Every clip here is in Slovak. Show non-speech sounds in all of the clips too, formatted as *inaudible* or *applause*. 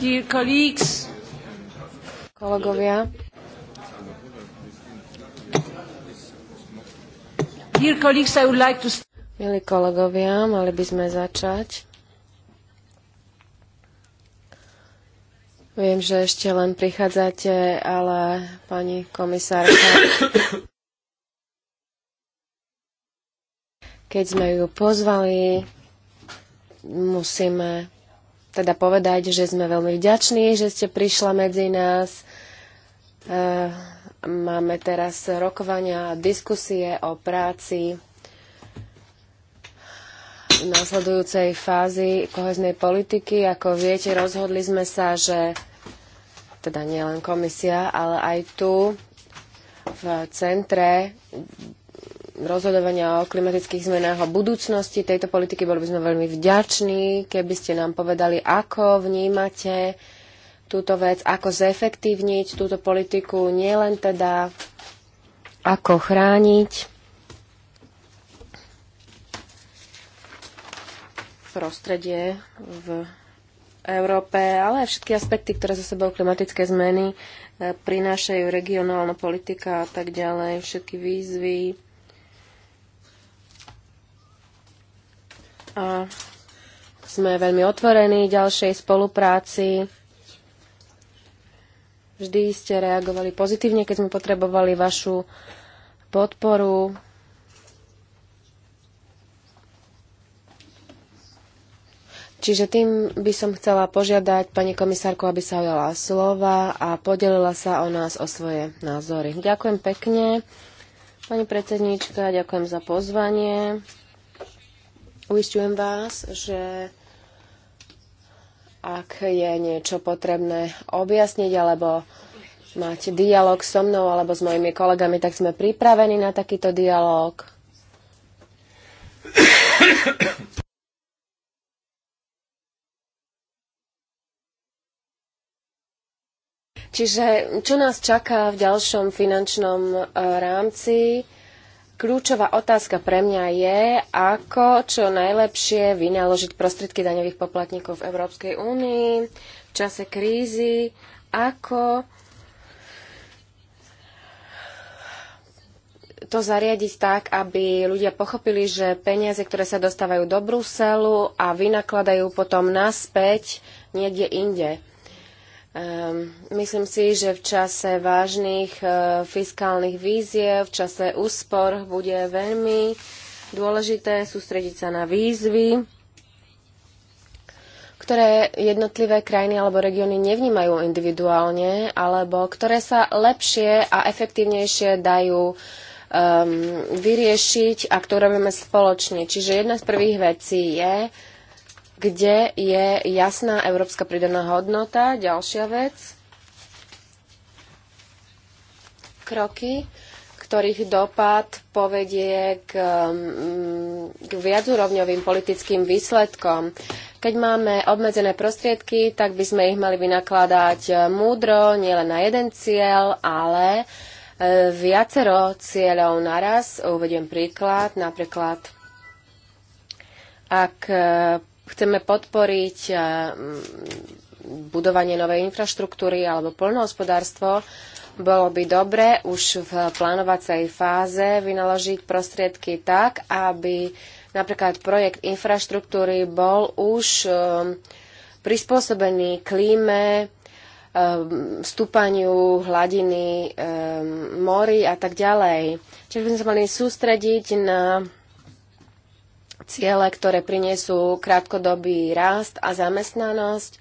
Dear colleagues, kolegovia, Dear colleagues, I would like to... Milí kolegovia, mali by sme začať. Viem, že ešte len prichádzate, ale pani komisárka, keď sme ju pozvali, musíme teda povedať, že sme veľmi vďační, že ste prišla medzi nás. Eh, máme teraz rokovania a diskusie o práci v následujúcej fázi koheznej politiky. Ako viete, rozhodli sme sa, že teda nielen komisia, ale aj tu v centre rozhodovania o klimatických zmenách a budúcnosti tejto politiky. Boli by sme veľmi vďační, keby ste nám povedali, ako vnímate túto vec, ako zefektívniť túto politiku, nielen teda ako chrániť prostredie v Európe, ale aj všetky aspekty, ktoré za sebou klimatické zmeny e, prinášajú regionálna politika a tak ďalej, všetky výzvy, a sme veľmi otvorení ďalšej spolupráci. Vždy ste reagovali pozitívne, keď sme potrebovali vašu podporu. Čiže tým by som chcela požiadať pani komisárku, aby sa ujala slova a podelila sa o nás, o svoje názory. Ďakujem pekne, pani predsedníčka, ďakujem za pozvanie. Uistujem vás, že ak je niečo potrebné objasniť alebo mať dialog so mnou alebo s mojimi kolegami, tak sme pripravení na takýto dialog. Čiže čo nás čaká v ďalšom finančnom eh, rámci? Kľúčová otázka pre mňa je, ako čo najlepšie vynaložiť prostriedky daňových poplatníkov v Európskej únii v čase krízy, ako to zariadiť tak, aby ľudia pochopili, že peniaze, ktoré sa dostávajú do Bruselu a vynakladajú potom naspäť niekde inde. Ehm, myslím si, že v čase vážnych e, fiskálnych víziev, v čase úspor bude veľmi dôležité sústrediť sa na výzvy, ktoré jednotlivé krajiny alebo regióny nevnímajú individuálne, alebo ktoré sa lepšie a efektívnejšie dajú um, vyriešiť a ktoré robíme spoločne. Čiže jedna z prvých vecí je, kde je jasná európska pridaná hodnota. Ďalšia vec. Kroky, ktorých dopad povedie k, mm, k viacúrovňovým politickým výsledkom. Keď máme obmedzené prostriedky, tak by sme ich mali vynakladať múdro, nielen na jeden cieľ, ale e, viacero cieľov naraz. Uvediem príklad. Napríklad, ak e, chceme podporiť eh, budovanie novej infraštruktúry alebo poľnohospodárstvo, bolo by dobre už v plánovacej fáze vynaložiť prostriedky tak, aby napríklad projekt infraštruktúry bol už eh, prispôsobený klíme, eh, stúpaniu hladiny mori a tak ďalej. Čiže by sme sa mali sústrediť na ciele, ktoré prinesú krátkodobý rast a zamestnanosť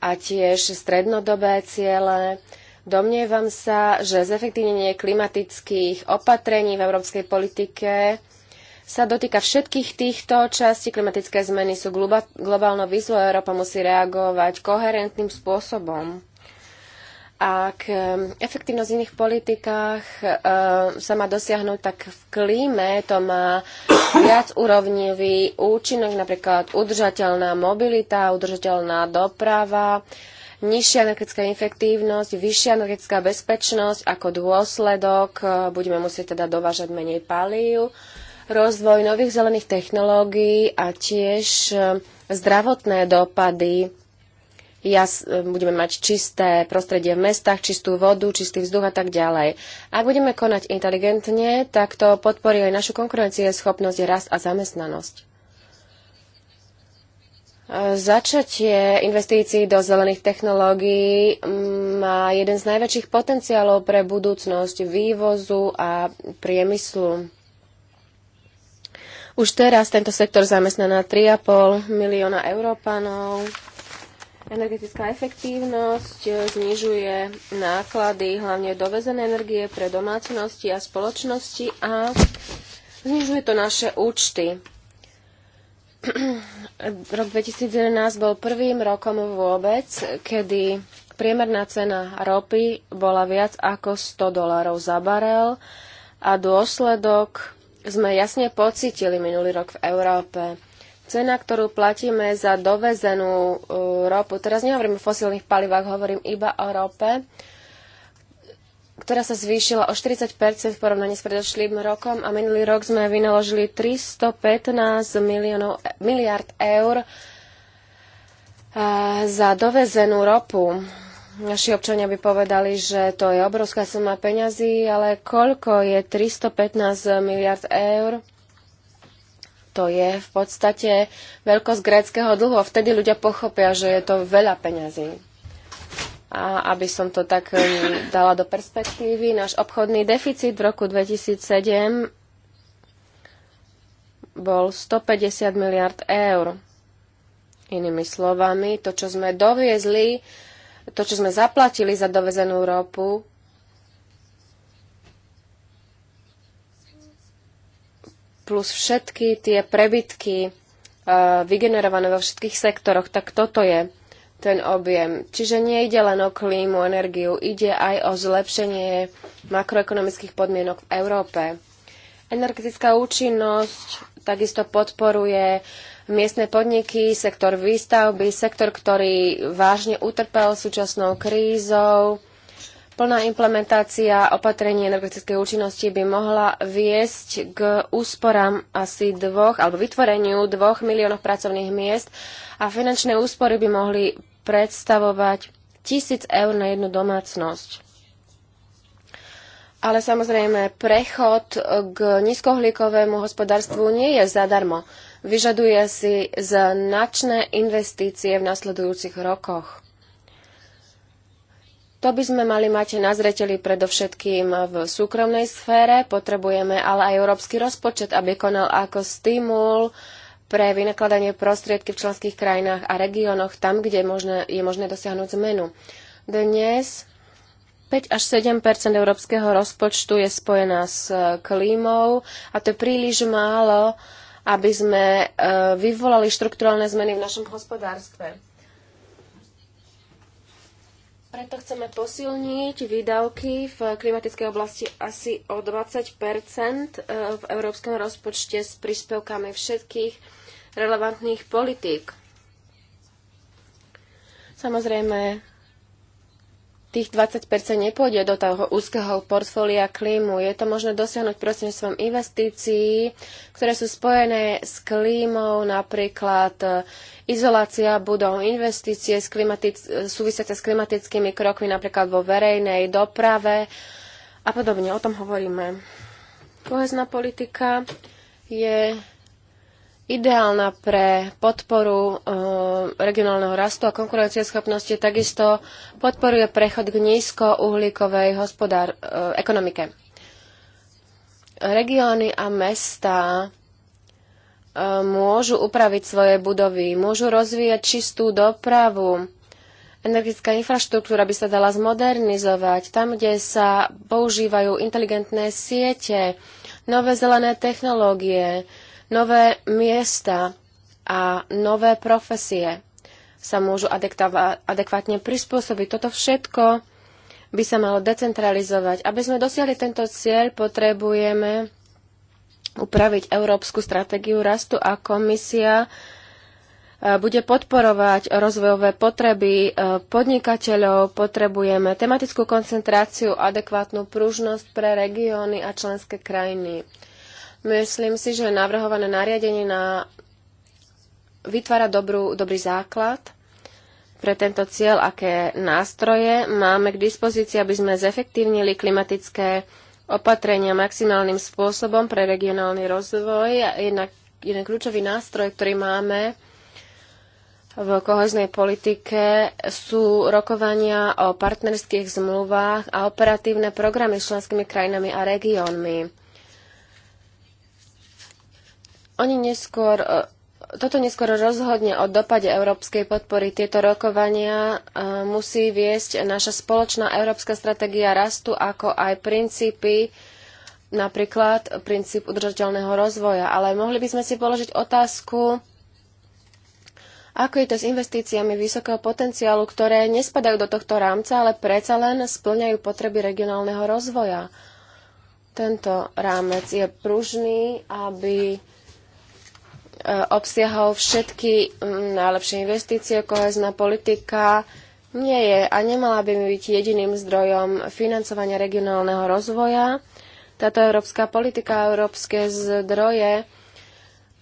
a tiež strednodobé ciele. Domnievam sa, že zefektívnenie klimatických opatrení v európskej politike sa dotýka všetkých týchto častí. Klimatické zmeny sú globálnou výzvou, Európa musí reagovať koherentným spôsobom. A k efektivnosť v iných politikách eh, sa má dosiahnuť, tak v klíme to má viac úrovnivý účinok, napríklad udržateľná mobilita, udržateľná doprava, nižšia energetická efektívnosť, vyššia energetická bezpečnosť. Ako dôsledok eh, budeme musieť teda dovážať menej palív, rozvoj nových zelených technológií a tiež eh, zdravotné dopady ja e, budeme mať čisté prostredie v mestách, čistú vodu, čistý vzduch a tak ďalej. Ak budeme konať inteligentne, tak to podporí aj našu schopnosť, rast a zamestnanosť. E, začatie investícií do zelených technológií má jeden z najväčších potenciálov pre budúcnosť vývozu a priemyslu. Už teraz tento sektor na 3,5 milióna Európanov Energetická efektívnosť e, znižuje náklady hlavne dovezené energie pre domácnosti a spoločnosti a znižuje to naše účty. *clears throat* Rok 2011 bol prvým rokom vôbec, kedy priemerná cena ropy bola viac ako 100 dolárov za barel a dôsledok sme jasne pocítili minulý rok v Európe. Cena, ktorú platíme za dovezenú e, ropu, teraz nehovorím o fosílnych palivách, hovorím iba o rope, ktorá sa zvýšila o 40 v porovnaní s predošlým rokom a minulý rok sme vynaložili 315 miliónov, e, miliard eur e, za dovezenú ropu. Naši občania by povedali, že to je obrovská suma peňazí, ale koľko je 315 miliard eur? To je v podstate veľkosť gréckého dlhu. a Vtedy ľudia pochopia, že je to veľa peňazí. A aby som to tak um, dala do perspektívy, náš obchodný deficit v roku 2007 bol 150 miliard eur. Inými slovami, to, čo sme doviezli, to, čo sme zaplatili za dovezenú ropu, plus všetky tie prebytky eh, vygenerované vo všetkých sektoroch, tak toto je ten objem. Čiže nie ide len o klímu, energiu, ide aj o zlepšenie makroekonomických podmienok v Európe. Energetická účinnosť takisto podporuje miestne podniky, sektor výstavby, sektor, ktorý vážne utrpel súčasnou krízou, Plná implementácia opatrení energetickej účinnosti by mohla viesť k úsporám asi dvoch, alebo vytvoreniu dvoch miliónov pracovných miest a finančné úspory by mohli predstavovať tisíc eur na jednu domácnosť. Ale samozrejme, prechod k nízkohlíkovému hospodárstvu nie je zadarmo. Vyžaduje si značné investície v nasledujúcich rokoch. To by sme mali mať na zreteli predovšetkým v súkromnej sfére. Potrebujeme ale aj európsky rozpočet, aby konal ako stimul pre vynakladanie prostriedky v členských krajinách a regiónoch, tam, kde je možné, je možné dosiahnuť zmenu. Dnes 5 až 7 európskeho rozpočtu je spojená s e, klímou a to je príliš málo, aby sme e, vyvolali štrukturálne zmeny v našom hospodárstve preto chceme posilniť výdavky v klimatickej oblasti asi o 20 e, v európskom rozpočte s príspevkami všetkých relevantných politík. Samozrejme, tých 20% nepôjde do toho úzkeho portfólia klímu. Je to možné dosiahnuť prostredníctvom investícií, ktoré sú spojené s klímou, napríklad eh, izolácia budov, investície s klimatic- eh, súvisiace s klimatickými krokmi, napríklad vo verejnej doprave a podobne. O tom hovoríme. Kohezná politika je ideálna pre podporu e, regionálneho rastu a konkurencieschopnosti, takisto podporuje prechod k nízkouhlíkovej hospodár, e, ekonomike. Regióny a mesta e, môžu upraviť svoje budovy, môžu rozvíjať čistú dopravu, energetická infraštruktúra by sa dala zmodernizovať, tam, kde sa používajú inteligentné siete, nové zelené technológie, Nové miesta a nové profesie sa môžu adekvátne prispôsobiť. Toto všetko by sa malo decentralizovať. Aby sme dosiahli tento cieľ, potrebujeme upraviť európsku stratégiu rastu a komisia e, bude podporovať rozvojové potreby e, podnikateľov, potrebujeme tematickú koncentráciu, adekvátnu pružnosť pre regióny a členské krajiny. Myslím si, že navrhované nariadenie na... vytvára dobrú, dobrý základ pre tento cieľ, aké nástroje máme k dispozícii, aby sme zefektívnili klimatické opatrenia maximálnym spôsobom pre regionálny rozvoj. Jednak jeden kľúčový nástroj, ktorý máme v kohoznej politike, sú rokovania o partnerských zmluvách a operatívne programy s členskými krajinami a regiónmi. Oni neskôr, e, toto neskôr rozhodne o dopade európskej podpory. Tieto rokovania e, musí viesť naša spoločná európska stratégia rastu, ako aj princípy, napríklad princíp udržateľného rozvoja. Ale mohli by sme si položiť otázku, ako je to s investíciami vysokého potenciálu, ktoré nespadajú do tohto rámca, ale predsa len splňajú potreby regionálneho rozvoja. Tento rámec je pružný, aby E, obsiahol všetky mm, najlepšie investície, kohezná politika nie je a nemala by byť jediným zdrojom financovania regionálneho rozvoja. Táto európska politika, a európske zdroje,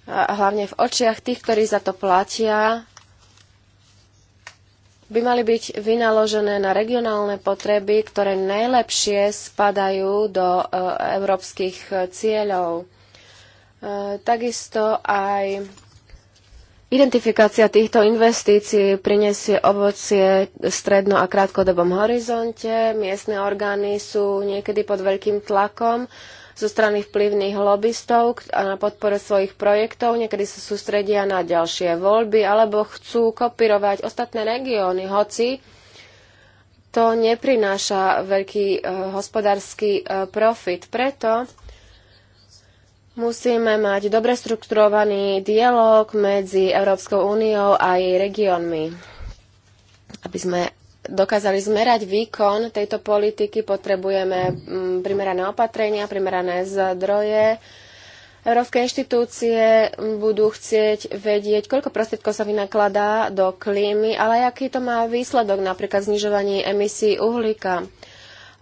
a hlavne v očiach tých, ktorí za to platia, by mali byť vynaložené na regionálne potreby, ktoré najlepšie spadajú do e, európskych cieľov. E, takisto aj identifikácia týchto investícií prinesie ovocie v stredno- a krátkodobom horizonte. Miestne orgány sú niekedy pod veľkým tlakom zo strany vplyvných lobbystov a na podpore svojich projektov. Niekedy sa sústredia na ďalšie voľby alebo chcú kopírovať ostatné regióny, hoci to neprináša veľký e, hospodársky e, profit. Preto Musíme mať dobre strukturovaný dialog medzi Európskou úniou a jej regiónmi. Aby sme dokázali zmerať výkon tejto politiky, potrebujeme mm, primerané opatrenia, primerané zdroje. Európske inštitúcie mm, budú chcieť vedieť, koľko prostriedkov sa vynakladá do klímy, ale aký to má výsledok, napríklad znižovanie emisí uhlíka.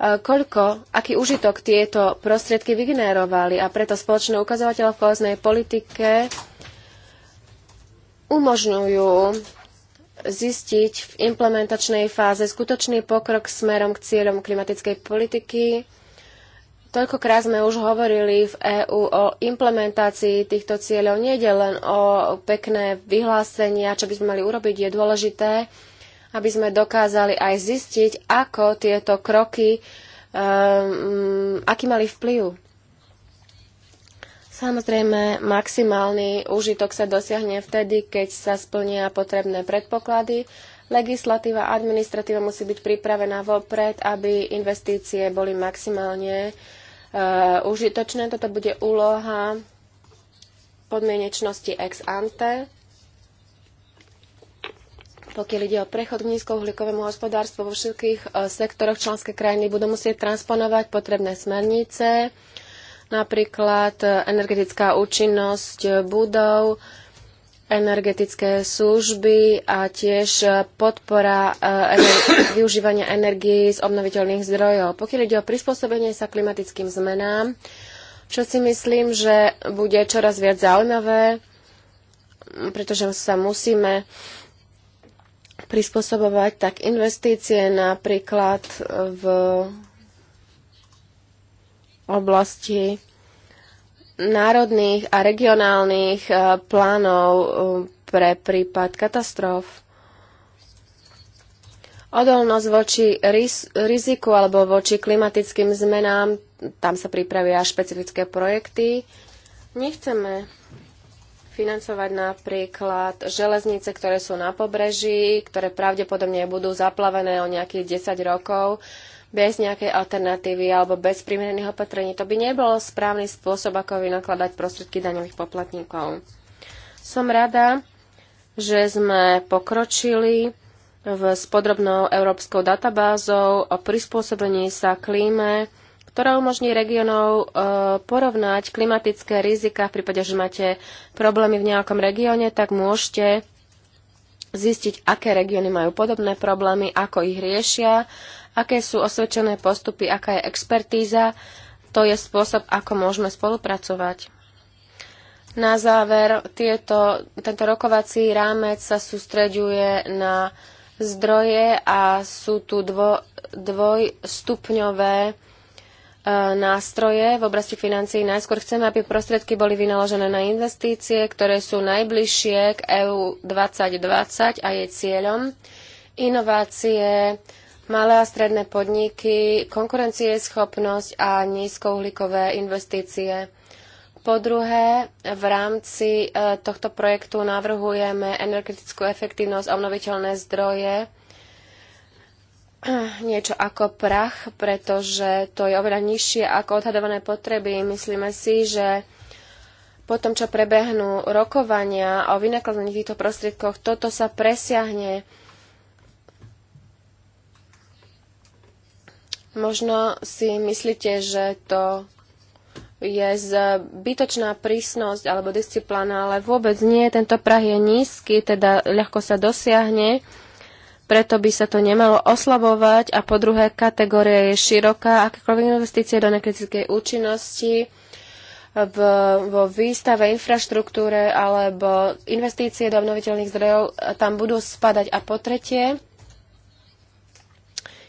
Eh, koľko, aký užitok tieto prostriedky vygenerovali a preto spoločné ukazovateľe v koheznej politike umožňujú zistiť v implementačnej fáze skutočný pokrok smerom k cieľom klimatickej politiky. Toľkokrát sme už hovorili v EÚ o implementácii týchto cieľov. Nie len o pekné vyhlásenia, čo by sme mali urobiť, je dôležité, aby sme dokázali aj zistiť, ako tieto kroky, um, aký mali vplyv. Samozrejme, maximálny úžitok sa dosiahne vtedy, keď sa splnia potrebné predpoklady. Legislatíva a administratíva musí byť pripravená vopred, aby investície boli maximálne uh, užitočné. Toto bude úloha podmienečnosti ex ante pokiaľ ide o prechod k nízkouhlíkovému hospodárstvu vo všetkých e, sektoroch členské krajiny budú musieť transponovať potrebné smernice, napríklad e, energetická účinnosť budov, energetické služby a tiež e, podpora *coughs* využívania energií z obnoviteľných zdrojov. Pokiaľ ide o prispôsobenie sa klimatickým zmenám, čo si myslím, že bude čoraz viac zaujímavé, pretože sa musíme prispôsobovať, tak investície napríklad v oblasti národných a regionálnych eh, plánov eh, pre prípad katastrof. Odolnosť voči riziku alebo voči klimatickým zmenám, tam sa pripravia špecifické projekty. Nechceme financovať napríklad železnice, ktoré sú na pobreží, ktoré pravdepodobne budú zaplavené o nejakých 10 rokov bez nejakej alternatívy alebo bez primerných opatrení. To by nebol správny spôsob, ako vynakladať prostriedky daňových poplatníkov. Som rada, že sme pokročili v, s podrobnou európskou databázou o prispôsobení sa klíme ktorá umožní regionov e, porovnať klimatické rizika. V prípade, že máte problémy v nejakom regióne, tak môžete zistiť, aké regióny majú podobné problémy, ako ich riešia, aké sú osvedčené postupy, aká je expertíza. To je spôsob, ako môžeme spolupracovať. Na záver, tieto, tento rokovací rámec sa sústreďuje na zdroje a sú tu dvo, dvojstupňové nástroje v oblasti financií. Najskôr chceme, aby prostriedky boli vynaložené na investície, ktoré sú najbližšie k EU 2020 a jej cieľom. Inovácie, malé a stredné podniky, konkurencieschopnosť a nízkouhlíkové investície. Po druhé, v rámci e, tohto projektu navrhujeme energetickú efektívnosť a obnoviteľné zdroje *clears throat* niečo ako prach, pretože to je oveľa nižšie ako odhadované potreby. Myslíme si, že po tom, čo prebehnú rokovania o vynakladaní týchto prostriedkoch, toto sa presiahne. Možno si myslíte, že to je zbytočná prísnosť alebo disciplína, ale vôbec nie. Tento prah je nízky, teda ľahko sa dosiahne preto by sa to nemalo oslabovať a po druhé kategória je široká, akékoľvek investície do energetickej účinnosti e, v, vo výstave, infraštruktúre alebo investície do obnoviteľných zdrojov e, tam budú spadať. A po tretie,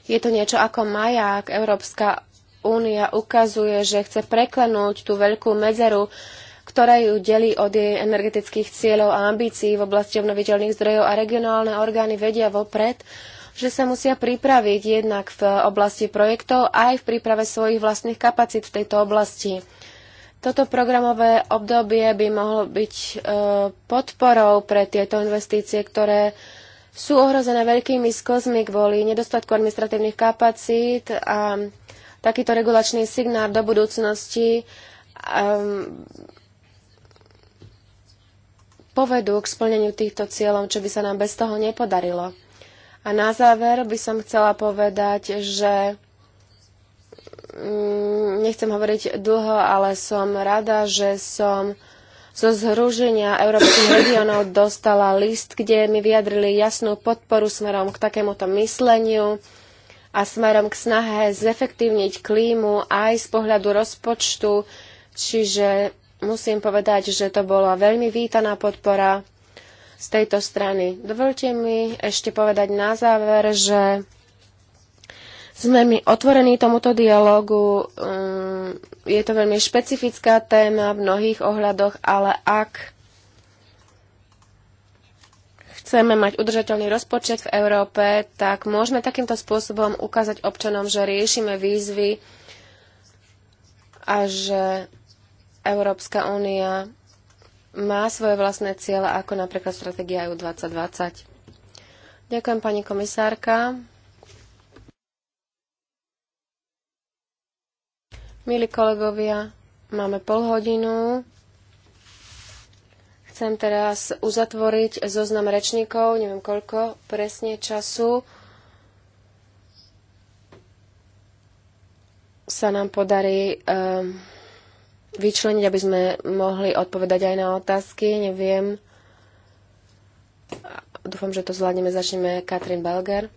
je to niečo ako maják. Európska únia ukazuje, že chce preklenúť tú veľkú medzeru ktoré ju delí od jej energetických cieľov a ambícií v oblasti obnoviteľných zdrojov a regionálne orgány vedia vopred, že sa musia pripraviť jednak v oblasti projektov aj v príprave svojich vlastných kapacít v tejto oblasti. Toto programové obdobie by mohlo byť e, podporou pre tieto investície, ktoré sú ohrozené veľkými skozmi kvôli nedostatku administratívnych kapacít a takýto regulačný signál do budúcnosti e, povedú k splneniu týchto cieľov, čo by sa nám bez toho nepodarilo. A na záver by som chcela povedať, že mm, nechcem hovoriť dlho, ale som rada, že som zo Zhruženia Európskych regionov dostala list, kde mi vyjadrili jasnú podporu smerom k takémuto mysleniu a smerom k snahe zefektívniť klímu aj z pohľadu rozpočtu, čiže musím povedať, že to bola veľmi vítaná podpora z tejto strany. Dovolte mi ešte povedať na záver, že sme my otvorení tomuto dialogu. Mm, je to veľmi špecifická téma v mnohých ohľadoch, ale ak chceme mať udržateľný rozpočet v Európe, tak môžeme takýmto spôsobom ukázať občanom, že riešime výzvy a že Európska únia má svoje vlastné ciele, ako napríklad stratégia EU 2020. Ďakujem, pani komisárka. Milí kolegovia, máme pol hodinu. Chcem teraz uzatvoriť zoznam rečníkov, neviem koľko presne času sa nám podarí um, vyčleniť, aby sme mohli odpovedať aj na otázky. Neviem. Dúfam, že to zvládneme. Začneme Katrin Belger.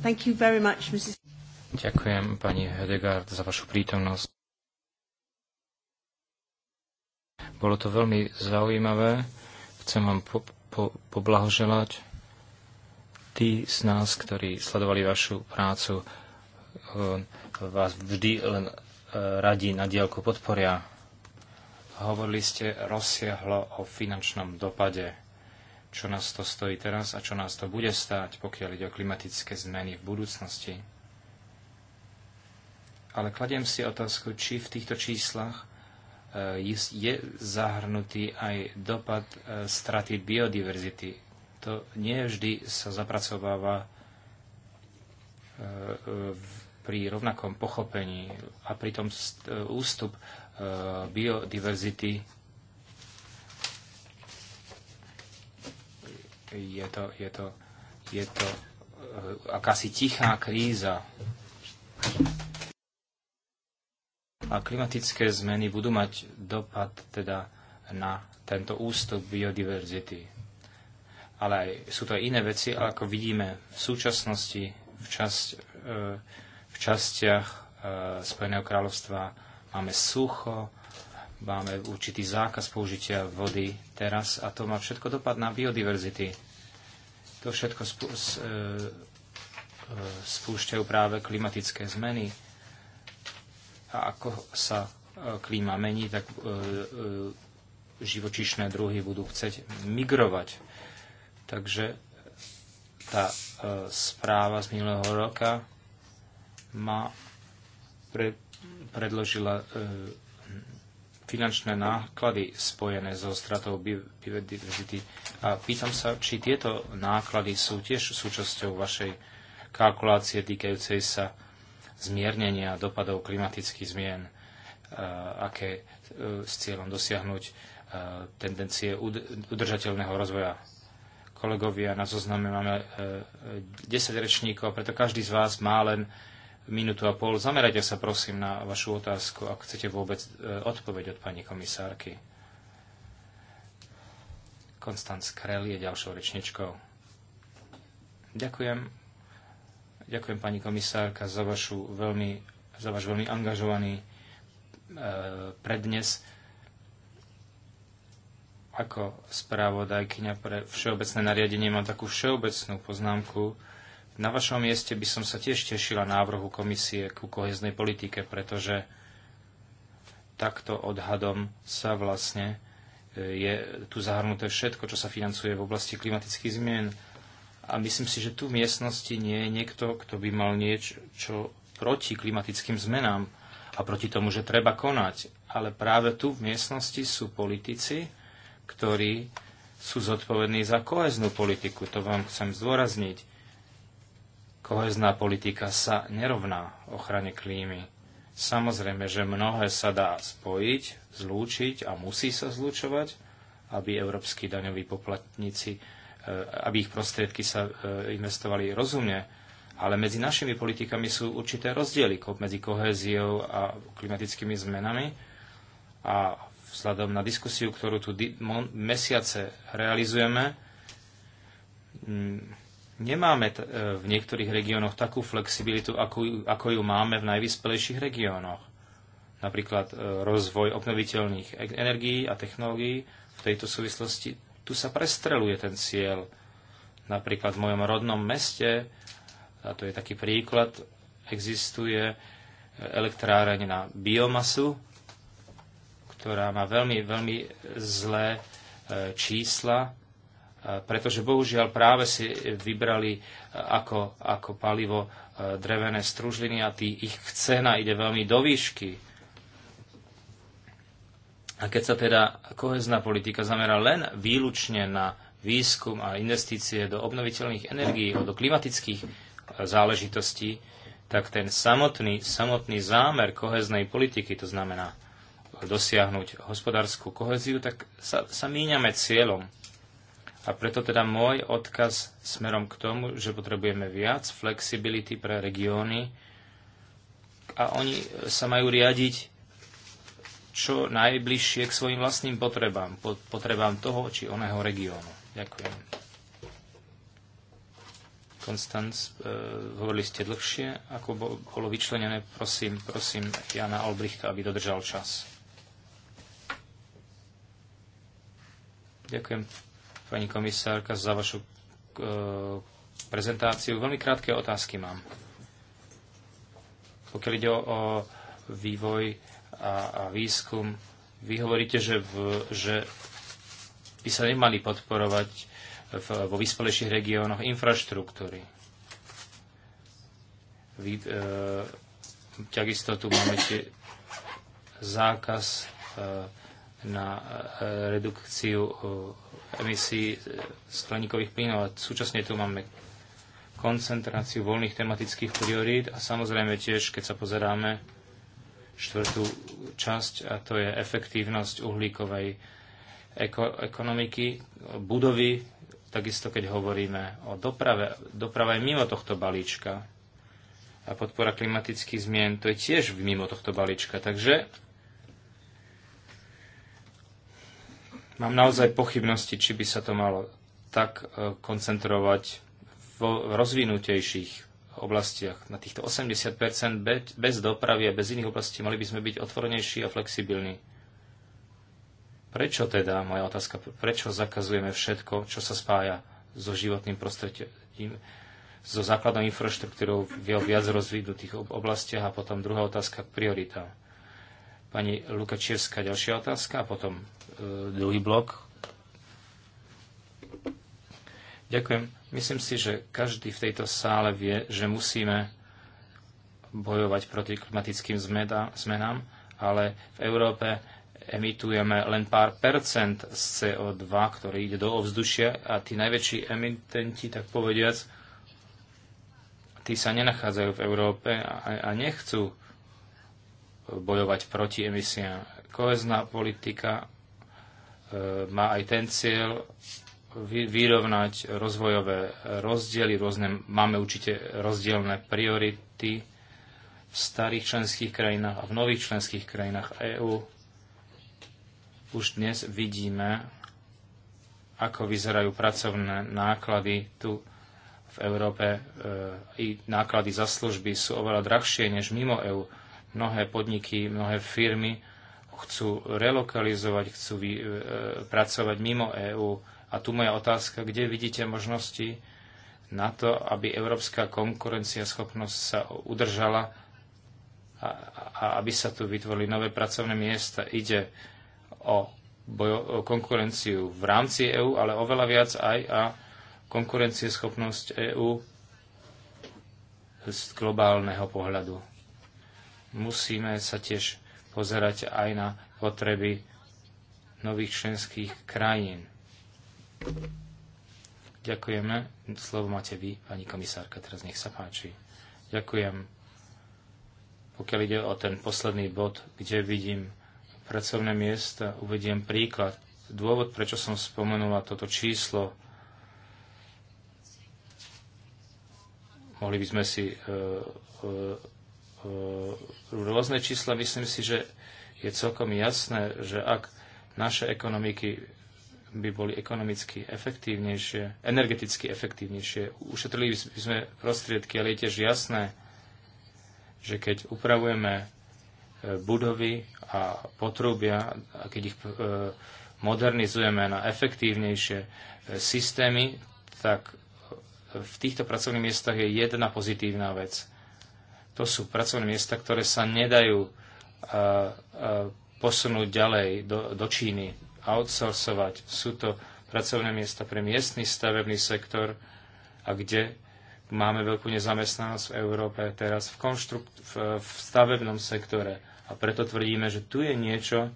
Thank you very much, Mrs. Ďakujem, pani Hedegaard, za vašu prítomnosť. Bolo to veľmi zaujímavé. Chcem vám po, po, poblahoželať. Tí z nás, ktorí sledovali vašu prácu, eh, vás vždy len eh, radi na dielku podporia. Hovorili ste rozsiahlo o finančnom dopade, čo nás to stojí teraz a čo nás to bude stáť, pokiaľ ide o klimatické zmeny v budúcnosti. Ale kladiem si otázku, či v týchto číslach eh, je zahrnutý aj dopad eh, straty biodiverzity. To nie vždy sa zapracováva eh, pri rovnakom pochopení a pritom e, ústup e, biodiverzity je to, je to, je to e, akási tichá kríza. A klimatické zmeny budú mať dopad teda na tento ústup biodiverzity. Ale aj, sú to aj iné veci, ale ako vidíme v súčasnosti v časť e, častiach e, Spojeného kráľovstva máme sucho, máme určitý zákaz použitia vody teraz a to má všetko dopad na biodiverzity. To všetko spú, s, e, e, spúšťajú práve klimatické zmeny. A ako sa e, klíma mení, tak e, e, živočišné druhy budú chcieť migrovať. Takže tá e, správa z minulého roka ma pre, predložila e, finančné náklady spojené so stratou biodiverzity. A pýtam sa, či tieto náklady sú tiež súčasťou vašej kalkulácie týkajúcej sa zmiernenia dopadov klimatických zmien, e, aké e, s cieľom dosiahnuť e, tendencie ud, udržateľného rozvoja. Kolegovia, na zozname máme 10 e, rečníkov, preto každý z vás má len minútu a pol. Zamerajte sa prosím na vašu otázku, ak chcete vôbec e, odpoveď od pani komisárky. Konstanc Krell je ďalšou rečničkou. Ďakujem. Ďakujem pani komisárka za, vašu veľmi, za váš veľmi angažovaný e, prednes ako správodajkyňa pre všeobecné nariadenie mám takú všeobecnú poznámku, na vašom mieste by som sa tiež tešila návrhu komisie ku koheznej politike, pretože takto odhadom sa vlastne e, je tu zahrnuté všetko, čo sa financuje v oblasti klimatických zmien. A myslím si, že tu v miestnosti nie je niekto, kto by mal niečo proti klimatickým zmenám a proti tomu, že treba konať. Ale práve tu v miestnosti sú politici, ktorí sú zodpovední za koheznú politiku. To vám chcem zdôrazniť. Kohezná politika sa nerovná ochrane klímy. Samozrejme, že mnohé sa dá spojiť, zlúčiť a musí sa zlúčovať, aby európsky daňoví poplatníci, e, aby ich prostriedky sa e, investovali rozumne. Ale medzi našimi politikami sú určité rozdiely medzi kohéziou a klimatickými zmenami. A vzhľadom na diskusiu, ktorú tu mesiace realizujeme, nemáme e, v niektorých regiónoch takú flexibilitu, ako ju máme v najvyspelejších regiónoch. Napríklad e, rozvoj obnoviteľných e- energií a technológií v tejto súvislosti. Tu sa prestreluje ten cieľ. Napríklad v mojom rodnom meste, a to je taký príklad, existuje elektráreň na biomasu, ktorá má veľmi, veľmi zlé čísla pretože bohužiaľ práve si vybrali e, ako, ako palivo e, drevené stružliny a tý, ich cena ide veľmi do výšky. A keď sa teda kohezná politika zamera len výlučne na výskum a investície do obnoviteľných energií, do klimatických e, záležitostí, tak ten samotný, samotný zámer koheznej politiky, to znamená dosiahnuť hospodárskú koheziu, tak sa, sa míňame cieľom a preto teda môj odkaz smerom k tomu, že potrebujeme viac flexibility pre regióny a oni sa majú riadiť čo najbližšie k svojim vlastným potrebám, potrebám toho či oného regiónu. Ďakujem. Konstanc, e, hovorili ste dlhšie, ako bo, bolo vyčlenené. Prosím, prosím Jana Albrichta, aby dodržal čas. Ďakujem pani komisárka, za vašu e, prezentáciu. Veľmi krátke otázky mám. Pokiaľ ide o, o vývoj a, a výskum, vy hovoríte, že, v, že by sa nemali podporovať v, vo vyspelejších regiónoch infraštruktúry. Vy, e, takisto tu máme tie zákaz e, na e, redukciu e, emisí e, skleníkových plynov. Súčasne tu máme koncentráciu voľných tematických priorít a samozrejme tiež, keď sa pozeráme štvrtú časť, a to je efektívnosť uhlíkovej eko- ekonomiky, budovy, takisto keď hovoríme o doprave. Doprava je mimo tohto balíčka a podpora klimatických zmien, to je tiež mimo tohto balíčka. Takže Mám naozaj pochybnosti, či by sa to malo tak e, koncentrovať v rozvinutejších oblastiach. Na týchto 80 bez dopravy a bez iných oblastí mali by sme byť otvorenejší a flexibilní. Prečo teda, moja otázka, prečo zakazujeme všetko, čo sa spája so životným prostredím, so základnou infraštruktúrou v viac rozvinutých oblastiach a potom druhá otázka priorita. Pani Lukačevská, ďalšia otázka a potom e, druhý blok. Ďakujem. Myslím si, že každý v tejto sále vie, že musíme bojovať proti klimatickým zmenám, ale v Európe emitujeme len pár percent z CO2, ktorý ide do ovzdušia a tí najväčší emitenti, tak povediac, tí sa nenachádzajú v Európe a, a nechcú bojovať proti emisiám. Kohezná politika e, má aj ten cieľ vyrovnať rozvojové rozdiely. Rôzne, máme určite rozdielne priority v starých členských krajinách a v nových členských krajinách EÚ. Už dnes vidíme, ako vyzerajú pracovné náklady tu v Európe. E, I náklady za služby sú oveľa drahšie než mimo EÚ. Mnohé podniky, mnohé firmy chcú relokalizovať, chcú vy, e, pracovať mimo EÚ. A tu moja otázka, kde vidíte možnosti na to, aby európska schopnosť sa udržala a, a aby sa tu vytvorili nové pracovné miesta. Ide o, bojo, o konkurenciu v rámci EÚ, ale oveľa viac aj a konkurencieschopnosť EÚ z globálneho pohľadu. Musíme sa tiež pozerať aj na potreby nových členských krajín. Ďakujeme. Slovo máte vy, pani komisárka, teraz nech sa páči. Ďakujem. Pokiaľ ide o ten posledný bod, kde vidím pracovné miesta, uvediem príklad. Dôvod, prečo som spomenula toto číslo, mohli by sme si e, e, E, rôzne čísla, myslím si, že je celkom jasné, že ak naše ekonomiky by boli ekonomicky efektívnejšie, energeticky efektívnejšie, ušetrili by sme prostriedky, ale je tiež jasné, že keď upravujeme e, budovy a potrubia a keď ich e, modernizujeme na efektívnejšie systémy, tak v týchto pracovných miestach je jedna pozitívna vec – to sú pracovné miesta, ktoré sa nedajú e, e, posunúť ďalej do, do Číny, outsourcovať. Sú to pracovné miesta pre miestny stavebný sektor a kde máme veľkú nezamestnanosť v Európe teraz v, konštrukt, v, v stavebnom sektore. A preto tvrdíme, že tu je niečo,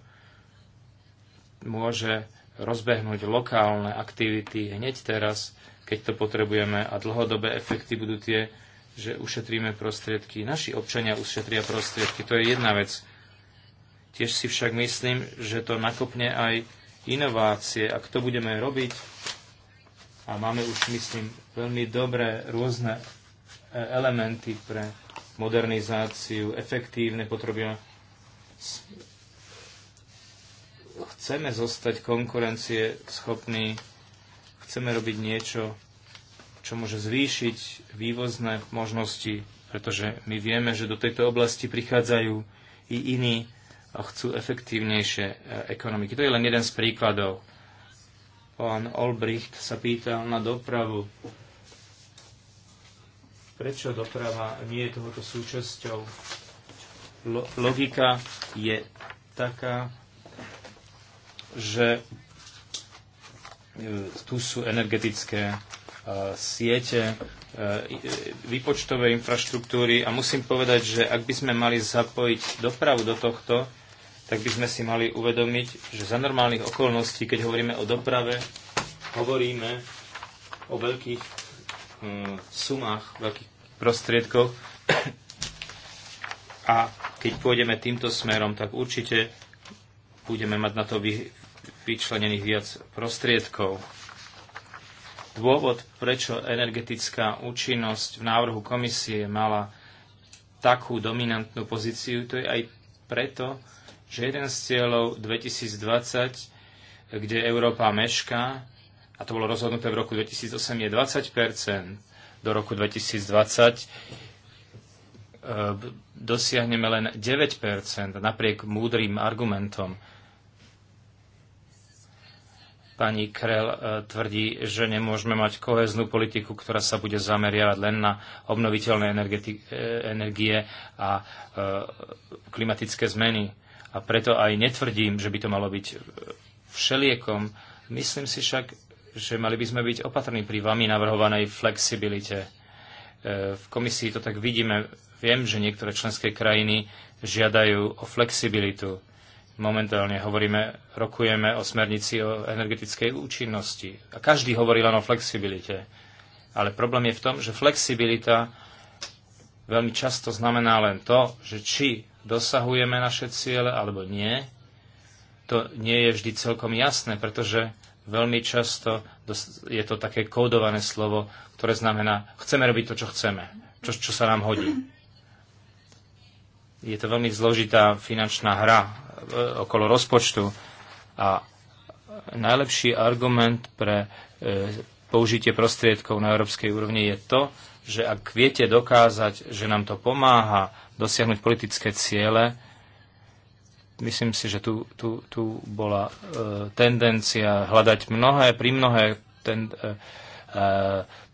môže rozbehnúť lokálne aktivity hneď teraz, keď to potrebujeme a dlhodobé efekty budú tie, že ušetríme prostriedky, naši občania ušetria prostriedky, to je jedna vec. Tiež si však myslím, že to nakopne aj inovácie. Ak to budeme robiť, a máme už, myslím, veľmi dobré rôzne e, elementy pre modernizáciu, efektívne potrebujeme. Chceme zostať konkurencie schopní, chceme robiť niečo, čo môže zvýšiť vývozné možnosti, pretože my vieme, že do tejto oblasti prichádzajú i iní a chcú efektívnejšie e, ekonomiky. To je len jeden z príkladov. Pán Olbricht sa pýtal na dopravu. Prečo doprava nie je tohoto súčasťou? Logika je taká, že e, tu sú energetické siete, e, výpočtovej infraštruktúry a musím povedať, že ak by sme mali zapojiť dopravu do tohto, tak by sme si mali uvedomiť, že za normálnych okolností, keď hovoríme o doprave, hovoríme o veľkých e, sumách, veľkých prostriedkoch a keď pôjdeme týmto smerom, tak určite budeme mať na to vyčlenených viac prostriedkov Dôvod, prečo energetická účinnosť v návrhu komisie mala takú dominantnú pozíciu, to je aj preto, že jeden z cieľov 2020, kde Európa mešká, a to bolo rozhodnuté v roku 2008, je 20 do roku 2020, e, dosiahneme len 9 napriek múdrym argumentom Pani Krell e, tvrdí, že nemôžeme mať koheznú politiku, ktorá sa bude zameriavať len na obnoviteľné e, energie a e, klimatické zmeny. A preto aj netvrdím, že by to malo byť všeliekom. Myslím si však, že mali by sme byť opatrní pri vami navrhovanej flexibilite. V komisii to tak vidíme. Viem, že niektoré členské krajiny žiadajú o flexibilitu Momentálne hovoríme, rokujeme o smernici o energetickej účinnosti. A každý hovorí len o flexibilite. Ale problém je v tom, že flexibilita veľmi často znamená len to, že či dosahujeme naše ciele alebo nie, to nie je vždy celkom jasné, pretože veľmi často je to také kódované slovo, ktoré znamená, chceme robiť to, čo chceme, čo, čo sa nám hodí. Je to veľmi zložitá finančná hra, E, okolo rozpočtu. A najlepší argument pre e, použitie prostriedkov na európskej úrovni je to, že ak viete dokázať, že nám to pomáha dosiahnuť politické ciele, myslím si, že tu, tu, tu bola e, tendencia hľadať mnohé, pri mnohé ten, e,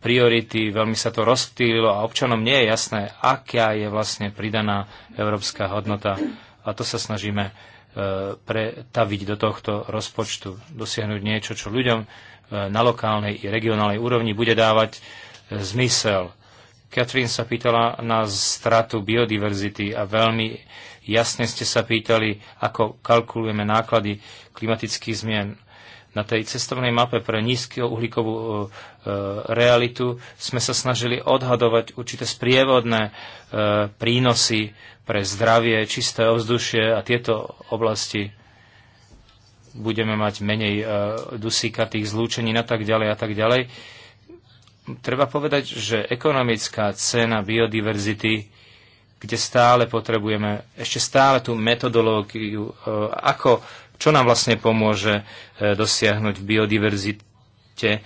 priority, veľmi sa to rozptýlilo a občanom nie je jasné, aká je vlastne pridaná európska hodnota. A to sa snažíme pretaviť do tohto rozpočtu, dosiahnuť niečo, čo ľuďom e, na lokálnej i regionálnej úrovni bude dávať e, zmysel. Katrin sa pýtala na stratu biodiverzity a veľmi jasne ste sa pýtali, ako kalkulujeme náklady klimatických zmien. Na tej cestovnej mape pre e, e, realitu sme sa snažili odhadovať určité sprievodné e, prínosy pre zdravie, čisté ovzdušie a tieto oblasti budeme mať menej e, dusíkatých zlúčení a tak ďalej a tak ďalej. Treba povedať, že ekonomická cena biodiverzity kde stále potrebujeme ešte stále tú metodológiu, ako čo nám vlastne pomôže e, dosiahnuť v biodiverzite e,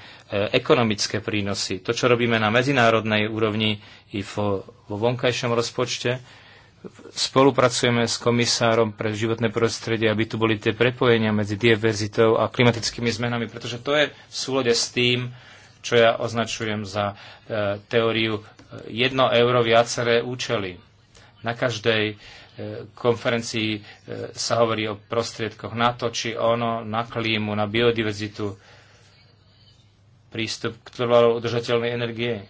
ekonomické prínosy. To, čo robíme na medzinárodnej úrovni i vo, vonkajšom rozpočte, spolupracujeme s komisárom pre životné prostredie, aby tu boli tie prepojenia medzi diverzitou a klimatickými zmenami, pretože to je v súlade s tým, čo ja označujem za e, teóriu e, jedno euro viaceré účely. Na každej konferencii e, sa hovorí o prostriedkoch na to, či ono, na klímu, na biodiverzitu, prístup k trvalo udržateľnej energie.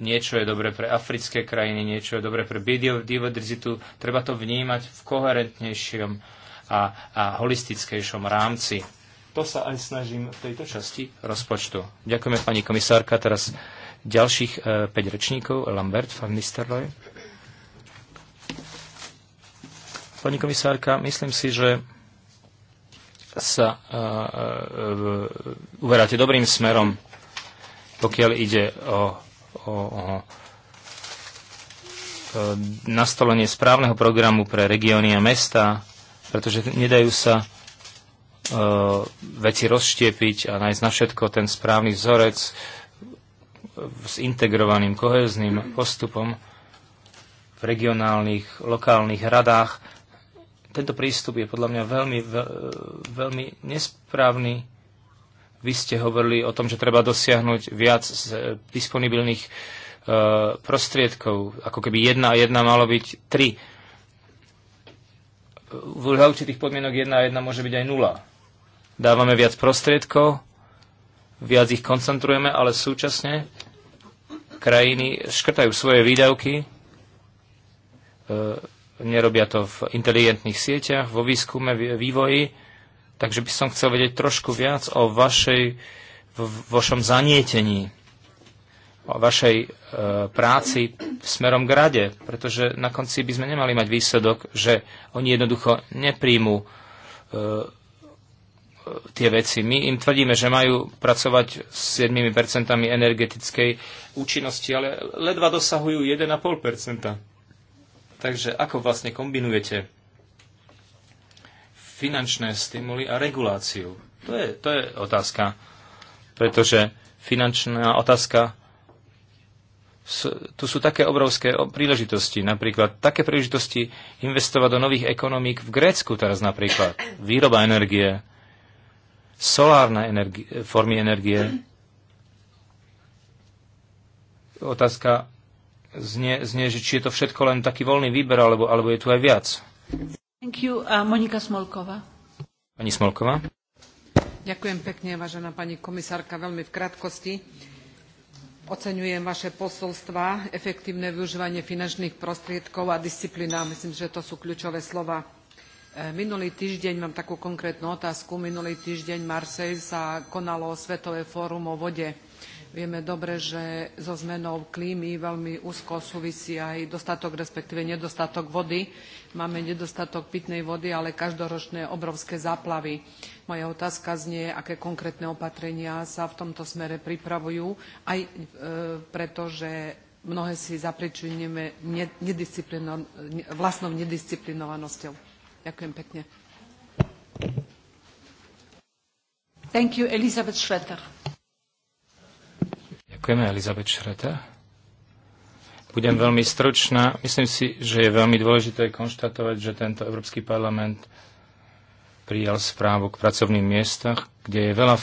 Niečo je dobre pre africké krajiny, niečo je dobre pre biodiverzitu. Treba to vnímať v koherentnejšom a, a holistickejšom rámci. To sa aj snažím v tejto časti rozpočtu. Ďakujeme pani komisárka. Teraz ďalších e, 5 rečníkov. Lambert van Nistelrooy. Pani komisárka, myslím si, že sa e, e, uveráte dobrým smerom, pokiaľ ide o, o, o e, nastolenie správneho programu pre regióny a mesta, pretože nedajú sa veci rozštiepiť a nájsť na všetko ten správny vzorec s integrovaným kohezným postupom v regionálnych, lokálnych radách tento prístup je podľa mňa veľmi, veľmi nesprávny. Vy ste hovorili o tom, že treba dosiahnuť viac eh, disponibilných eh, prostriedkov, ako keby jedna a jedna malo byť tri. V určitých podmienok jedna a jedna môže byť aj nula. Dávame viac prostriedkov, viac ich koncentrujeme, ale súčasne krajiny škrtajú svoje výdavky, eh, nerobia to v inteligentných sieťach, vo výskume, vývoji. Takže by som chcel vedieť trošku viac o vašej, vašom zanietení, o vašej e, práci smerom k rade, pretože na konci by sme nemali mať výsledok, že oni jednoducho nepríjmú e, e tie veci. My im tvrdíme, že majú pracovať s 7% energetickej účinnosti, ale ledva dosahujú 1,5%. Takže ako vlastne kombinujete finančné stimuly a reguláciu? To je, to je otázka, pretože finančná otázka tu sú také obrovské príležitosti. Napríklad také príležitosti investovať do nových ekonomík v Grécku teraz napríklad. Výroba energie, solárne energie, formy energie. Otázka znie, znie, že či je to všetko len taký voľný výber, alebo, alebo je tu aj viac. Thank you. A Monika Smolková. Pani Smolková. Ďakujem pekne, vážená pani komisárka, veľmi v krátkosti. Oceňujem vaše posolstva, efektívne využívanie finančných prostriedkov a disciplína. Myslím, že to sú kľúčové slova. E, minulý týždeň, mám takú konkrétnu otázku, minulý týždeň Marseille sa konalo Svetové fórum o vode Vieme dobre, že so zmenou klímy veľmi úzko súvisí aj dostatok, respektíve nedostatok vody. Máme nedostatok pitnej vody, ale každoročné obrovské záplavy. Moja otázka znie, aké konkrétne opatrenia sa v tomto smere pripravujú, aj e, preto, že mnohé si zapričujeme nedisciplino, vlastnou nedisciplinovanosťou. Ďakujem pekne. Thank you, Elizabeth Ďakujeme, Elizabeth Šreta. Budem veľmi stručná. Myslím si, že je veľmi dôležité konštatovať, že tento Európsky parlament prijal správu k pracovným miestach, kde je veľa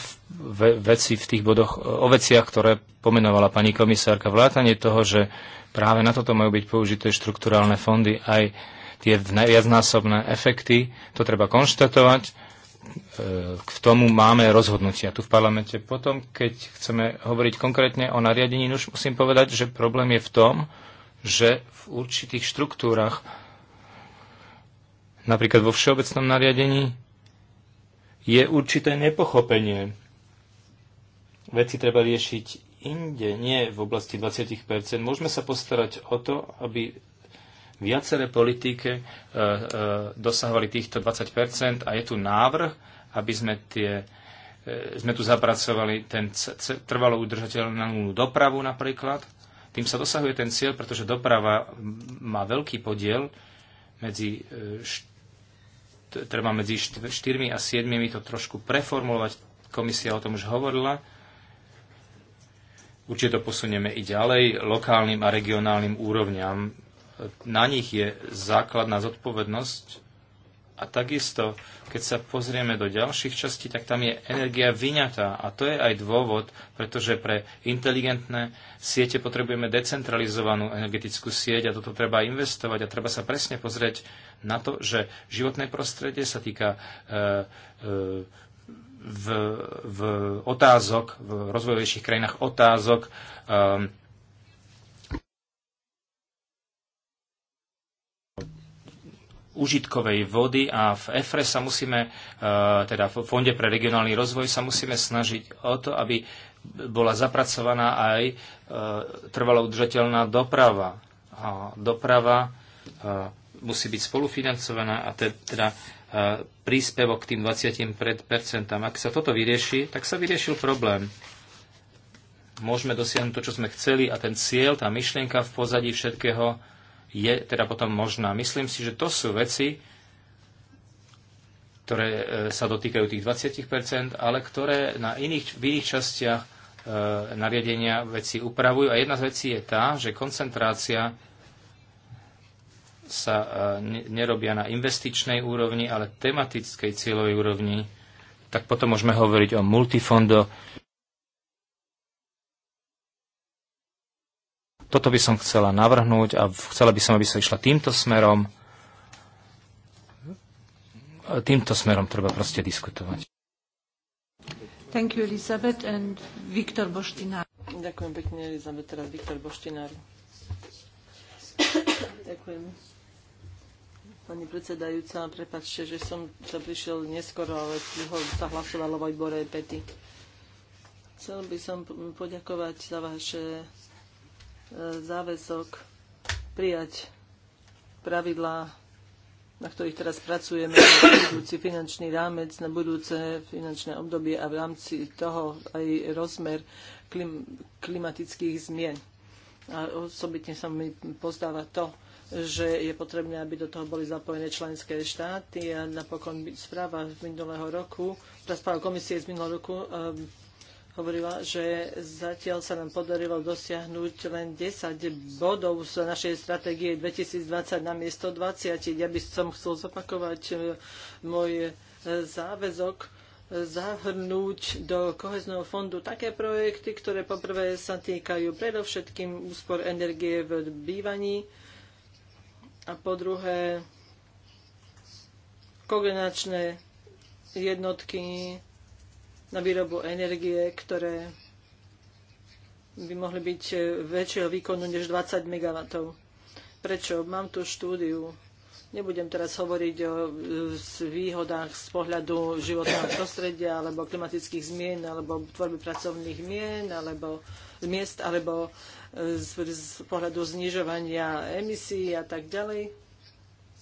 vecí v tých bodoch, o veciach, ktoré pomenovala pani komisárka. Vlátanie toho, že práve na toto majú byť použité štrukturálne fondy, aj tie najviacnásobné efekty, to treba konštatovať. E, k tomu máme rozhodnutia tu v parlamente. Potom, keď chceme hovoriť konkrétne o nariadení, už musím povedať, že problém je v tom, že v určitých štruktúrach, napríklad vo všeobecnom nariadení, je určité nepochopenie. Veci treba riešiť inde, nie v oblasti 20%. Môžeme sa postarať o to, aby Viaceré politike e, e, dosahovali týchto 20 a je tu návrh, aby sme tie e, sme tu zapracovali ten trvalo udržateľnú dopravu napríklad. Tým sa dosahuje ten cieľ, pretože doprava má veľký podiel medzi treba medzi 4 a 7 to trošku preformulovať. Komisia o tom už hovorila. Určite to posunieme i ďalej lokálnym a regionálnym úrovňam na nich je základná zodpovednosť. A takisto, keď sa pozrieme do ďalších častí, tak tam je energia vyňatá. A to je aj dôvod, pretože pre inteligentné siete potrebujeme decentralizovanú energetickú sieť a toto treba investovať a treba sa presne pozrieť na to, že životné prostredie sa týka e, e, v, v otázok, v rozvojovejších krajinách otázok um, užitkovej vody a v EFRE sa musíme, e, teda v Fonde pre regionálny rozvoj sa musíme snažiť o to, aby bola zapracovaná aj e, trvalo udržateľná doprava. A doprava e, musí byť spolufinancovaná a teda príspevok k tým 20%. Ak sa toto vyrieši, tak sa vyriešil problém. Môžeme dosiahnuť to, čo sme chceli a ten cieľ, tá myšlienka v pozadí všetkého je teda potom možná. Myslím si, že to sú veci, ktoré e, sa dotýkajú tých 20%, ale ktoré na iných, v iných častiach e, nariadenia veci upravujú. A jedna z vecí je tá, že koncentrácia sa e, nerobia na investičnej úrovni, ale tematickej cieľovej úrovni. Tak potom môžeme hovoriť o multifondo Toto by som chcela navrhnúť a chcela by som, aby sa išla týmto smerom. Týmto smerom treba proste diskutovať. Thank you, Elizabeth and Viktor Boštinár. Ďakujem pekne, Elizabeth, teraz Viktor Boštinár. Ďakujem. Pani predsedajúca, prepáčte, že som sa prišiel neskoro, ale sa hlasovalo vo výbore Pety. Chcel by som poďakovať za vaše záväzok prijať pravidlá, na ktorých teraz pracujeme, na budúci finančný rámec, na budúce finančné obdobie a v rámci toho aj rozmer klim, klimatických zmien. A osobitne sa mi pozdáva to, že je potrebné, aby do toho boli zapojené členské štáty a napokon správa z minulého roku, tá správa komisie z minulého roku ehm, hovorila, že zatiaľ sa nám podarilo dosiahnuť len 10 bodov z našej stratégie 2020 na miesto 20. Ja by som chcel zopakovať e, môj e, záväzok e, zahrnúť do kohezného fondu také projekty, ktoré poprvé sa týkajú predovšetkým úspor energie v bývaní a po druhé kogenačné jednotky na výrobu energie, ktoré by mohli byť väčšieho výkonu než 20 MW. Prečo? Mám tu štúdiu. Nebudem teraz hovoriť o výhodách z pohľadu životného prostredia, alebo klimatických zmien, alebo tvorby pracovných mien, alebo miest, alebo e, z, z pohľadu znižovania emisí a tak ďalej.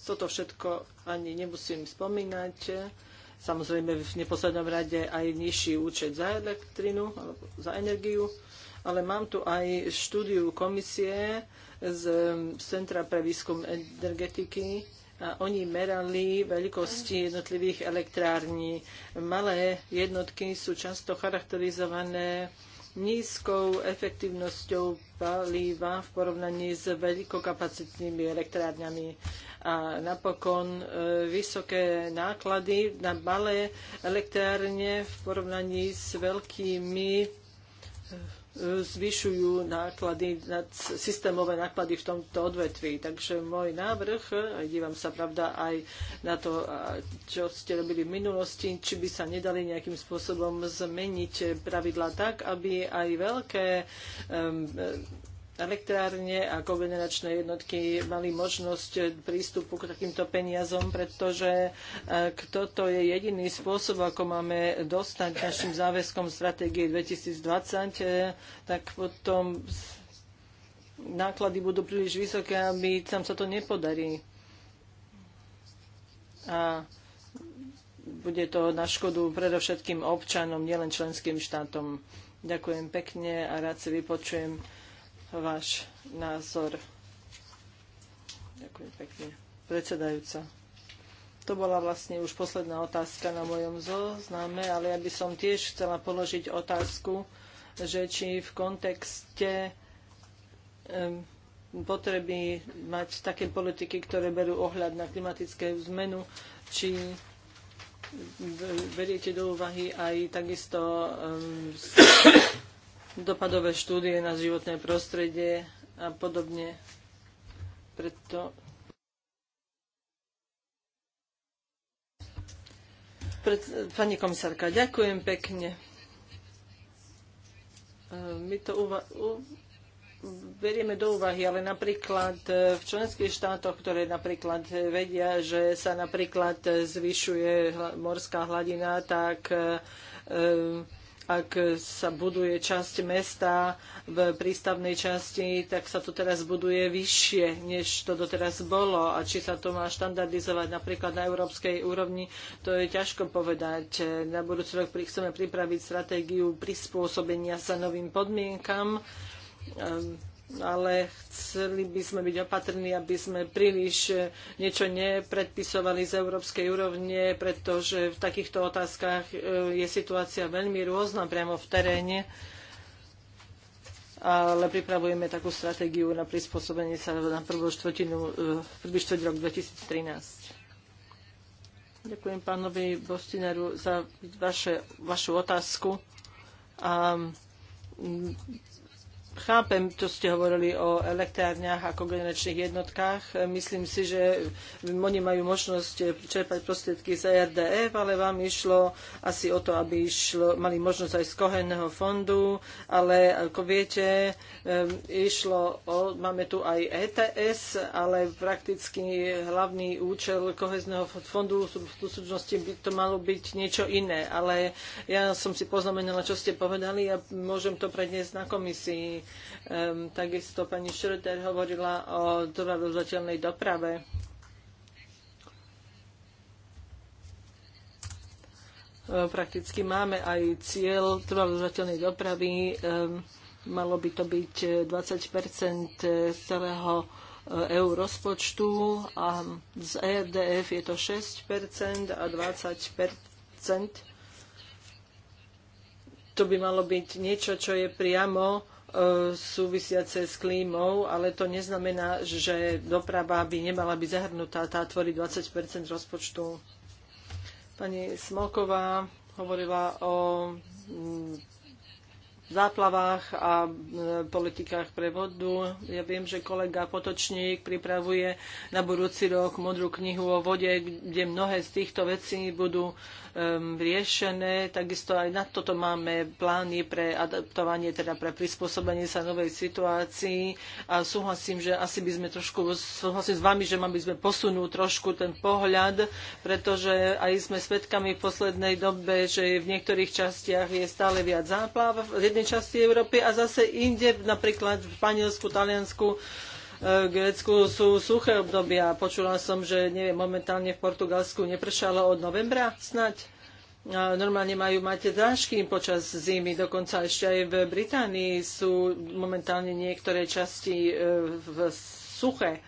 Toto všetko ani nemusím spomínať samozrejme v neposlednom rade aj nižší účet za elektrinu alebo za energiu. Ale mám tu aj štúdiu komisie z Centra pre výskum energetiky, a oni merali veľkosti jednotlivých elektrární. Malé jednotky sú často charakterizované nízkou efektívnosťou palíva v porovnaní s veľkokapacitnými elektrárňami a napokon e, vysoké náklady na malé elektrárne v porovnaní s veľkými zvyšujú náklady, systémové náklady v tomto odvetví. Takže môj návrh, aj dívam sa pravda aj na to, čo ste robili v minulosti, či by sa nedali nejakým spôsobom zmeniť pravidla tak, aby aj veľké um, elektrárne a kogeneračné jednotky mali možnosť prístupu k takýmto peniazom, pretože toto e, je jediný spôsob, ako máme dostať našim záväzkom stratégie 2020, e, tak potom náklady budú príliš vysoké, aby tam sa to nepodarí. A bude to na škodu predovšetkým občanom, nielen členským štátom. Ďakujem pekne a rád si vypočujem váš názor. Ďakujem pekne. Predsedajúca. To bola vlastne už posledná otázka na mojom zozname, ale ja by som tiež chcela položiť otázku, že či v kontexte potreby mať také politiky, ktoré berú ohľad na klimatické zmenu, či beriete do úvahy aj takisto dopadové štúdie na životné prostredie a podobne. Preto Pred, pani komisárka, ďakujem pekne. E, my to uva- u- berieme do úvahy, ale napríklad e, v členských štátoch, ktoré napríklad vedia, že sa napríklad zvyšuje morská hladina, tak e, ak sa buduje časť mesta v prístavnej časti, tak sa to teraz buduje vyššie, než to doteraz bolo. A či sa to má štandardizovať napríklad na európskej úrovni, to je ťažko povedať. Na budúci rok chceme pripraviť stratégiu prispôsobenia sa novým podmienkam. Ehm, ale chceli by sme byť opatrní, aby sme príliš e, niečo nepredpisovali z európskej úrovne, pretože v takýchto otázkach e, je situácia veľmi rôzna priamo v teréne ale pripravujeme takú stratégiu na prispôsobenie sa na prvú štvrtinu, e, prvý štvrť rok 2013. Ďakujem pánovi Bostineru za vaše, vašu otázku. A Chápem, čo ste hovorili o elektrárniach ako generačných jednotkách. Myslím si, že oni majú možnosť čerpať prostriedky z e RDF, ale vám išlo asi o to, aby išlo, mali možnosť aj z koheného fondu, ale ako viete, išlo o, máme tu aj ETS, ale prakticky hlavný účel kohezného fondu v súčnosti by to malo byť niečo iné. Ale ja som si poznamenala, čo ste povedali a môžem to predniesť na komisii Um, takisto pani Schröder hovorila o trvalodržateľnej doprave. E, prakticky máme aj cieľ trvalozateľnej dopravy. Ehm, malo by to byť 20 e, e, celého EU rozpočtu a z ERDF je to 6 a 20 To by malo byť niečo, čo je priamo súvisiace s klímou, ale to neznamená, že doprava by nemala byť zahrnutá. Tá tvorí 20 rozpočtu. Pani Smoková hovorila o mm, záplavách a e, politikách pre vodu. Ja viem, že kolega Potočník pripravuje na budúci rok modrú knihu o vode, kde mnohé z týchto vecí budú um, riešené. Takisto aj na toto máme plány pre adaptovanie, teda pre prispôsobenie sa novej situácii. A súhlasím, že asi by sme trošku, súhlasím s vami, že mali by sme posunúť trošku ten pohľad, pretože aj sme svedkami v poslednej dobe, že v niektorých častiach je stále viac záplav, v jednej časti Európy a zase inde, napríklad v Španielsku, Taliansku, e, Grécku sú suché obdobia. Počula som, že neviem, momentálne v Portugalsku nepršalo od novembra snať. Normálne majú mať drážky počas zimy, dokonca ešte aj v Británii sú momentálne niektoré časti e, v suché.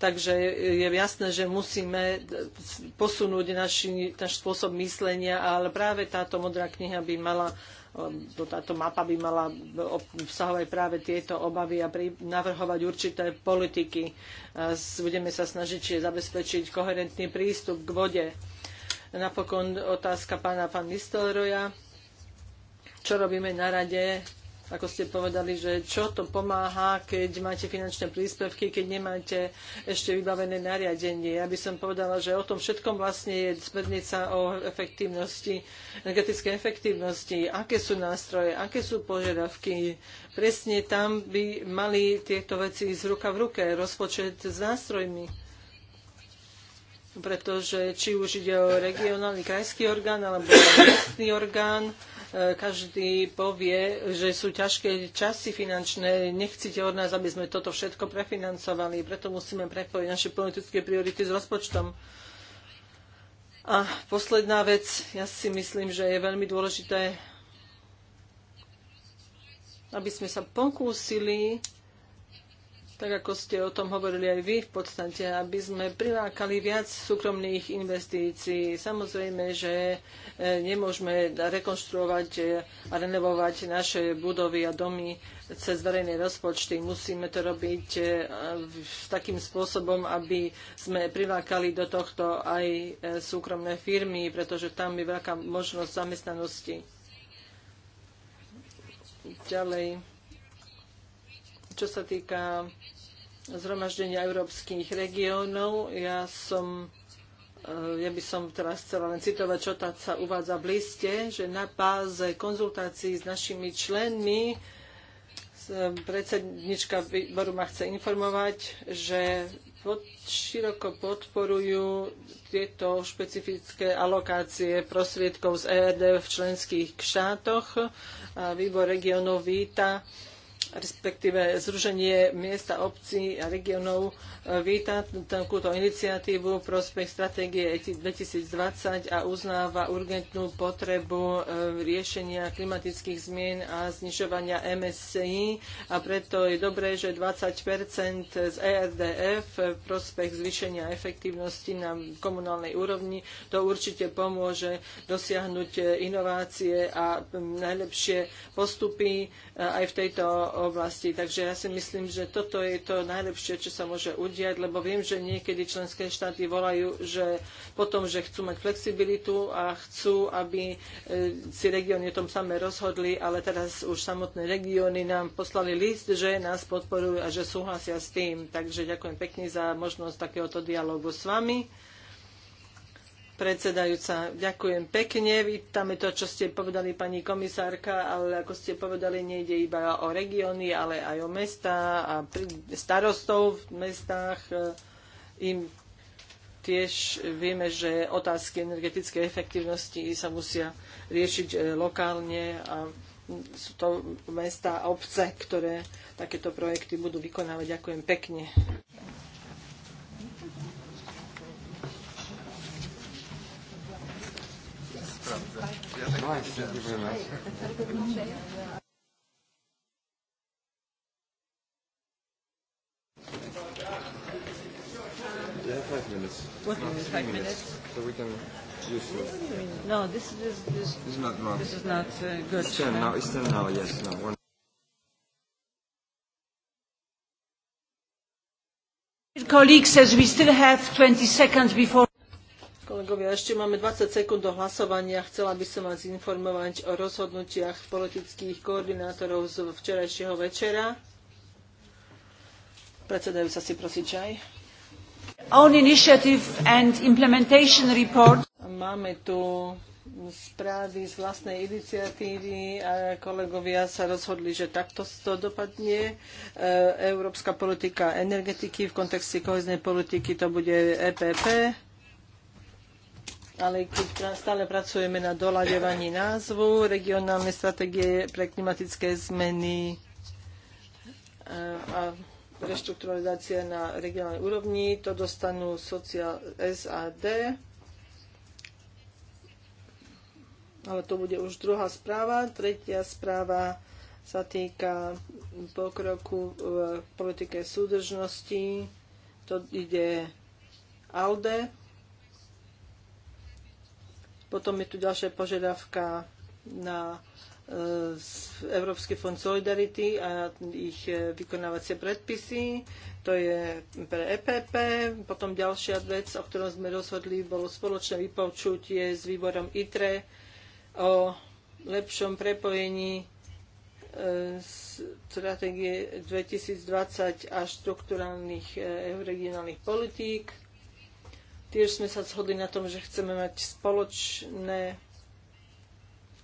Takže je jasné, že musíme posunúť náš spôsob myslenia, ale práve táto modrá kniha by mala Ehm, táto mapa by mala obsahovať práve tieto obavy a navrhovať určité politiky. Ehm, budeme sa snažiť zabezpečiť koherentný prístup k vode. Napokon otázka pána pán Nistelroja. Čo robíme na rade ako ste povedali, že čo to pomáha, keď máte finančné príspevky, keď nemáte ešte vybavené nariadenie. Ja by som povedala, že o tom všetkom vlastne je smernica o efektívnosti, energetickej efektívnosti, aké sú nástroje, aké sú požiadavky. Presne tam by mali tieto veci ísť ruka v ruke, rozpočet s nástrojmi pretože či už ide o regionálny krajský orgán alebo miestny orgán, E, každý povie, že sú ťažké časy finančné, nechcíte od nás, aby sme toto všetko prefinancovali, preto musíme prepojiť naše politické priority s rozpočtom. A posledná vec, ja si myslím, že je veľmi dôležité, aby sme sa pokúsili tak ako ste o tom hovorili aj vy v podstate, aby sme prilákali viac súkromných investícií. Samozrejme, že e, nemôžeme rekonštruovať e, a renovovať naše budovy a domy cez verejné rozpočty. Musíme to robiť e, takým spôsobom, aby sme prilákali do tohto aj súkromné firmy, pretože tam je veľká možnosť zamestnanosti. Ďalej, čo sa týka zhromaždenia európskych regiónov. Ja som eh, ja by som teraz chcela len citovať, čo tá sa uvádza v liste, že na páze konzultácií s našimi členmi eh, predsednička výboru ma chce informovať, že pod, široko podporujú tieto špecifické alokácie prostriedkov z ERD v členských štátoch. A výbor regionov víta respektíve Združenie miesta obcí a regionov víta takúto iniciatívu prospech stratégie 2020 a uznáva urgentnú potrebu e, riešenia klimatických zmien a znižovania MSCI a preto je dobré, že 20 z ERDF prospech zvýšenia efektívnosti na komunálnej úrovni to určite pomôže dosiahnuť inovácie a najlepšie postupy e, aj v tejto oblasti. Takže ja si myslím, že toto je to najlepšie, čo sa môže udiať udiať, lebo viem, že niekedy členské štáty volajú, že potom, že chcú mať flexibilitu a chcú, aby e, si regióny o tom samé rozhodli, ale teraz už samotné regióny nám poslali list, že nás podporujú a že súhlasia s tým. Takže ďakujem pekne za možnosť takéhoto dialógu s vami predsedajúca. Ďakujem pekne. Vítame to, čo ste povedali, pani komisárka, ale ako ste povedali, nejde iba o regióny, ale aj o mesta a starostov v mestách. Im tiež vieme, že otázky energetickej efektivnosti sa musia riešiť eh, lokálne a sú to mesta a obce, ktoré takéto projekty budú vykonávať. Ďakujem pekne. Yeah, five minutes. What no, minutes? Five minutes. minutes. So we can use it. No, this is this. This is not. No. This is not uh, good. It's ten now. It's ten now. Yes. No. One. Colleagues, as we still have 20 seconds before. Kolegovia, ešte máme 20 sekúnd do hlasovania. Chcela by som vás informovať o rozhodnutiach politických koordinátorov z včerajšieho večera. Predsedajúca si prosí čaj. initiative and implementation report. Máme tu správy z vlastnej iniciatívy a kolegovia sa rozhodli, že takto to dopadne. E, Európska politika energetiky v kontexte koheznej politiky to bude EPP ale keď stále pracujeme na doľaďovaní názvu, regionálnej stratégie pre klimatické zmeny eh, a reštrukturalizácia na regionálnej úrovni, to dostanú sociál SAD, ale to bude už druhá správa. Tretia správa sa týka pokroku v politike súdržnosti, to ide ALDE, potom je tu ďalšia požiadavka na e, Európsky fond Solidarity a ich e, vykonávacie predpisy. To je pre EPP. Potom ďalšia vec, o ktorom sme rozhodli, bolo spoločné vypočutie s výborom ITRE o lepšom prepojení e, stratégie 2020 a štruktúrálnych regionálnych politík Tiež sme sa shodli na tom, že chceme mať spoločné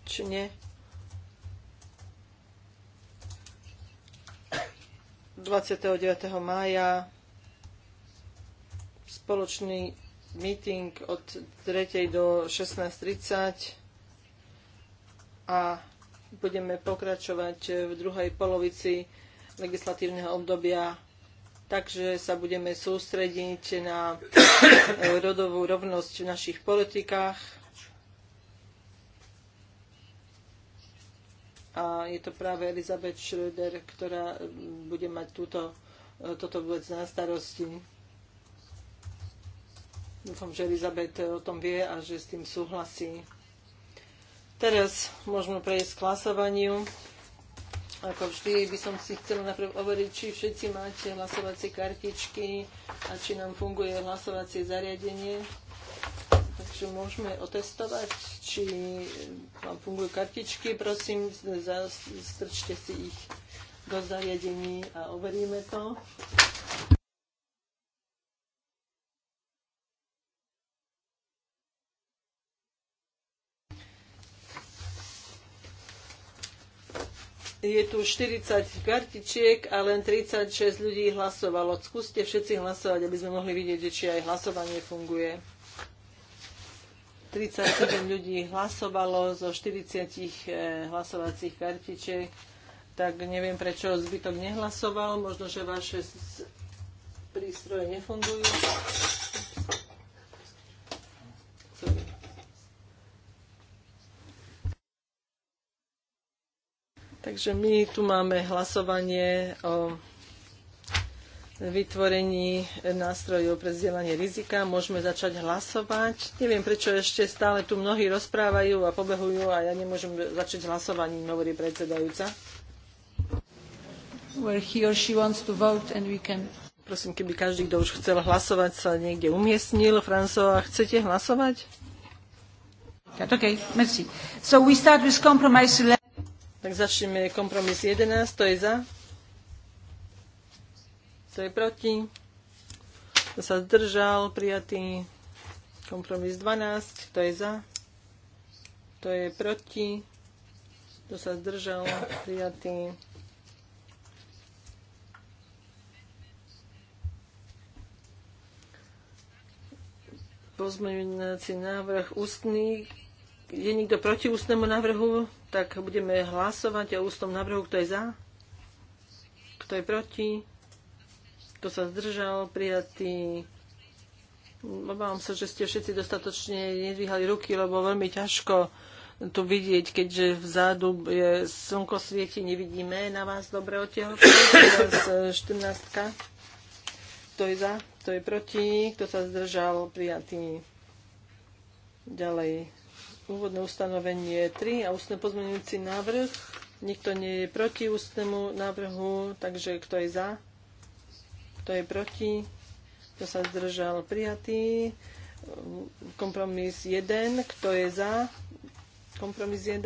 či nie, 29. mája spoločný meeting od 3. do 16.30 a budeme pokračovať v druhej polovici legislatívneho obdobia takže sa budeme sústrediť na rodovú rovnosť v našich politikách. A je to práve Elizabeth Schröder, ktorá bude mať túto, toto vôbec na starosti. Dúfam, že Elizabeth o tom vie a že s tým súhlasí. Teraz môžeme prejsť k hlasovaniu. Ako vždy by som si chcela najprv overiť, či všetci máte hlasovacie kartičky a či nám funguje hlasovacie zariadenie. Takže môžeme otestovať, či vám fungujú kartičky. Prosím, strčte si ich do zariadení a overíme to. je tu 40 kartičiek a len 36 ľudí hlasovalo. Skúste všetci hlasovať, aby sme mohli vidieť, že či aj hlasovanie funguje. 37 ľudí hlasovalo zo 40 eh, hlasovacích kartičiek, tak neviem, prečo zbytok nehlasoval. Možno, že vaše prístroje nefungujú. Takže my tu máme hlasovanie o vytvorení nástrojov pre zdieľanie rizika. Môžeme začať hlasovať. Neviem, prečo ešte stále tu mnohí rozprávajú a pobehujú a ja nemôžem začať hlasovaním, hovorí predsedajúca. Can... Prosím, keby každý, kto už chcel hlasovať, sa niekde umiestnil. a chcete hlasovať? Okay, merci. So we start with compromise tak začneme kompromis 11, to je za. To je proti. To sa zdržal, prijatý. Kompromis 12, to je za. To je proti. To sa zdržal, prijatý. Pozmeňujúci návrh ústnych je nikto proti ústnemu návrhu, tak budeme hlasovať o ústnom návrhu, kto je za, kto je proti, kto sa zdržal, prijatý. Obávam sa, že ste všetci dostatočne nedvíhali ruky, lebo veľmi ťažko tu vidieť, keďže vzadu je, slnko svieti, nevidíme na vás dobre odtiaľ. 14. Kto je za, kto je proti, kto sa zdržal, prijatý. Ďalej úvodné ustanovenie 3 a ústne pozmeňujúci návrh. Nikto nie je proti ústnemu návrhu, takže kto je za? Kto je proti? Kto sa zdržal? Prijatý. Kompromis 1. Kto je za? Kompromis 1.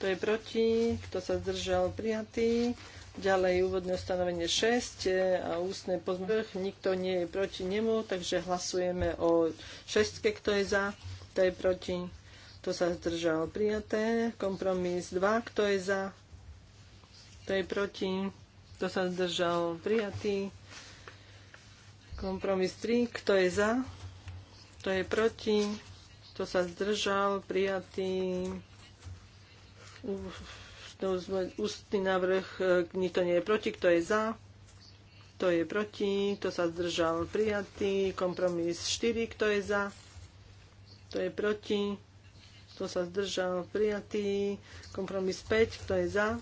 Kto je proti? Kto sa zdržal? Prijatý. Ďalej úvodné ustanovenie 6 a ústne pozmeňujúci Nikto nie je proti nemu, takže hlasujeme o 6, kto je za, kto je proti, kto sa zdržal? Prijaté. Kompromis 2. Kto je za? Kto je proti? Kto sa zdržal? Prijatý. Kompromis 3. Kto je za? Kto je proti? Kto sa zdržal? Prijatý. Ústny návrh. E, nikto nie je proti. Kto je za? Kto je proti? Kto sa zdržal? Prijatý. Kompromis 4. Kto je za? Kto je proti? kto sa zdržal, prijatý. Kompromis 5, kto je za,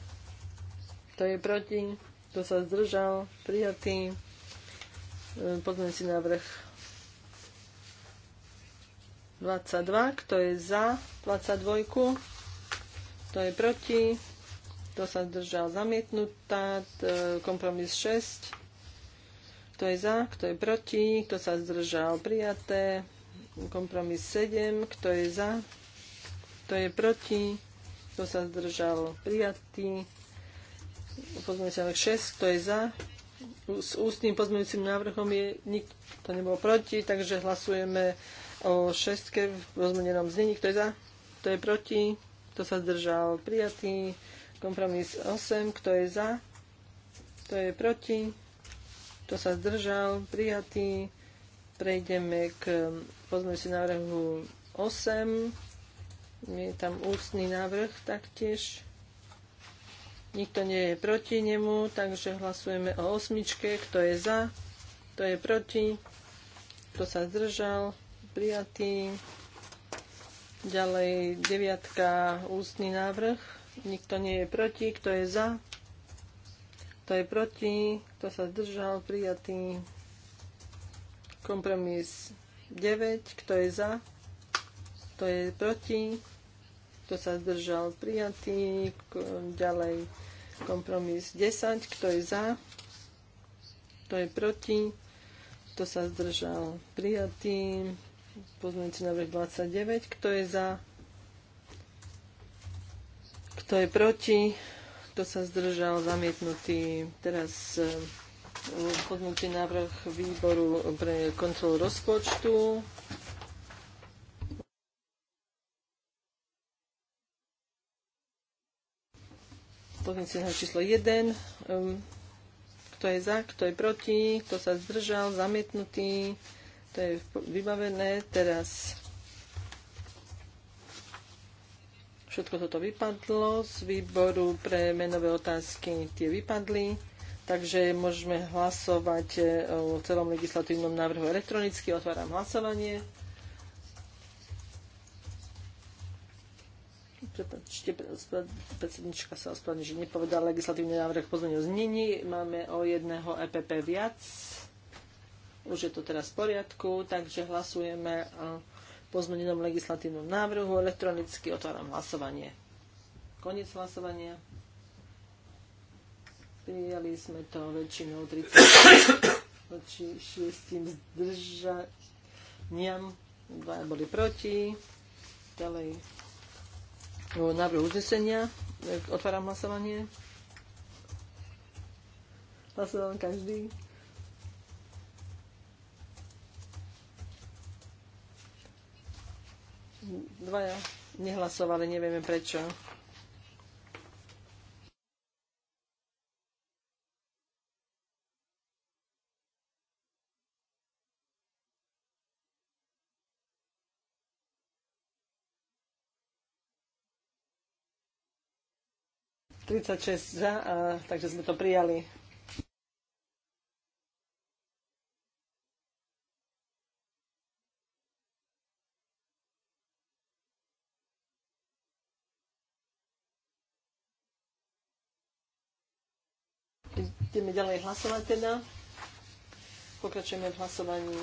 kto je proti, kto sa zdržal, prijatý. E, Pozmeň si návrh 22, kto je za 22, kto je proti, kto sa zdržal, zamietnutá, e, kompromis 6, kto je za, kto je proti, kto sa zdržal, prijaté. Kompromis 7, kto je za, kto je proti? Kto sa zdržal? Prijatý. Pozmeňujúci návrh 6. Kto je za? S ústnym pozmeňujúcim návrhom je nikto nebol proti, takže hlasujeme o 6 v rozmenenom znení. Kto je za? Kto je proti? Kto sa zdržal? Prijatý. Kompromis 8. Kto je za? Kto je proti? Kto sa zdržal? Prijatý. Prejdeme k pozmeňujúcim návrhu 8 je tam ústny návrh taktiež. Nikto nie je proti nemu, takže hlasujeme o osmičke. Kto je za? Kto je proti? Kto sa zdržal? Prijatý. Ďalej deviatka, ústny návrh. Nikto nie je proti. Kto je za? Kto je proti? Kto sa zdržal? Prijatý. Kompromis 9. Kto je za? kto je proti, kto sa zdržal prijatý, ďalej kompromis 10, kto je za, kto je proti, kto sa zdržal prijatý, pozmeňujúci návrh 29, kto je za, kto je proti, kto sa zdržal zamietnutý, teraz eh, pozmeňujúci návrh výboru pre kontrolu rozpočtu, Pozmeňujúci návrh číslo 1. Um, kto je za, kto je proti, kto sa zdržal, zamietnutý. To je vybavené. Teraz všetko toto vypadlo. Z výboru pre menové otázky tie vypadli. Takže môžeme hlasovať eh, o celom legislatívnom návrhu elektronicky. Otváram hlasovanie. Prepačte, predsednička sa ospravedlňuje, že nepovedala legislatívny návrh pozmeňov znení. Máme o jedného EPP viac. Už je to teraz v poriadku, takže hlasujeme o pozmenenom legislatívnom návrhu. Elektronicky otváram hlasovanie. Koniec hlasovania. Prijali sme to väčšinou 30 6 zdržaniam. Dva boli proti. Ďalej návrhu uznesenia. Otváram hlasovanie. Hlasoval každý. Dvaja nehlasovali, nevieme prečo. 36 za, a, takže sme to prijali. Ideme ďalej hlasovať teda. Pokračujeme v hlasovaní.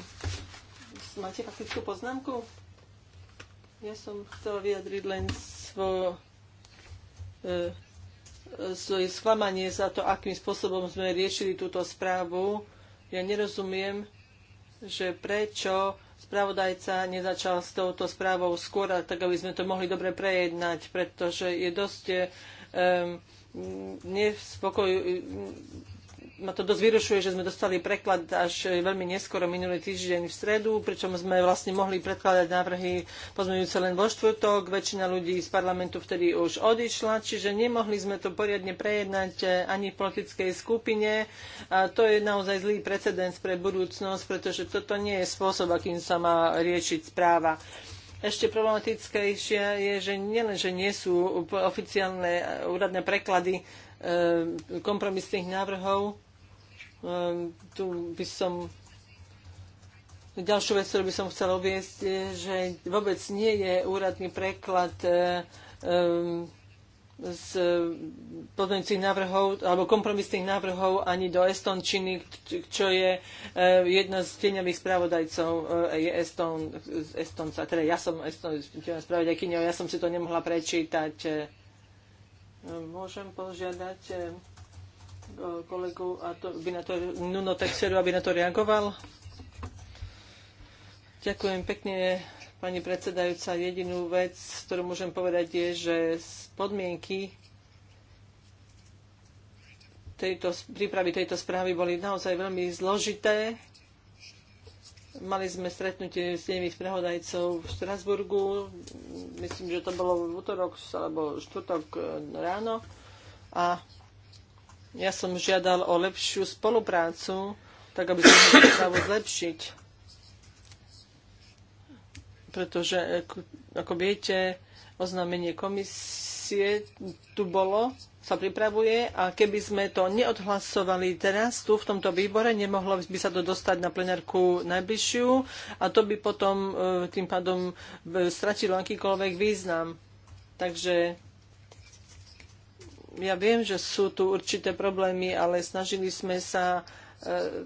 Máte faktickú poznámku? Ja som chcela vyjadriť len svoj e, svoje e, sklamanie za to, akým spôsobom sme riešili túto správu. Ja nerozumiem, že prečo spravodajca nezačal s touto správou skôr, tak aby sme to mohli dobre prejednať, pretože je dosť um, e, nespokoj, ma to dosť vyrušuje, že sme dostali preklad až eh, veľmi neskoro minulý týždeň v stredu, pričom sme vlastne mohli predkladať návrhy pozmeňujúce len vo štvrtok. Väčšina ľudí z parlamentu vtedy už odišla, čiže nemohli sme to poriadne prejednať eh, ani v politickej skupine. A to je naozaj zlý precedens pre budúcnosť, pretože toto nie je spôsob, akým sa má riešiť správa. Ešte problematickejšie je, že nielen, že nie sú oficiálne úradné preklady eh, kompromisných návrhov, tu by som Ďalšiu vec, ktorú by som chcela uviezť, že vôbec nie je úradný preklad e, e, z podmienujúcich návrhov alebo kompromisných návrhov ani do estončiny, čo je e, jedna z tieňových spravodajcov je Eston, Estonca. Teda ja som Eston, spravodajkyňou, ja som si to nemohla prečítať. Môžem požiadať kolegu a to, by na to, Nuno Texeru, aby na to reagoval. Ďakujem pekne, pani predsedajúca. Jedinú vec, ktorú môžem povedať, je, že podmienky tejto, prípravy tejto správy boli naozaj veľmi zložité. Mali sme stretnutie s nimi spravodajcov v Strasburgu. Myslím, že to bolo v útorok alebo štvrtok eh, ráno. A ja som žiadal o lepšiu spoluprácu, tak aby sme mohli právo zlepšiť. Pretože, e, ako viete, oznámenie komisie tu bolo, sa pripravuje a keby sme to neodhlasovali teraz tu v tomto výbore, nemohlo by sa to dostať na plenárku najbližšiu a to by potom e, tým pádom e, stratilo akýkoľvek význam. Takže ja viem, že sú tu určité problémy, ale snažili sme sa e,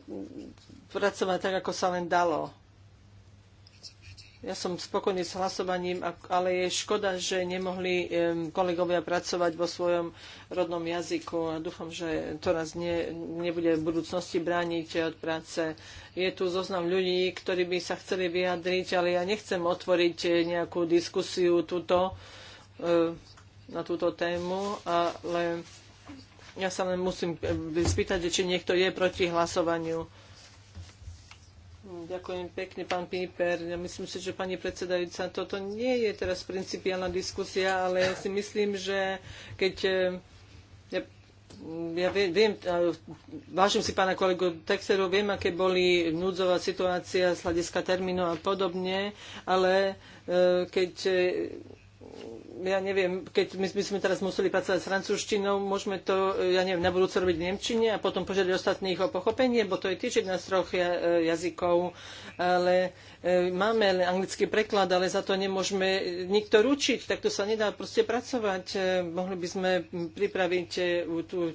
pracovať tak, ako sa len dalo. Ja som spokojný s hlasovaním, ale je škoda, že nemohli kolegovia pracovať vo svojom rodnom jazyku. A dúfam, že to nás ne, nebude v budúcnosti brániť od práce. Je tu zoznam ľudí, ktorí by sa chceli vyjadriť, ale ja nechcem otvoriť e, nejakú diskusiu túto e, na túto tému, ale ja sa len musím eh, spýtať, či niekto je proti hlasovaniu. Ďakujem pekne, pán Píper. Ja myslím si, že pani predsedajúca, toto nie je teraz principiálna diskusia, ale ja si myslím, že keď eh, ja, ja viem, vážim si pána kolegu Texeru, viem, aké boli núdzová situácia z hľadiska termínu a podobne, ale eh, keď ja neviem, keď my, by sme teraz museli pracovať s francúzštinou, môžeme to, ja neviem, na budúce robiť v Nemčine a potom požiadať ostatných o pochopenie, bo to je tiež jedna z troch e, jazykov, ale e, máme anglický preklad, ale za to nemôžeme nikto ručiť, tak to sa nedá proste pracovať. E, mohli by sme pripraviť, tú,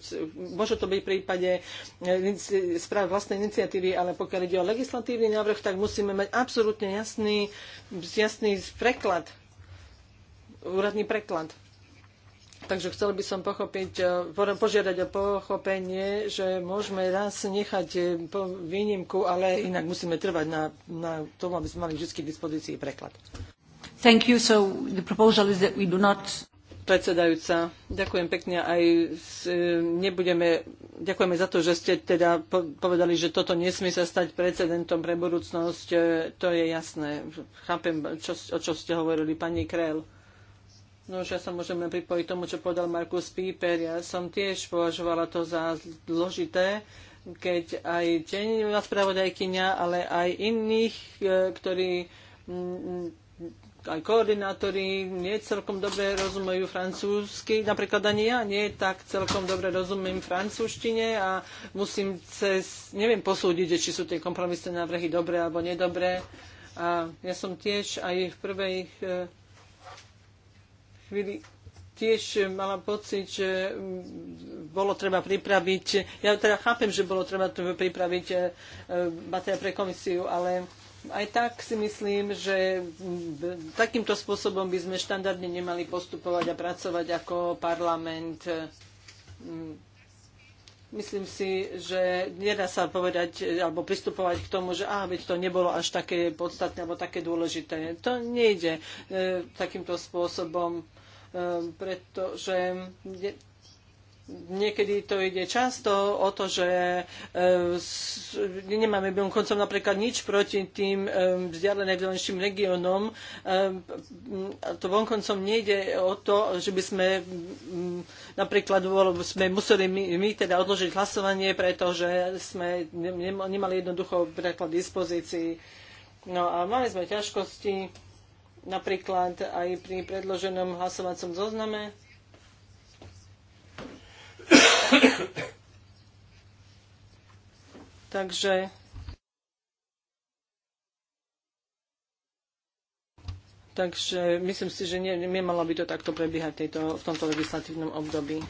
môže to byť v prípade správ vlastnej iniciatívy, ale pokiaľ ide o legislatívny návrh, tak musíme mať absolútne jasný, jasný preklad úradný preklad. Takže chcel by som pochopiť, e, požiadať o pochopenie, že môžeme raz nechať e, výnimku, ale inak musíme trvať na, na tom, aby sme mali vždy k dispozícii preklad. Thank you. So the proposal is that we do not predsedajúca. Ďakujem pekne aj e, nebudeme, ďakujeme za to, že ste teda povedali, že toto nesmie sa stať precedentom pre budúcnosť. To je jasné. Chápem, čo, o čo ste hovorili, pani Krell. No, že ja sa môžeme pripojiť tomu, čo povedal Markus Píper. Ja som tiež považovala to za zložité, keď aj tenová spravodajkyňa, ale aj iných, e, ktorí mm, aj koordinátori nie celkom dobre rozumejú francúzsky. Napríklad ani ja nie tak celkom dobre rozumiem francúzštine a musím cez, neviem posúdiť, či sú tie kompromisné návrhy dobré alebo nedobré. A ja som tiež aj v prvej e, chvíli tiež mala pocit, že mm, bolo treba pripraviť, ja teda chápem, že bolo treba pripraviť e, e, materiál pre komisiu, ale aj tak si myslím, že mm, takýmto spôsobom by sme štandardne nemali postupovať a pracovať ako parlament. Mm. Myslím si, že nedá sa povedať alebo pristupovať k tomu, že ah, veď to nebolo až také podstatné alebo také dôležité. To nejde e, takýmto spôsobom Ehm, pretože niekedy to ide často o to, že ehm, nemáme koncom napríklad nič proti tým ehm, vzdialeným vzdialenším regiónom. To vonkoncom nejde o to, že by sme mm, napríklad sme museli my, my teda odložiť hlasovanie, pretože sme nemali jednoducho preklad dispozícii. No a mali sme ťažkosti napríklad aj pri predloženom hlasovacom zozname. Takže Takže myslím si, že nie, nemalo by to takto prebiehať tejto, v tomto legislatívnom období.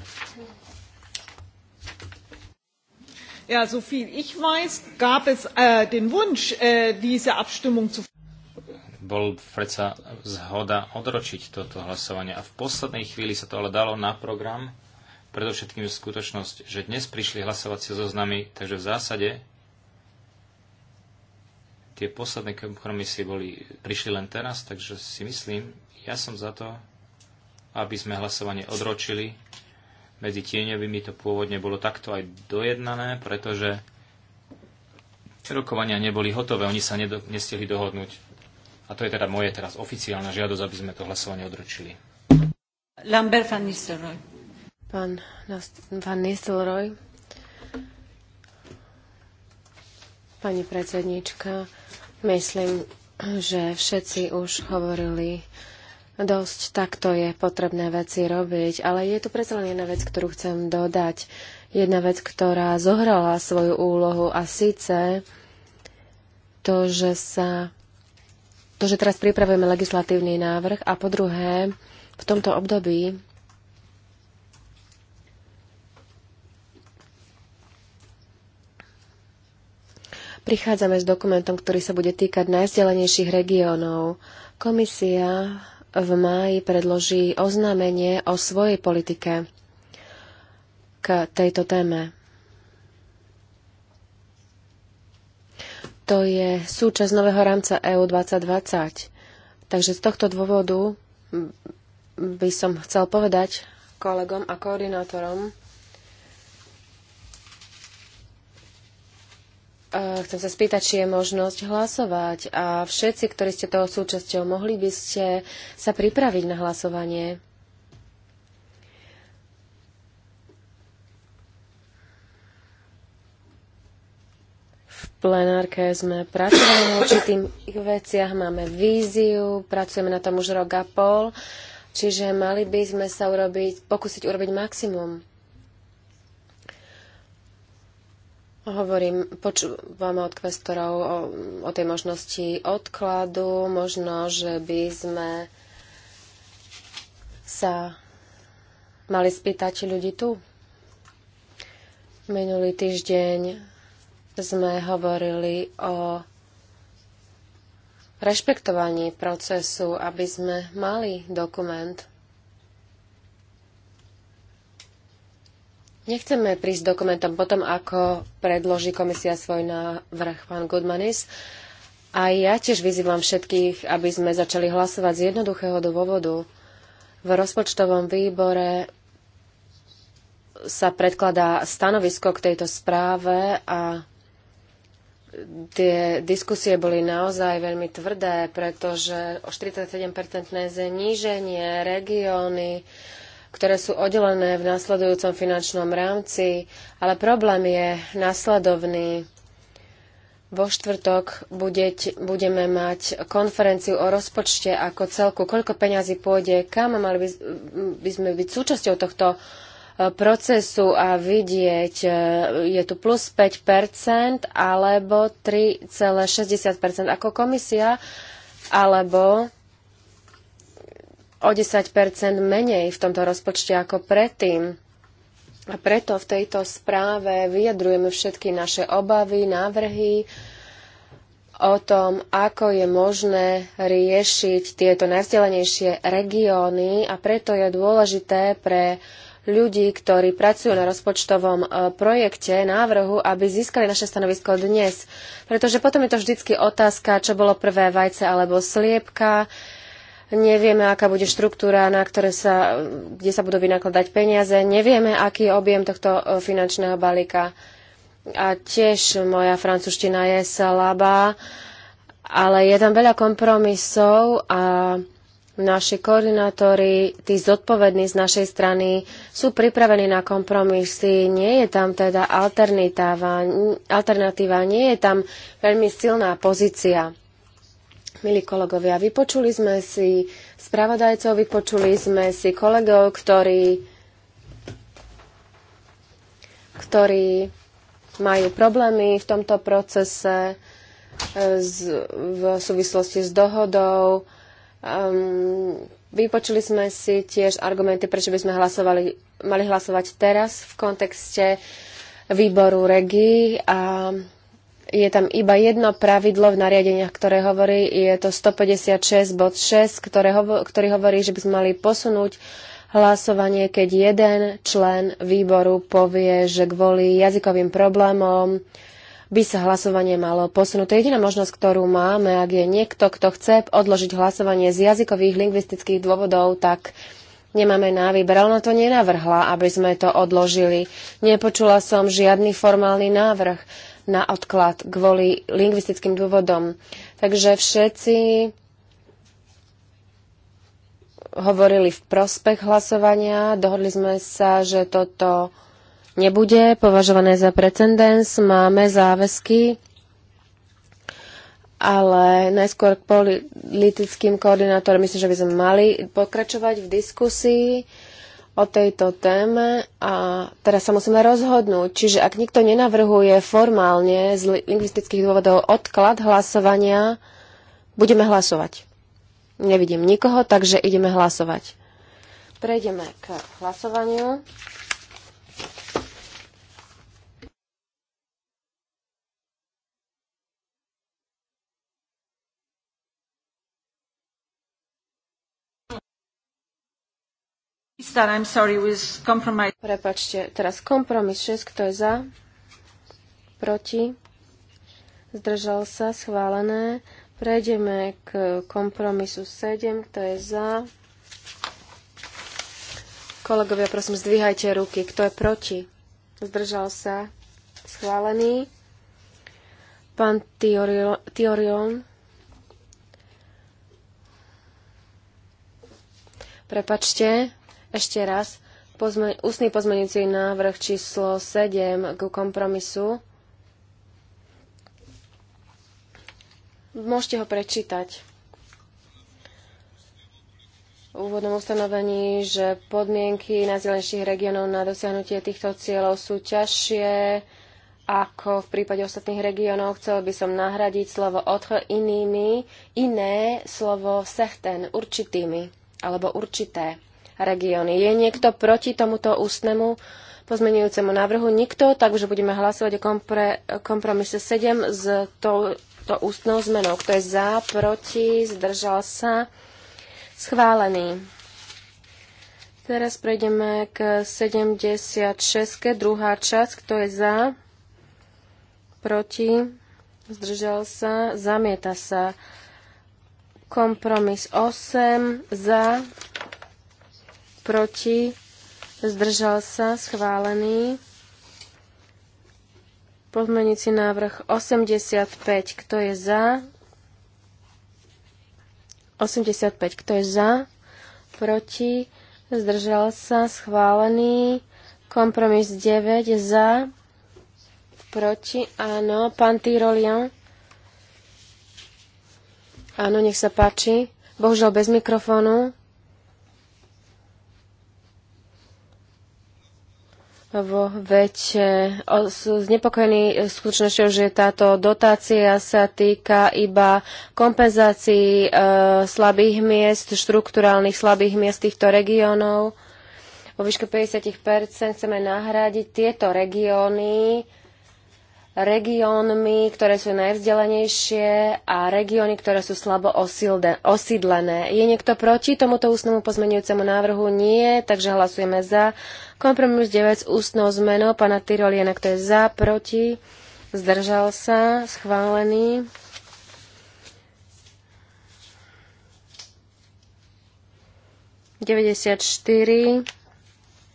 Ja, so viel ich weiß, gab es äh, den Wunsch, äh, diese Abstimmung zu bol predsa zhoda odročiť toto hlasovanie. A v poslednej chvíli sa to ale dalo na program, predovšetkým skutočnosť, že dnes prišli hlasovacie zoznamy, so takže v zásade tie posledné kompromisy boli, prišli len teraz, takže si myslím, ja som za to, aby sme hlasovanie odročili. Medzi tieňovými to pôvodne bolo takto aj dojednané, pretože rokovania neboli hotové, oni sa nestihli dohodnúť a to je teda moje teraz oficiálna žiadosť, aby sme to hlasovanie odročili. Lambert van Nistelrooy. Pán van Nistelrooy. Pani predsednička, myslím, že všetci už hovorili dosť, takto je potrebné veci robiť, ale je tu predsa len jedna vec, ktorú chcem dodať. Jedna vec, ktorá zohrala svoju úlohu a síce to, že sa to, že teraz pripravujeme legislatívny návrh a po druhé, v tomto období prichádzame s dokumentom, ktorý sa bude týkať najzdelenejších regiónov. Komisia v máji predloží oznámenie o svojej politike k tejto téme. to je súčasť nového rámca EU 2020. Takže z tohto dôvodu by som chcel povedať kolegom a koordinátorom, eh, chcem sa spýtať, či je možnosť hlasovať. A všetci, ktorí ste toho súčasťou, mohli by ste sa pripraviť na hlasovanie. plenárke sme pracovali na určitých veciach, máme víziu, pracujeme na tom už rok a pol, čiže mali by sme sa urobiť, pokúsiť urobiť maximum. Hovorím, počúvame od kvestorov o, o tej možnosti odkladu, možno, že by sme sa mali spýtať ľudí tu. Minulý týždeň sme hovorili o rešpektovaní procesu, aby sme mali dokument. Nechceme prísť dokumentom potom, ako predloží komisia svoj návrh pán Goodmanis. A ja tiež vyzývam všetkých, aby sme začali hlasovať z jednoduchého dôvodu. V rozpočtovom výbore sa predkladá stanovisko k tejto správe a tie diskusie boli naozaj veľmi tvrdé, pretože o 47-percentné zníženie regióny, ktoré sú oddelené v nasledujúcom finančnom rámci, ale problém je nasledovný. Vo štvrtok budeť, budeme mať konferenciu o rozpočte ako celku. Koľko peňazí pôjde, kam mali by, by sme byť súčasťou tohto procesu a vidieť, e, je tu plus 5% alebo 3,60% ako komisia, alebo o 10% menej v tomto rozpočte ako predtým. A preto v tejto správe vyjadrujeme všetky naše obavy, návrhy, o tom, ako je možné riešiť tieto najvzdelenejšie regióny a preto je dôležité pre ľudí, ktorí pracujú na rozpočtovom e, projekte, návrhu, aby získali naše stanovisko dnes. Pretože potom je to vždycky otázka, čo bolo prvé vajce alebo sliepka. Nevieme, aká bude štruktúra, na ktoré sa, kde sa budú vynakladať peniaze. Nevieme, aký je objem tohto e, finančného balíka. A tiež moja francúzština je slabá, ale je tam veľa kompromisov a Naši koordinátori, tí zodpovední z našej strany, sú pripravení na kompromisy. Nie je tam teda alternatíva, nie je tam veľmi silná pozícia. Milí kolegovia, vypočuli sme si spravodajcov, vypočuli sme si kolegov, ktorí, ktorí majú problémy v tomto procese e, z, v súvislosti s dohodou Um, vypočuli sme si tiež argumenty, prečo by sme hlasovali, mali hlasovať teraz v kontexte výboru REGI a je tam iba jedno pravidlo v nariadeniach, ktoré hovorí, je to 156 bod 6, ktoré hovo, ktorý hovorí, že by sme mali posunúť hlasovanie, keď jeden člen výboru povie, že kvôli jazykovým problémom by sa hlasovanie malo posunúť. To je jediná možnosť, ktorú máme, ak je niekto, kto chce odložiť hlasovanie z jazykových, lingvistických dôvodov, tak nemáme na výber. Ona to nenavrhla, aby sme to odložili. Nepočula som žiadny formálny návrh na odklad kvôli lingvistickým dôvodom. Takže všetci hovorili v prospech hlasovania. Dohodli sme sa, že toto nebude považované za precedens. Máme záväzky, ale najskôr k politickým koordinátorom myslím, že by sme mali pokračovať v diskusii o tejto téme a teraz sa musíme rozhodnúť. Čiže ak nikto nenavrhuje formálne z lingvistických dôvodov odklad hlasovania, budeme hlasovať. Nevidím nikoho, takže ideme hlasovať. Prejdeme k hlasovaniu. Prepačte, teraz kompromis 6, kto je za? Proti? Zdržal sa, schválené. Prejdeme k kompromisu 7, kto je za? Kolegovia, prosím, zdvíhajte ruky. Kto je proti? Zdržal sa, schválený. Pán Tiorion. Tiorion. Prepačte, ešte raz, pozme, ústny pozmeňujúci návrh číslo 7 k kompromisu. Môžete ho prečítať. V úvodnom ustanovení, že podmienky najzelenších regiónov na dosiahnutie týchto cieľov sú ťažšie ako v prípade ostatných regiónov. Chcel by som nahradiť slovo odch inými, iné slovo sehten, určitými alebo určité regióny. Je niekto proti tomuto ústnemu pozmenujúcemu návrhu? Nikto, takže budeme hlasovať o kompre, kompromise 7 s touto ústnou zmenou. Kto je za, proti, zdržal sa? Schválený. Teraz prejdeme k 76. Druhá časť. Kto je za? Proti? Zdržal sa? Zamieta sa. Kompromis 8. Za? proti, zdržal sa, schválený. Pozmenici návrh 85, kto je za? 85, kto je za? Proti, zdržal sa, schválený. Kompromis 9, za? Proti, áno. Pán Tyrolian? Áno, nech sa páči. Bohužiaľ bez mikrofónu. vo vete znepokojený skutočnosťou, že táto dotácia sa týka iba kompenzácií e, slabých miest, štruktúrálnych slabých miest týchto regiónov. Vo výške 50 chceme nahradiť tieto regióny regiónmi, ktoré sú najvzdelenejšie a regióny, ktoré sú slabo osídlené. Je niekto proti tomuto ústnemu pozmenujúcemu návrhu? Nie, takže hlasujeme za. Kompromis 9 s ústnou zmenou pána Tyroliena, kto je za, proti, zdržal sa, schválený. Deväťdesiat štyri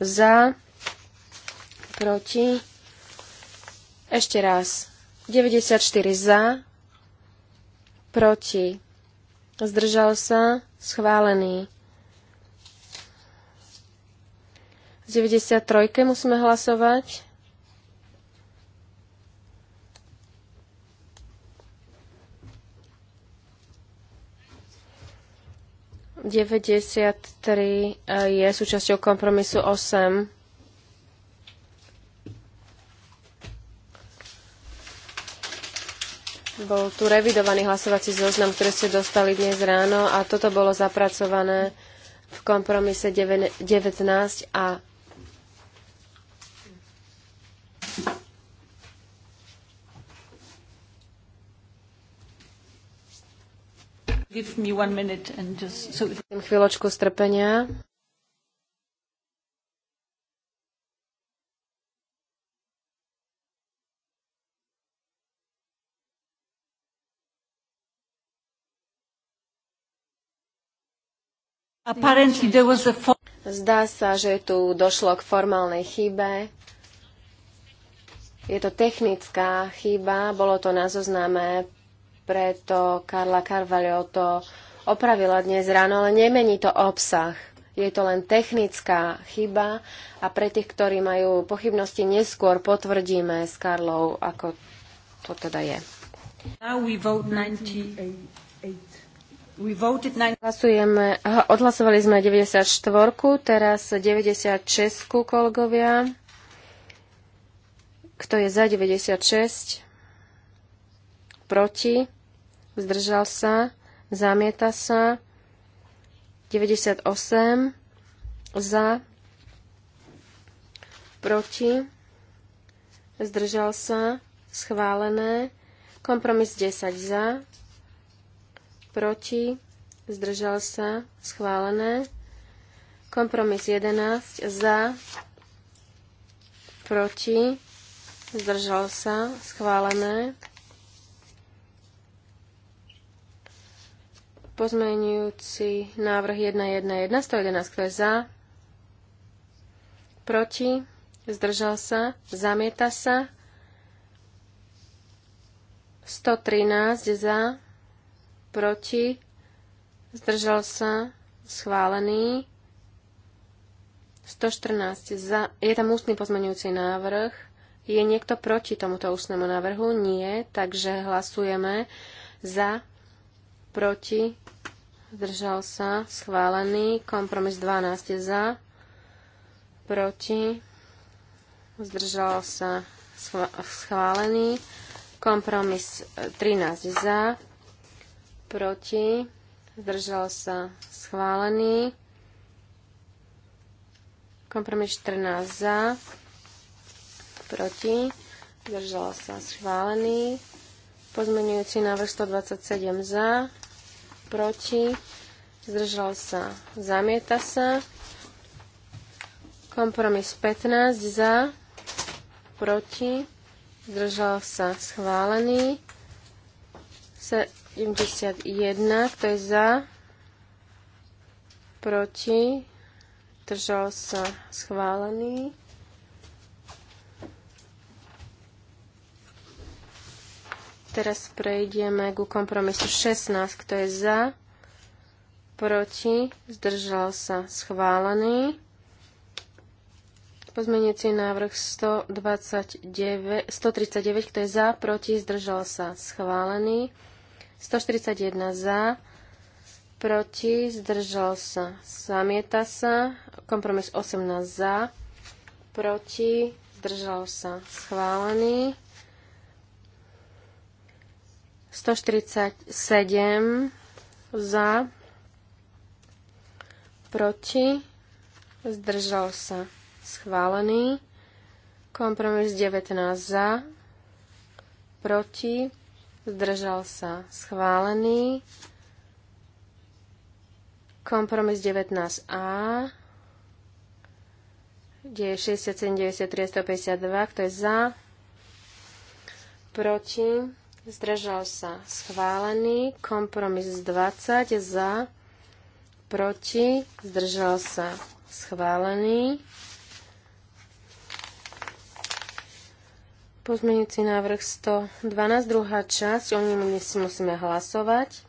za, proti. Ešte raz. 94 za, proti. Zdržal sa, schválený. 93 musíme hlasovať. Deväťdesiat tri eh, je súčasťou kompromisu osem. Bol tu revidovaný hlasovací zoznam, ktorý ste dostali dnes ráno a toto bolo zapracované v kompromise 19 a Give me one minute and just... So... Chvíľočku strpenia. Zdá sa, že tu došlo k formálnej chybe. Je to technická chyba, bolo to na zozname, preto Karla Carvalho to opravila dnes ráno, ale nemení to obsah. Je to len technická chyba a pre tých, ktorí majú pochybnosti, neskôr potvrdíme s Karlou, ako to teda je. Hlasujeme, odhlasovali sme 94, teraz 96, kolegovia. Kto je za 96? Proti? Zdržal sa? Zamieta sa? 98 za, proti, zdržal sa, schválené, kompromis 10 za, proti, zdržal sa, schválené, kompromis 11 za, proti, Zdržal sa. Schválené. Pozmeňujúci návrh 1.1.1. 111. Kto je za? Proti? Zdržal sa? Zamieta sa? 113 za? Proti? Zdržal sa? Schválený. 114 za. Je tam ústny pozmeňujúci návrh. Je niekto proti tomuto ústnemu návrhu? Nie, takže hlasujeme za, proti, zdržal sa, schválený, kompromis 12 za, proti, zdržal sa, schválený, kompromis 13 za, proti, zdržal sa, schválený, kompromis 14 za, proti, zdržala sa schválený. Pozmenujúci návrh 127 za, proti, zdržal sa, zamieta sa. Kompromis 15 za, proti, zdržal sa, schválený. 71, to je za, proti, zdržal sa, schválený. teraz prejdeme ku kompromisu 16. Kto je za? Proti? Zdržal sa? Schválený. Pozmeniecí návrh 129, 139, kto je za, proti, zdržal sa, schválený. 141 za, proti, zdržal sa, zamieta sa. Kompromis 18 za, proti, zdržal sa, schválený. 147 za, proti, zdržal sa schválený. Kompromis 19 za, proti, zdržal sa schválený. Kompromis 19a, kde je 67, 93, 152, kto je za, proti, zdržal sa schválený, kompromis 20 za, proti, zdržal sa schválený. Pozmeňujúci návrh 112, druhá časť, o ňom si musíme hlasovať.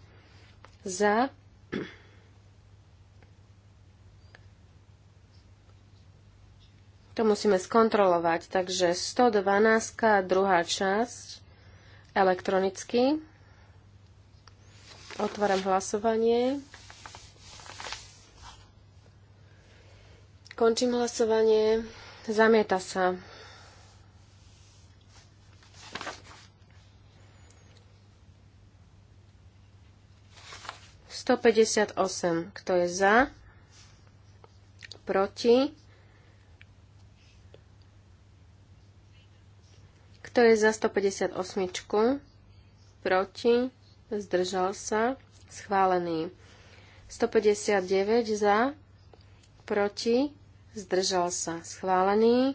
Za. To musíme skontrolovať, takže 112, druhá časť elektronicky. Otváram hlasovanie. Končím hlasovanie. Zamieta sa. Sto päťdesiat osem. Kto je za? Proti? Kto je za 158? Proti? Zdržal sa? Schválený. 159 za? Proti? Zdržal sa? Schválený.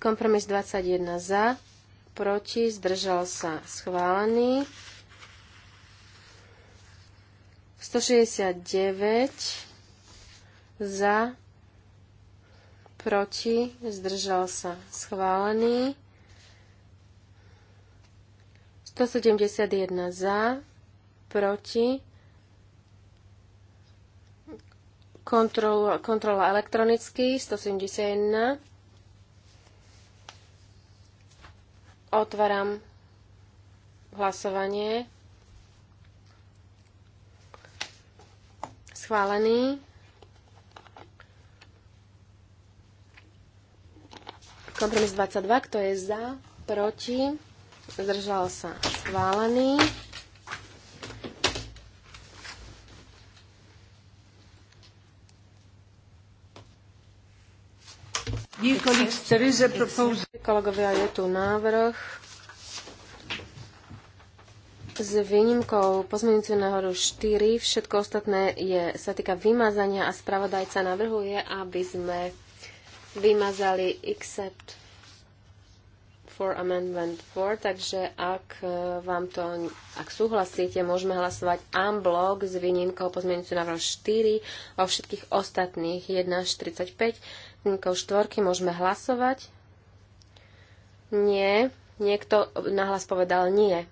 Kompromis 21 za? Proti? Zdržal sa? Schválený. 169 za, proti, zdržal sa schválený. 171 za, proti. Kontrola, kontrola elektronicky 171. Otváram hlasovanie. Schválený. Kompromis 22, kto je za, proti zdržal sa schválený. Kolegovia, je tu návrh s výnimkou pozmeňujúceho nahoru 4. Všetko ostatné je, sa týka vymazania a spravodajca navrhuje, aby sme vymazali except for Amendment 4, takže ak e, vám to, ak súhlasíte, môžeme hlasovať unblock s výnimkou pozmienujúcu návrhu 4 o všetkých ostatných 1 až 35. Výnimkou 4 môžeme hlasovať. Nie. Niekto nahlas povedal nie.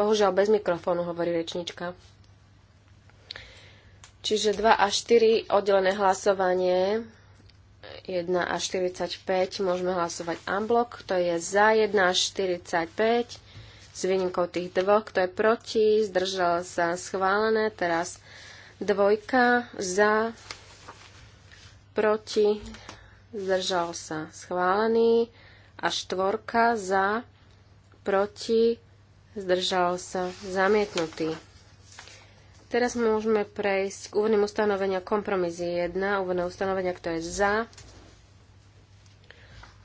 Bohužiaľ bez mikrofónu hovorí rečnička. Čiže 2 až 4 oddelené hlasovanie 1 až 45 môžeme hlasovať unblock, to je za 1 až 45 s výnimkou tých dvoch, kto je proti, zdržal sa schválené, teraz dvojka za, proti, zdržal sa schválený a štvorka za, proti, zdržal sa zamietnutý. Teraz môžeme prejsť k úvodným ustanovenia kompromis 1, úvodné ustanovenia, kto je za,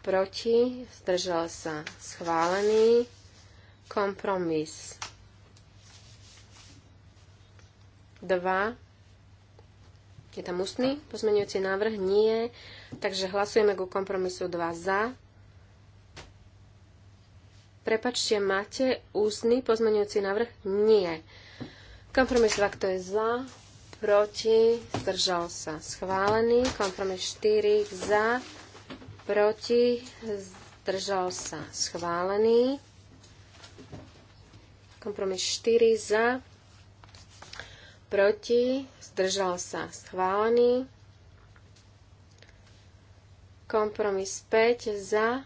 proti, zdržal sa schválený, kompromis 2, je tam ústny pozmeňujúci návrh? Nie. Takže hlasujeme ku kompromisu 2 za. Prepačte, máte ústny pozmeňujúci návrh? Nie. Kompromis 2, kto je za, proti, zdržal sa schválený. Kompromis 4, za, proti, zdržal sa schválený. Kompromis 4, za, proti, zdržal sa schválený. Kompromis 5, za,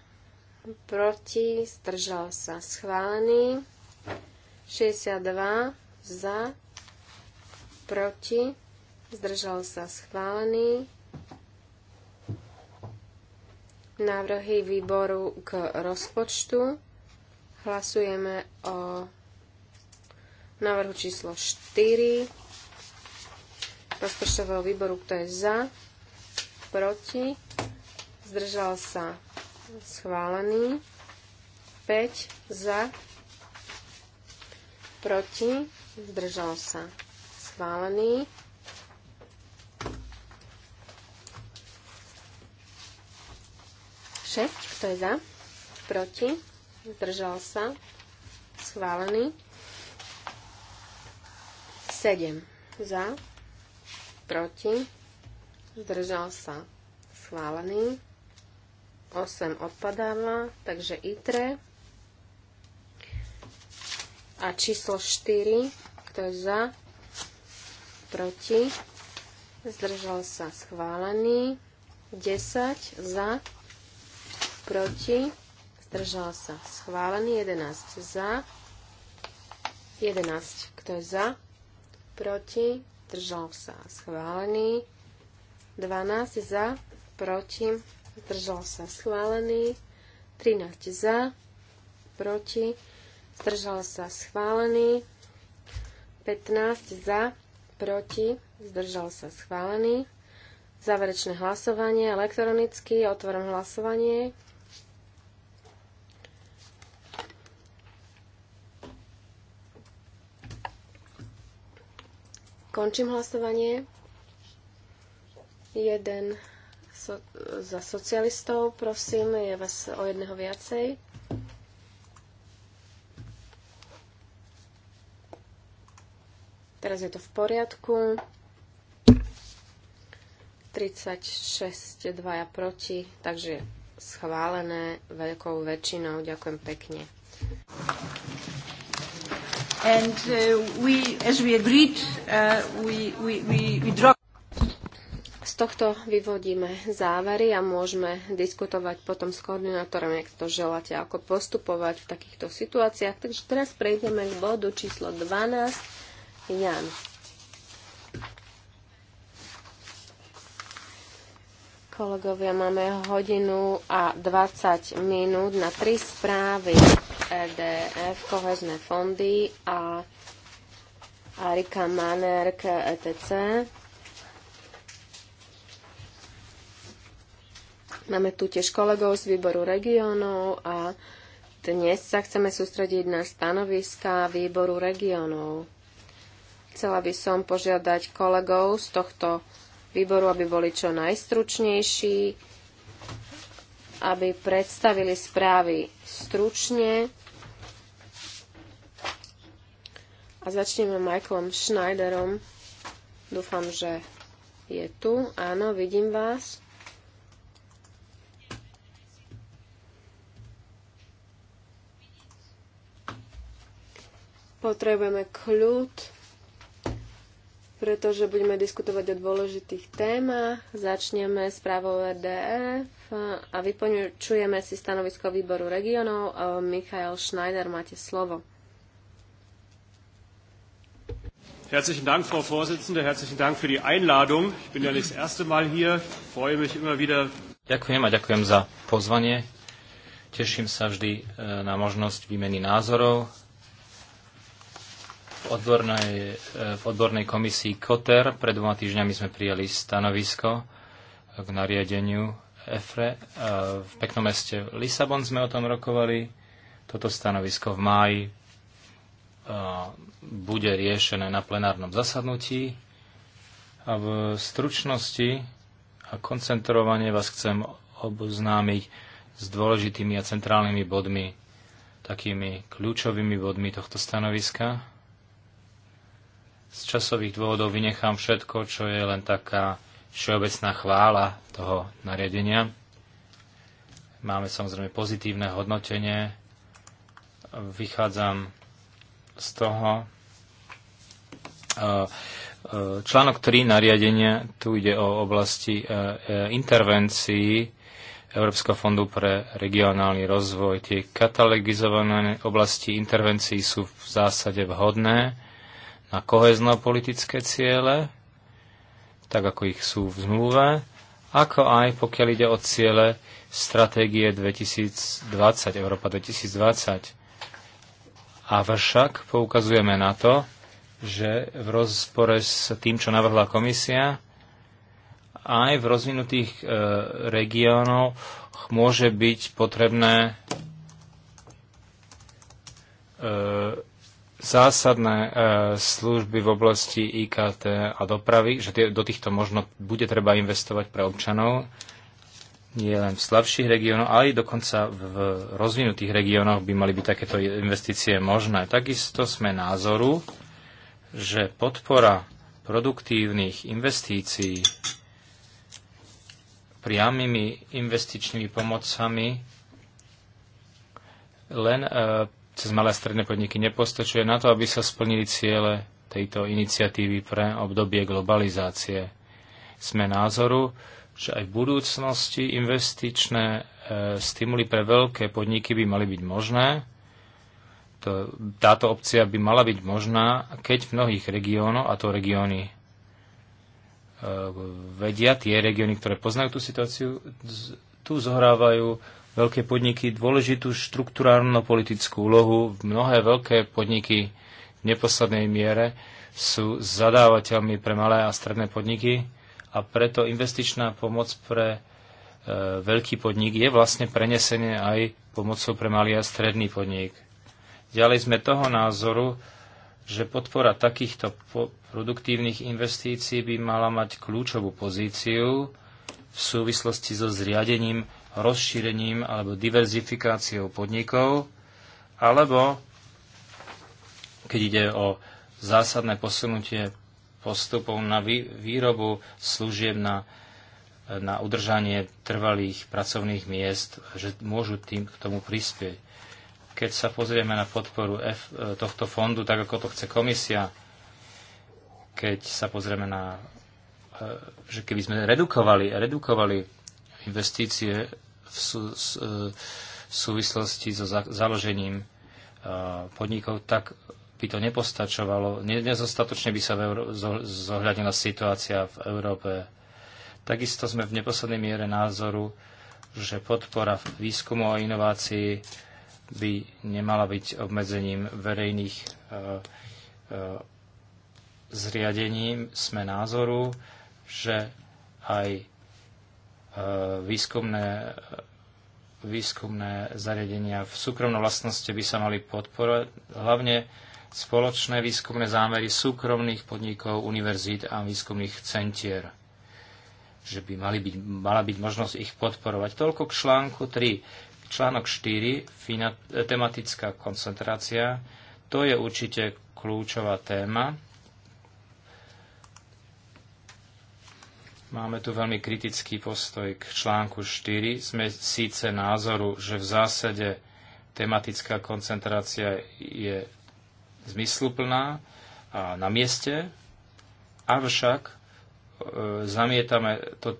proti, zdržal sa schválený. 62 za, proti, zdržal sa schválený. Návrhy výboru k rozpočtu. Hlasujeme o návrhu číslo 4 rozpočtového výboru, kto je za, proti, zdržal sa schválený, 5 za, proti, zdržal sa schválený. Šesť, kto je za, proti, zdržal sa schválený. 7 za, proti, zdržal sa schválený. 8 odpadáva, takže ITRE a číslo 4 kto je za? Proti? Zdržal sa schválený. 10 za. Proti? Zdržal sa schválený. 11 za. 11. Kto je za? Proti? Zdržal sa schválený. 12 za. Proti? Zdržal sa schválený. 13 za. Proti? Zdržal sa schválený. 15 za, proti, zdržal sa schválený. Záverečné hlasovanie elektronicky, otvorím hlasovanie. Končím hlasovanie. Jeden so, za socialistov, prosím, je vás o jedného viacej. Teraz je to v poriadku. 36, 2 proti, takže schválené veľkou väčšinou. Ďakujem pekne. And uh, we, as we agreed, uh, we, we, we, we dropped z tohto vyvodíme závery a môžeme diskutovať potom s koordinátorom, ak to želáte, ako postupovať v takýchto situáciách. Takže teraz prejdeme k bodu číslo 12 Jan. Kolegovia, máme hodinu a 20 minút na tri správy EDF, kohezné fondy a Arika Maner k ETC. Máme tu tiež kolegov z výboru regionov a dnes sa chceme sústrediť na stanoviska výboru regionov. Chcela by som požiadať kolegov z tohto výboru, aby boli čo najstručnejší, aby predstavili správy stručne. A začneme Michaelom Schneiderom. Dúfam, že je tu. Áno, vidím vás. Potrebujeme kľud pretože budeme diskutovať o dôležitých témach. Začneme s právou RDF e a vypočujeme si stanovisko výboru regionov. Michael Schneider, máte slovo. Herzlichen Dank, Frau Vorsitzende. Herzlichen Dank für die Einladung. Ich bin ja nicht das erste Mal hier. Freue mich immer wieder. Ďakujem a ďakujem za pozvanie. Teším sa vždy eh, na možnosť výmeny názorov v odbornej, v odbornej komisii KOTER pred dvoma týždňami sme prijali stanovisko k nariadeniu EFRE. V peknom meste Lisabon sme o tom rokovali. Toto stanovisko v máji bude riešené na plenárnom zasadnutí. A v stručnosti a koncentrovanie vás chcem oboznámiť s dôležitými a centrálnymi bodmi, takými kľúčovými bodmi tohto stanoviska. Z časových dôvodov vynechám všetko, čo je len taká všeobecná chvála toho nariadenia. Máme samozrejme pozitívne hodnotenie. Vychádzam z toho. E, e, článok 3 nariadenia, tu ide o oblasti e, intervencií Európskeho fondu pre regionálny rozvoj. Tie katalogizované oblasti intervencií sú v zásade vhodné na kohezno-politické ciele, tak ako ich sú v zmluve, ako aj pokiaľ ide o ciele stratégie 2020, Európa 2020. Avšak poukazujeme na to, že v rozpore s tým, čo navrhla komisia, aj v rozvinutých e, regiónoch môže byť potrebné e, zásadné e, služby v oblasti IKT a dopravy, že do týchto možno bude treba investovať pre občanov, nie len v slabších regiónoch, ale aj dokonca v rozvinutých regiónoch by mali byť takéto investície možné. Takisto sme názoru, že podpora produktívnych investícií priamými investičnými pomocami len e, cez malé a stredné podniky nepostačuje na to, aby sa splnili ciele tejto iniciatívy pre obdobie globalizácie. Sme názoru, že aj v budúcnosti investičné e, stimuly pre veľké podniky by mali byť možné. To, táto opcia by mala byť možná, keď v mnohých regiónoch, a to regióny e, vedia, tie regióny, ktoré poznajú tú situáciu, tu zohrávajú veľké podniky dôležitú štruktúrálno-politickú úlohu. Mnohé veľké podniky v neposlednej miere sú zadávateľmi pre malé a stredné podniky a preto investičná pomoc pre e, veľký podnik je vlastne prenesenie aj pomocou pre malý a stredný podnik. Ďalej sme toho názoru, že podpora takýchto po produktívnych investícií by mala mať kľúčovú pozíciu v súvislosti so zriadením rozšírením alebo diverzifikáciou podnikov, alebo keď ide o zásadné posunutie postupov na výrobu služieb na, na udržanie trvalých pracovných miest, že môžu tým k tomu prispieť. Keď sa pozrieme na podporu F, e, tohto fondu, tak ako to chce komisia, keď sa pozrieme na e, že keby sme redukovali, redukovali investície v, sú, v e, súvislosti so založením e, podnikov, tak by to nepostačovalo. Nezostatočne by sa zohľadnila situácia v Európe. Takisto sme v neposlednej miere názoru, že podpora výskumu a inovácií by nemala byť obmedzením verejných e, zriadením. e, zriadení. Sme názoru, že aj E, výskumné, výskumné zariadenia v súkromnom vlastnosti by sa mali podporovať, hlavne spoločné výskumné zámery súkromných podnikov, univerzít a výskumných centier že by mali byť, mala byť možnosť ich podporovať. Toľko k článku 3. Článok 4, tematická koncentrácia, to je určite kľúčová téma Máme tu veľmi kritický postoj k článku 4. Sme síce názoru, že v zásade tematická koncentrácia je zmysluplná a na mieste, avšak e, zamietame to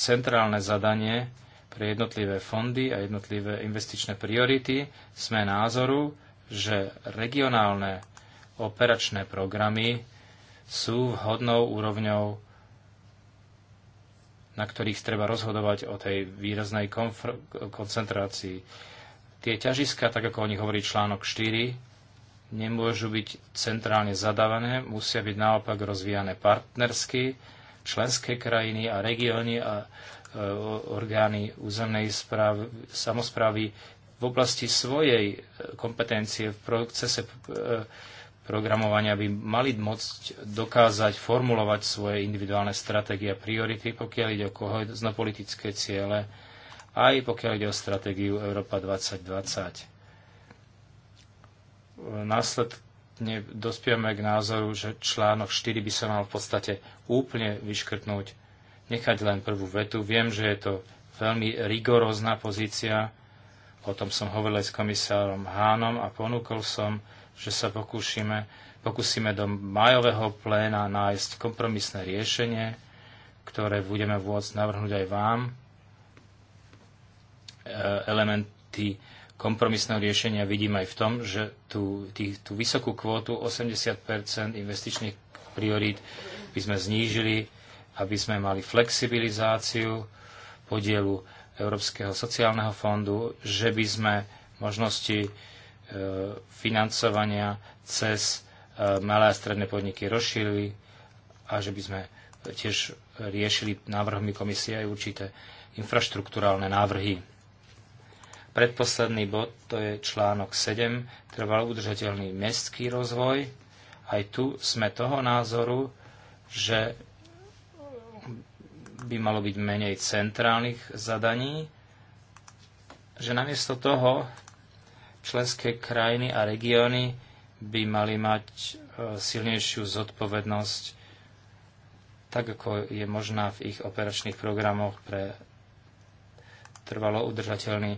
centrálne zadanie pre jednotlivé fondy a jednotlivé investičné priority. Sme názoru, že regionálne operačné programy sú vhodnou úrovňou na ktorých treba rozhodovať o tej výraznej koncentrácii. Tie ťažiska, tak ako o nich hovorí článok 4, nemôžu byť centrálne zadávané, musia byť naopak rozvíjane partnersky, členské krajiny a regióny a e, orgány územnej samozprávy v oblasti svojej e, kompetencie v procese e, programovania by mali môcť dokázať formulovať svoje individuálne stratégie a priority, pokiaľ ide o kohoznopolitické ciele, aj pokiaľ ide o stratégiu Európa 2020. Následne dospieme k názoru, že článok 4 by sa mal v podstate úplne vyškrtnúť, nechať len prvú vetu. Viem, že je to veľmi rigorózna pozícia, o tom som hovoril aj s komisárom Hánom a ponúkol som, že sa pokúšime, pokúsime do majového pléna nájsť kompromisné riešenie, ktoré budeme vôcť navrhnúť aj vám. E, elementy kompromisného riešenia vidím aj v tom, že tú, tý, tú vysokú kvótu 80 investičných priorít by sme znížili, aby sme mali flexibilizáciu podielu Európskeho sociálneho fondu, že by sme možnosti E, financovania cez e, malé a stredné podniky rozšírili a že by sme tiež riešili návrhmi komisie aj určité infraštruktúrálne návrhy. Predposledný bod to je článok 7, trval udržateľný mestský rozvoj. Aj tu sme toho názoru, že by malo byť menej centrálnych zadaní, že namiesto toho Členské krajiny a regióny by mali mať e, silnejšiu zodpovednosť, tak ako je možná v ich operačných programoch pre trvalo udržateľný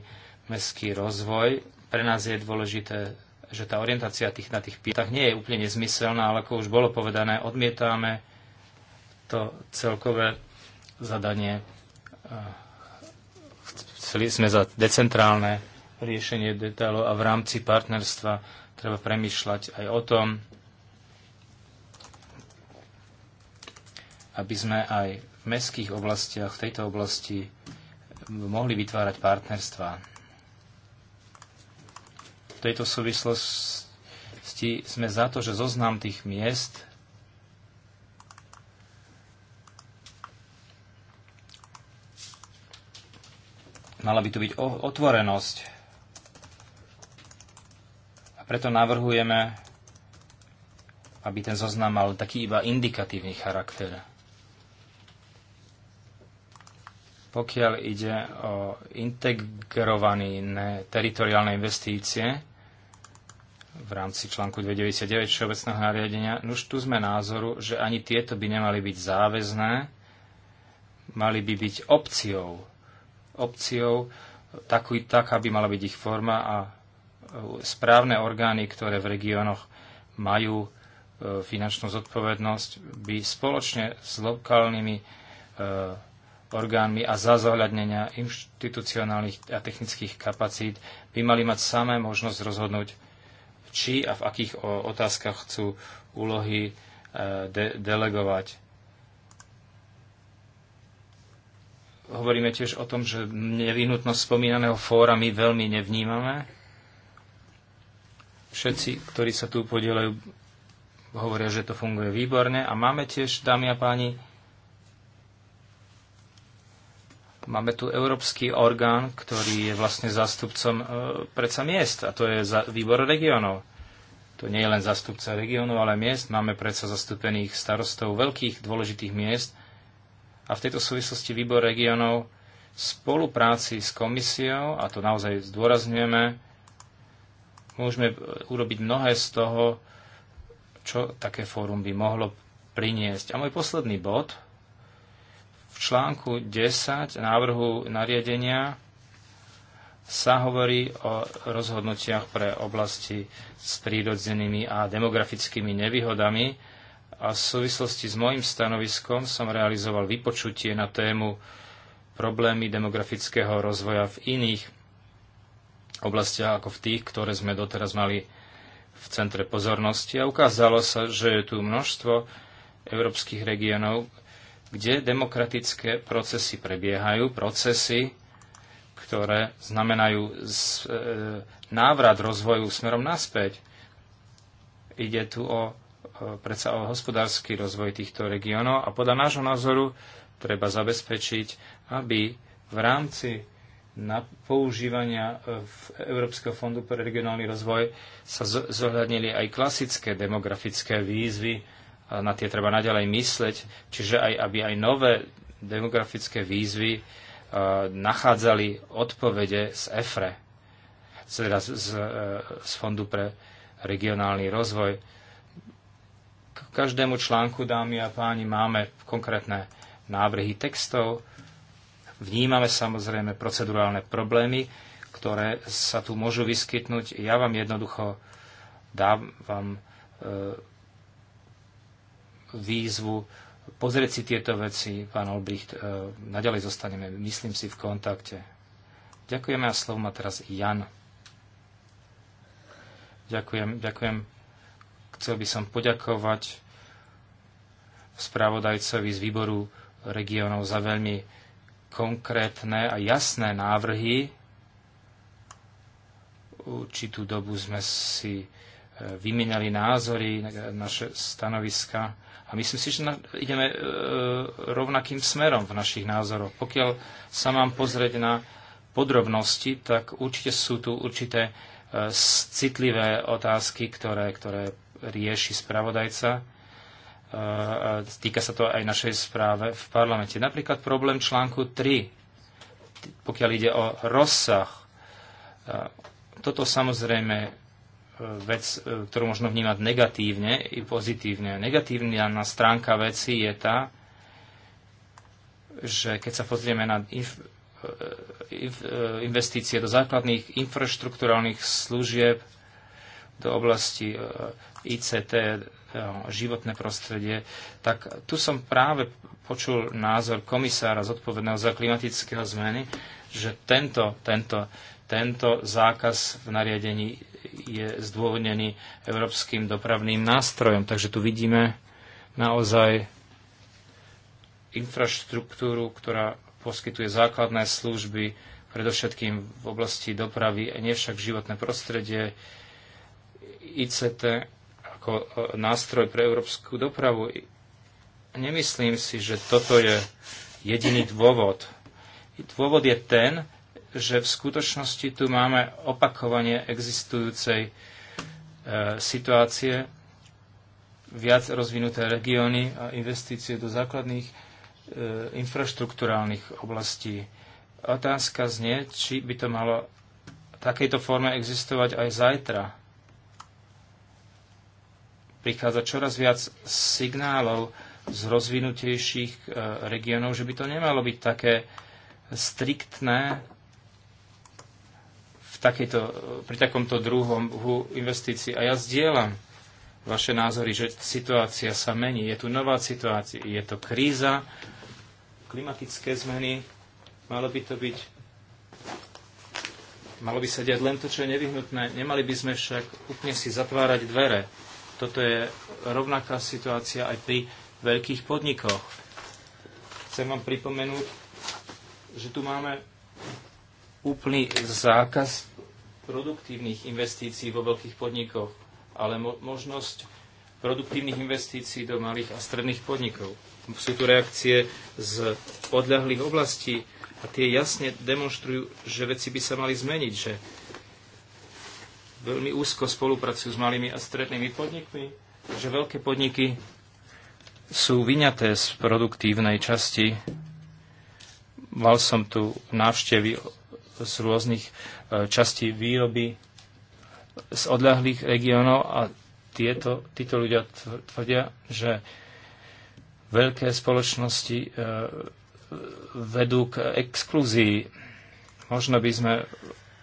mestský rozvoj. Pre nás je dôležité, že tá orientácia tých, na tých pietach nie je úplne nezmyselná, ale ako už bolo povedané, odmietame to celkové zadanie. E, chceli sme za decentrálne riešenie detailov a v rámci partnerstva treba premyšľať aj o tom, aby sme aj v mestských oblastiach, v tejto oblasti mohli vytvárať partnerstva. V tejto súvislosti sme za to, že zoznam tých miest mala by tu byť otvorenosť preto navrhujeme, aby ten zoznam mal taký iba indikatívny charakter. Pokiaľ ide o integrované teritoriálne investície v rámci článku 299 Všeobecného nariadenia, už tu sme názoru, že ani tieto by nemali byť záväzné, mali by byť opciou. Opciou, takú, taká by mala byť ich forma a správne orgány, ktoré v regiónoch majú e, finančnú zodpovednosť, by spoločne s lokálnymi e, orgánmi a za zohľadnenia inštitucionálnych a technických kapacít by mali mať samé možnosť rozhodnúť, či a v akých otázkach chcú úlohy e, de- delegovať. Hovoríme tiež o tom, že nevyhnutnosť spomínaného fóra my veľmi nevnímame. Všetci, ktorí sa tu podielajú, hovoria, že to funguje výborne. A máme tiež, dámy a páni, Máme tu európsky orgán, ktorý je vlastne zástupcom e, predsa miest, a to je za, výbor regionov. To nie je len zástupca regionov, ale miest. Máme predsa zastúpených starostov veľkých dôležitých miest. A v tejto súvislosti výbor regionov v spolupráci s komisiou, a to naozaj zdôrazňujeme, Môžeme e, urobiť mnohé z toho, čo také fórum by mohlo priniesť. A môj posledný bod. V článku 10 návrhu nariadenia sa hovorí o rozhodnutiach pre oblasti s prírodzenými a demografickými nevýhodami a v súvislosti s môjim stanoviskom som realizoval vypočutie na tému problémy demografického rozvoja v iných oblastiach ako v tých, ktoré sme doteraz mali v centre pozornosti a ukázalo sa, že je tu množstvo európskych regiónov, kde demokratické procesy prebiehajú, procesy, ktoré znamenajú z, e, návrat rozvoju smerom naspäť. Ide tu o, e, predsa o hospodársky rozvoj týchto regiónov a podľa nášho názoru treba zabezpečiť, aby v rámci na používania e, Európskeho fondu pre regionálny rozvoj sa zohľadnili aj klasické demografické výzvy a na tie treba naďalej mysleť, čiže aj aby aj nové demografické výzvy e, nachádzali odpovede z EFRE, teda z, e, z Fondu pre regionálny rozvoj. K každému článku, dámy a páni, máme konkrétne návrhy textov, Vnímame samozrejme procedurálne problémy, ktoré sa tu môžu vyskytnúť. Ja vám jednoducho dám vám e, výzvu pozrieť si tieto veci. Pán Olbricht, e, naďalej zostaneme, myslím si, v kontakte. Ďakujeme a slovo má teraz Jan. Ďakujem, ďakujem. Chcel by som poďakovať spravodajcovi z výboru regionov za veľmi konkrétne a jasné návrhy. Určitú dobu sme si e, vymenali názory, naše stanoviska a myslím si, že ideme e, rovnakým smerom v našich názoroch. Pokiaľ sa mám pozrieť na podrobnosti, tak určite sú tu určité e, citlivé otázky, ktoré, ktoré rieši spravodajca. Týka sa to aj našej správe v parlamente. Napríklad problém článku 3, pokiaľ ide o rozsah. Toto samozrejme e, vec, e, ktorú možno vnímať negatívne i pozitívne. Negatívna stránka veci je tá, že keď sa pozrieme na inf- e, investície do základných infraštruktúrálnych služieb, do oblasti ICT, Eh, životné prostredie, tak tu som práve počul názor komisára zodpovedného za klimatické zmeny, že tento, tento, tento zákaz v nariadení je zdôvodnený európskym dopravným nástrojom. Takže tu vidíme naozaj infraštruktúru, ktorá poskytuje základné služby, predovšetkým v oblasti dopravy, a nevšak životné prostredie, ICT ako e, nástroj pre európsku dopravu. Nemyslím si, že toto je jediný dôvod. Dôvod je ten, že v skutočnosti tu máme opakovanie existujúcej e, situácie, viac rozvinuté regióny a investície do základných e, infraštruktúrálnych oblastí. Otázka znie, či by to malo v takejto forme existovať aj zajtra prichádza čoraz viac signálov z rozvinutejších e, regiónov, že by to nemalo byť také striktné v takejto, pri takomto druhom investícii. A ja zdieľam vaše názory, že situácia sa mení. Je tu nová situácia, je to kríza, klimatické zmeny. Malo by to byť Malo by sa diať len to, čo je nevyhnutné. Nemali by sme však úplne si zatvárať dvere. Toto je rovnaká situácia aj pri veľkých podnikoch. Chcem vám pripomenúť, že tu máme úplný zákaz produktívnych investícií vo veľkých podnikoch, ale mo- možnosť produktívnych investícií do malých a stredných podnikov. Sú tu reakcie z odľahlých oblastí a tie jasne demonstrujú, že veci by sa mali zmeniť, že veľmi úzko spolupracujú s malými a strednými podnikmi, že veľké podniky sú vyňaté z produktívnej časti. Mal som tu návštevy z rôznych e, častí výroby z odľahlých regiónov a tieto, títo ľudia tvrdia, že veľké spoločnosti e, vedú k exkluzii. Možno by sme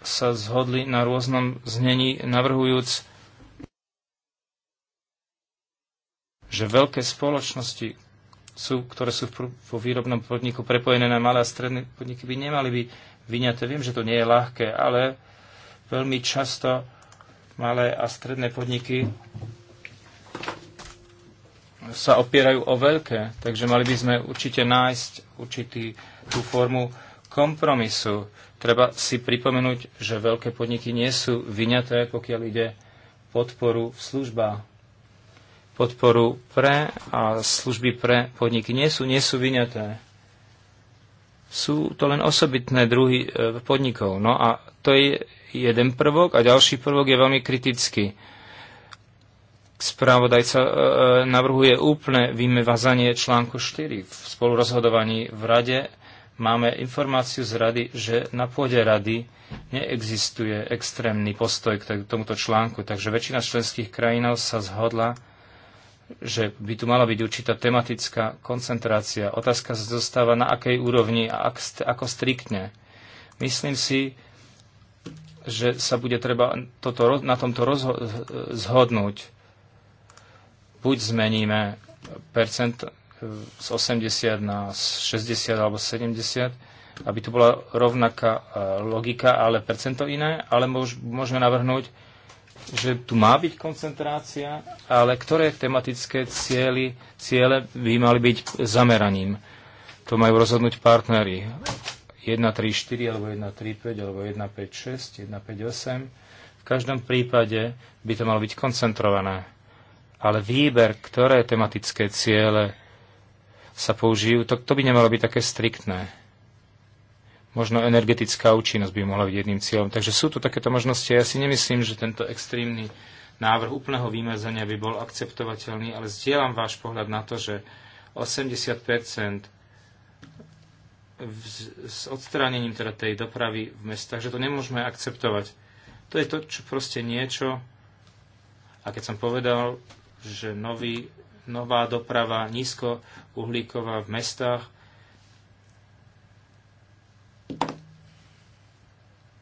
sa zhodli na rôznom znení, navrhujúc, že veľké spoločnosti, sú, ktoré sú vo výrobnom podniku prepojené na malé a stredné podniky, by nemali byť vyňaté. Viem, že to nie je ľahké, ale veľmi často malé a stredné podniky sa opierajú o veľké, takže mali by sme určite nájsť určitý tú formu kompromisu. Treba si pripomenúť, že veľké podniky nie sú vyňaté, pokiaľ ide podporu v službách. Podporu pre a služby pre podniky nie sú, nie sú vyňaté. Sú to len osobitné druhy e, podnikov. No a to je jeden prvok a ďalší prvok je veľmi kritický. Správodajca e, e, navrhuje úplné vymevazanie článku 4 v spolurozhodovaní v Rade Máme informáciu z rady, že na pôde rady neexistuje extrémny postoj k tomuto článku, takže väčšina členských krajín sa zhodla, že by tu mala byť určitá tematická koncentrácia. Otázka zostáva na akej úrovni a ako striktne. Myslím si, že sa bude treba toto, na tomto rozho- zhodnúť. Buď zmeníme percent z 80 na 60 alebo 70, aby to bola rovnaká e, logika, ale percento iné, ale môžeme navrhnúť, že tu má byť koncentrácia, ale ktoré tematické cieľy, ciele by mali byť zameraním. To majú rozhodnúť partnery. 1, 3, 4, alebo 1, 3, 5, alebo 1, 5, 6, 1, 5, 8. V každom prípade by to malo byť koncentrované. Ale výber, ktoré tematické ciele sa použijú, to, to by nemalo byť také striktné. Možno energetická účinnosť by mohla byť jedným cieľom. Takže sú tu takéto možnosti. Ja si nemyslím, že tento extrémny návrh úplného vymazania by bol akceptovateľný, ale zdieľam váš pohľad na to, že 80 s odstránením teda tej dopravy v mestách, že to nemôžeme akceptovať. To je to, čo proste niečo, a keď som povedal, že nový nová doprava, nízko uhlíková v mestách.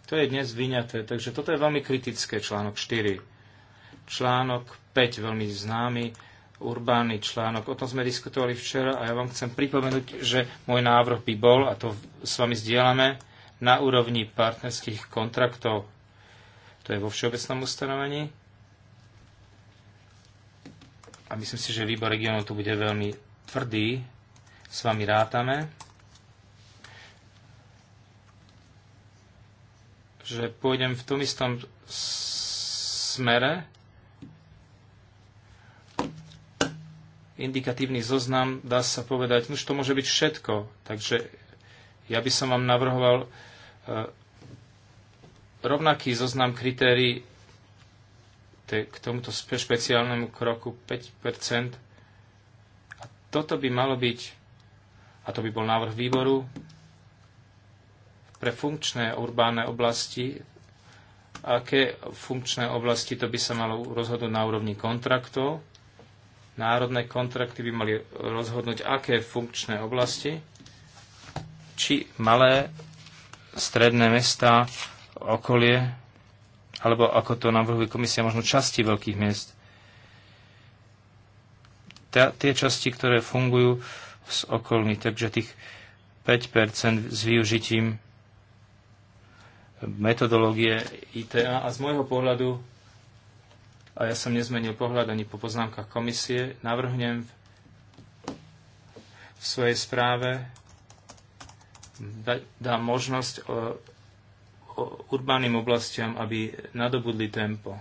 To je dnes vyňaté, takže toto je veľmi kritické, článok 4. Článok 5, veľmi známy, urbánny článok. O tom sme diskutovali včera a ja vám chcem pripomenúť, že môj návrh by bol, a to s vami zdieľame, na úrovni partnerských kontraktov. To je vo všeobecnom ustanovení a myslím si, že výbor regionov tu bude veľmi tvrdý. S vami rátame, že pôjdem v tom istom smere. Indikatívny zoznam, dá sa povedať, už to môže byť všetko. Takže ja by som vám navrhoval e, rovnaký zoznam kritérií k tomuto špeciálnemu kroku 5 A toto by malo byť, a to by bol návrh výboru, pre funkčné urbánne oblasti, aké funkčné oblasti to by sa malo rozhodnúť na úrovni kontraktov. Národné kontrakty by mali rozhodnúť, aké funkčné oblasti, či malé, stredné mesta, okolie alebo ako to navrhuje komisia, možno časti veľkých miest. Ta, tie časti, ktoré fungujú z okolní, takže tých 5% s využitím metodológie ITA a z môjho pohľadu, a ja som nezmenil pohľad ani po poznámkach komisie, navrhnem v svojej správe dá možnosť e, urbánnym oblastiam, aby nadobudli tempo.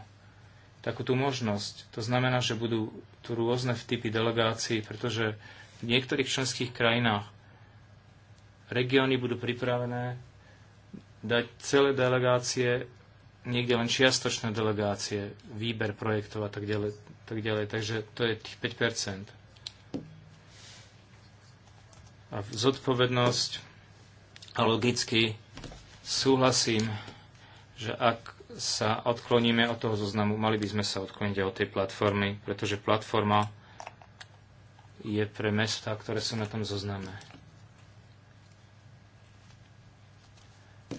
Takúto možnosť. To znamená, že budú tu rôzne typy delegácií, pretože v niektorých členských krajinách regióny budú pripravené dať celé delegácie, niekde len čiastočné delegácie, výber projektov a tak ďalej. Tak ďalej. Takže to je tých 5 A zodpovednosť a logicky Súhlasím, že ak sa odkloníme od toho zoznamu, mali by sme sa odkloniť aj od tej platformy, pretože platforma je pre mesta, ktoré sú na tom zozname.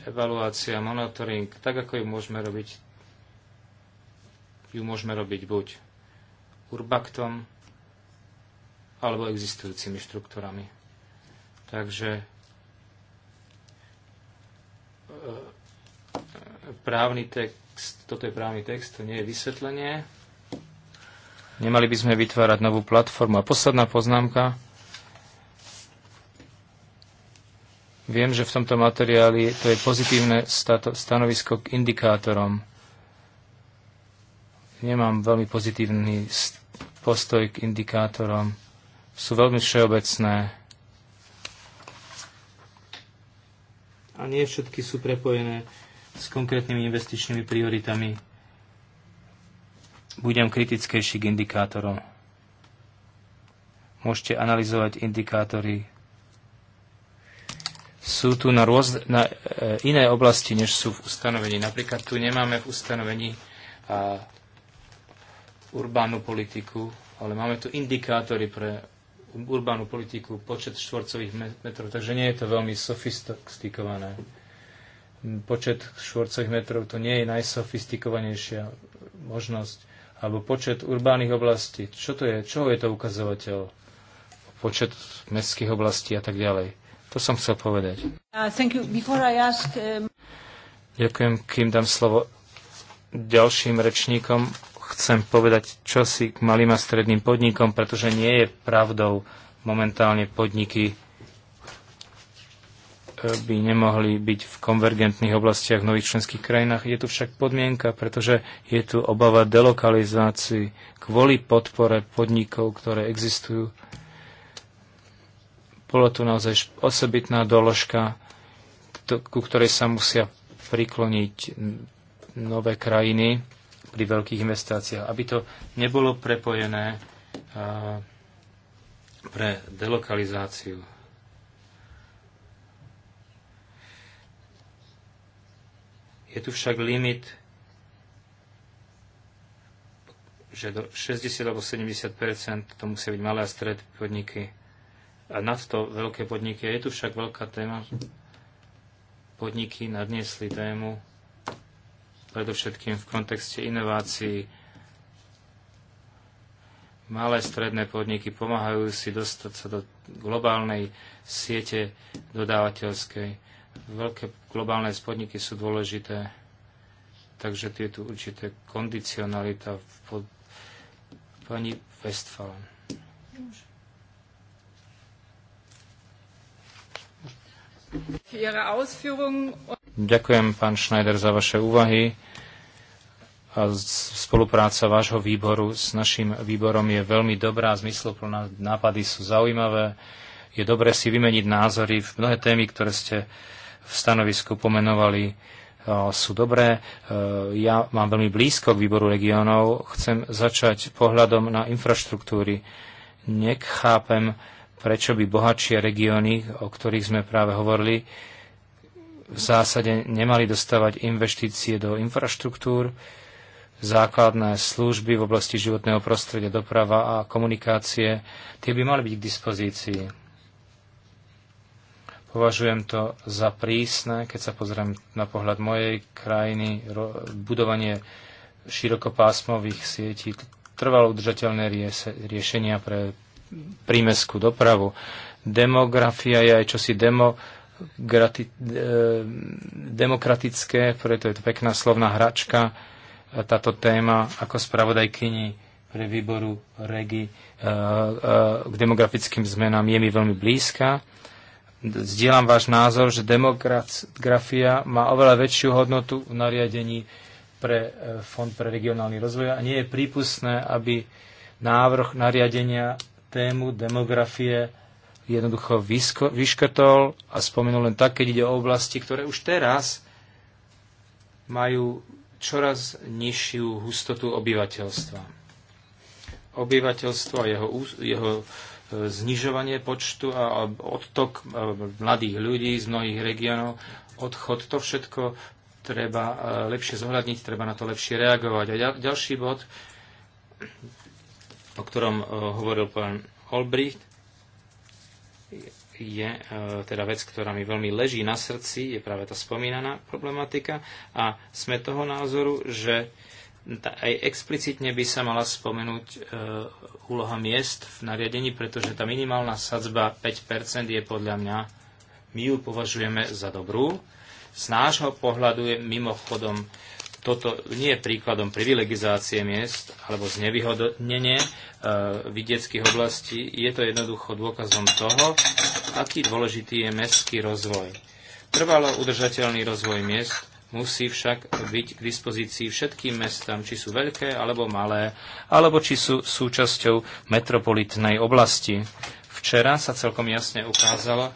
Evaluácia, monitoring, tak ako ju môžeme robiť, ju môžeme robiť buď urbaktom alebo existujúcimi štruktúrami. Takže E, právny text, toto je právny text, to nie je vysvetlenie. Nemali by sme vytvárať novú platformu. A posledná poznámka. Viem, že v tomto materiáli to je pozitívne stanovisko k indikátorom. Nemám veľmi pozitívny postoj k indikátorom. Sú veľmi všeobecné. a nie všetky sú prepojené s konkrétnymi investičnými prioritami. Budem kritickejší k indikátorom. Môžete analyzovať indikátory. Sú tu na, rôz, na e, iné oblasti, než sú v ustanovení. Napríklad tu nemáme v ustanovení a, urbánnu politiku, ale máme tu indikátory pre urbánu politiku, počet štvorcových metrov, takže nie je to veľmi sofistikované. Počet štvorcových metrov to nie je najsofistikovanejšia možnosť. Alebo počet urbánnych oblastí. Čo to je? Čo je to ukazovateľ? Počet mestských oblastí a tak ďalej. To som chcel povedať. Uh, ask, um... Ďakujem, kým dám slovo ďalším rečníkom chcem povedať čosi k malým a stredným podnikom, pretože nie je pravdou momentálne podniky e, by nemohli byť v konvergentných oblastiach v nových členských krajinách. Je tu však podmienka, pretože je tu obava delokalizácii kvôli podpore podnikov, ktoré existujú. Bolo tu naozaj osobitná doložka, ku ktorej sa musia prikloniť nové krajiny pri veľkých investáciách, aby to nebolo prepojené pre delokalizáciu. Je tu však limit, že do 60 alebo 70 to musia byť malé a stredné podniky a nad to veľké podniky. Je tu však veľká téma. Podniky nadniesli tému predovšetkým v kontexte inovácií. Malé stredné podniky pomáhajú si dostať sa do globálnej siete dodávateľskej. Veľké globálne spodniky sú dôležité, takže tu je tu určité kondicionalita v pod... pani Westfalen. Už. Ďakujem, pán Schneider, za vaše úvahy. A spolupráca vášho výboru s našim výborom je veľmi dobrá, zmysluplná, nápady sú zaujímavé. Je dobre si vymeniť názory. V mnohé témy, ktoré ste v stanovisku pomenovali, e, sú dobré. E, ja mám veľmi blízko k výboru regionov. Chcem začať pohľadom na infraštruktúry. Nechápem, chápem, prečo by bohatšie regióny, o ktorých sme práve hovorili, v zásade nemali dostávať investície do infraštruktúr, základné služby v oblasti životného prostredia, doprava a komunikácie, tie by mali byť k dispozícii. Považujem to za prísne, keď sa pozriem na pohľad mojej krajiny, budovanie širokopásmových sietí, trvalo udržateľné riešenia pre prímeskú dopravu. Demografia je aj čosi demo, grati, e, demokratické, preto je to pekná slovná hračka, táto téma ako spravodajkyni pre výboru REGI e, e, k demografickým zmenám je mi veľmi blízka. Zdieľam váš názor, že demografia má oveľa väčšiu hodnotu v nariadení pre e, Fond pre regionálny rozvoj a nie je prípustné, aby návrh nariadenia tému demografie jednoducho vyškrtol a spomenul len tak, keď ide o oblasti, ktoré už teraz majú čoraz nižšiu hustotu obyvateľstva. Obyvateľstvo a jeho, jeho e, znižovanie počtu a odtok e, mladých ľudí z mnohých regiónov, odchod, to všetko treba e, lepšie zohľadniť, treba na to lepšie reagovať. A ďalší bod, o ktorom e, hovoril pán Olbricht, je e, teda vec, ktorá mi veľmi leží na srdci, je práve tá spomínaná problematika a sme toho názoru, že aj explicitne by sa mala spomenúť e, úloha miest v nariadení, pretože tá minimálna sadzba 5% je podľa mňa, my ju považujeme za dobrú. Z nášho pohľadu je mimochodom toto nie je príkladom privilegizácie miest alebo znevýhodnenie e, vidieckých oblastí. Je to jednoducho dôkazom toho, aký dôležitý je mestský rozvoj. Trvalo udržateľný rozvoj miest musí však byť k dispozícii všetkým mestám, či sú veľké alebo malé, alebo či sú súčasťou metropolitnej oblasti. Včera sa celkom jasne ukázalo,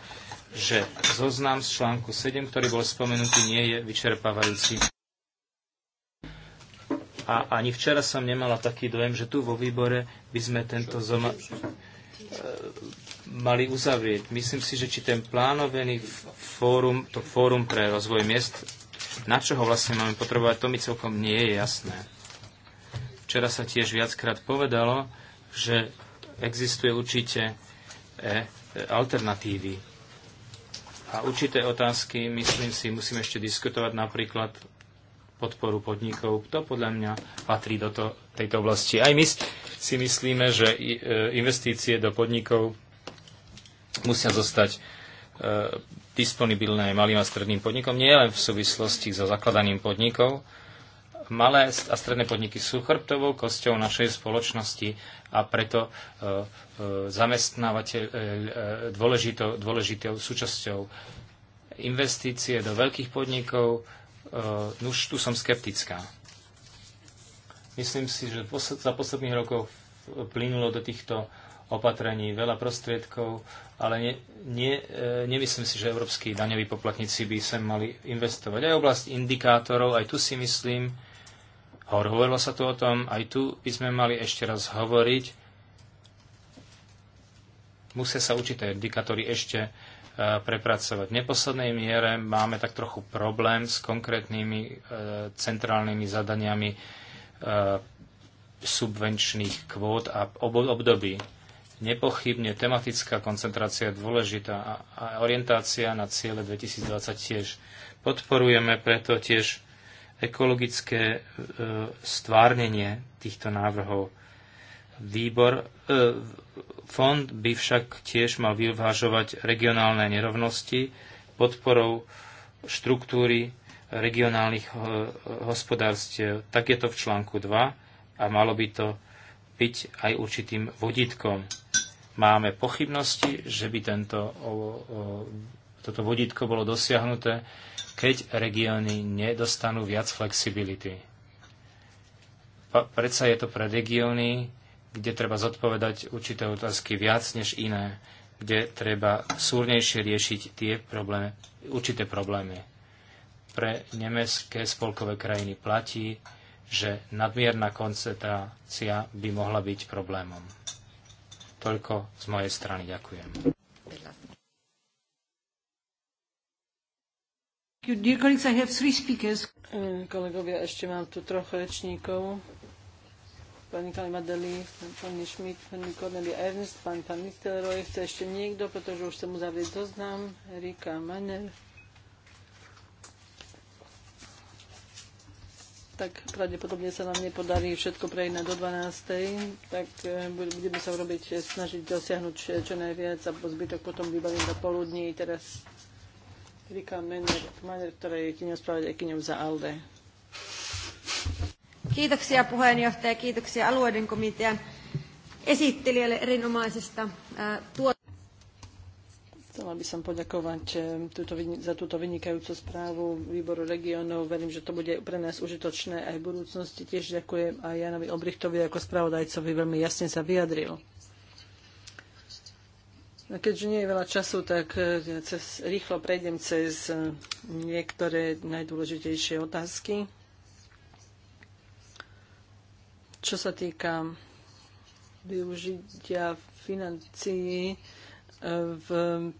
že zoznam z článku 7, ktorý bol spomenutý, nie je vyčerpávajúci. A ani včera som nemala taký dojem, že tu vo výbore by sme tento zoma e, mali uzavrieť. Myslím si, že či ten plánovený fórum, to fórum pre rozvoj miest, na čo ho vlastne máme potrebovať, to mi celkom nie je jasné. Včera sa tiež viackrát povedalo, že existuje určite e, alternatívy. A určité otázky, myslím si, musíme ešte diskutovať napríklad podporu podnikov. To podľa mňa patrí do to, tejto oblasti. Aj my si myslíme, že e, investície do podnikov musia zostať e, disponibilné malým a stredným podnikom, nie len v súvislosti so zakladaním podnikov. Malé a stredné podniky sú chrbtovou kosťou našej spoločnosti a preto e, zamestnávateľ dôležitou, dôležitou súčasťou investície do veľkých podnikov Eh, nuž tu som skeptická. Myslím si, že za posledných rokov plynulo do týchto opatrení veľa prostriedkov, ale ne, uh, eh, nemyslím si, že európsky daňoví poplatníci by sem mali investovať. Aj oblasť indikátorov, aj tu si myslím, hovorilo sa tu o tom, aj tu by sme mali ešte raz hovoriť. Musia sa určité indikátory ešte Eh, prepracovať. V neposlednej miere máme tak trochu problém s konkrétnymi eh, centrálnymi zadaniami eh, subvenčných kvót a období. Nepochybne tematická koncentrácia je dôležitá a orientácia na ciele 2020 tiež. Podporujeme preto tiež ekologické stvárnenie týchto návrhov. Výbor, e, fond by však tiež mal vyvážovať regionálne nerovnosti podporou štruktúry regionálnych e, hospodárstiev. Tak je to v článku 2 a malo by to byť aj určitým vodítkom. Máme pochybnosti, že by tento, o, o, toto vodítko bolo dosiahnuté, keď regióny nedostanú viac flexibility. Pa, predsa je to pre regióny kde treba zodpovedať určité otázky viac než iné, kde treba súrnejšie riešiť tie problémy, určité problémy. Pre nemecké spolkové krajiny platí, že nadmierna koncentrácia by mohla byť problémom. Toľko z mojej strany. Ďakujem. Mm, kolegovia, ešte mám tu troch rečníkov pani Kali Madeli, pani Schmidt, pani Cornelia Ernst, pani pan Nistelroj. Chce ešte niekto, pretože už sa mu zavrieť zoznam. Rika Manel. Tak pravdepodobne sa nám nepodarí všetko prejednať do 12. Tak e, budeme sa robiť, e, snažiť dosiahnuť e, čo najviac a zbytok potom vybavím do poludní. Teraz Rika Manel, ktorá je kyňou spravodajkyňou za ALDE. Kiitoksia puheenjohtaja kiitoksia alueiden komitean esittelijälle erinomaisesta tuotosta. Chcela by som poďakovať túto, za túto vynikajúcu správu výboru regionov. Verím, že to bude pre nás užitočné aj v budúcnosti. Tiež ďakujem aj Janovi Obrichtovi ako spravodajcovi. Veľmi jasne sa vyjadril. A keďže nie je veľa času, tak cez, rýchlo prejdem cez niektoré najdôležitejšie otázky. Čo sa týka využitia financií e, v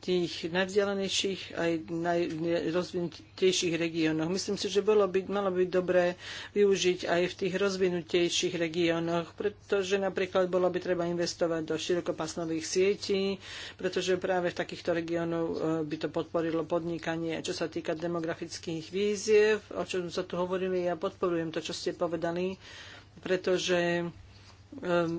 tých najvzdialenejších aj najrozvinutejších regiónoch. Myslím si, že bolo by, malo byť dobré využiť aj v tých rozvinutejších regiónoch, pretože napríklad bolo by treba investovať do širokopasnových sietí, pretože práve v takýchto regiónoch e, by to podporilo podnikanie. Čo sa týka demografických víziev, o čom sa tu hovorili, ja podporujem to, čo ste povedali pretože ehm,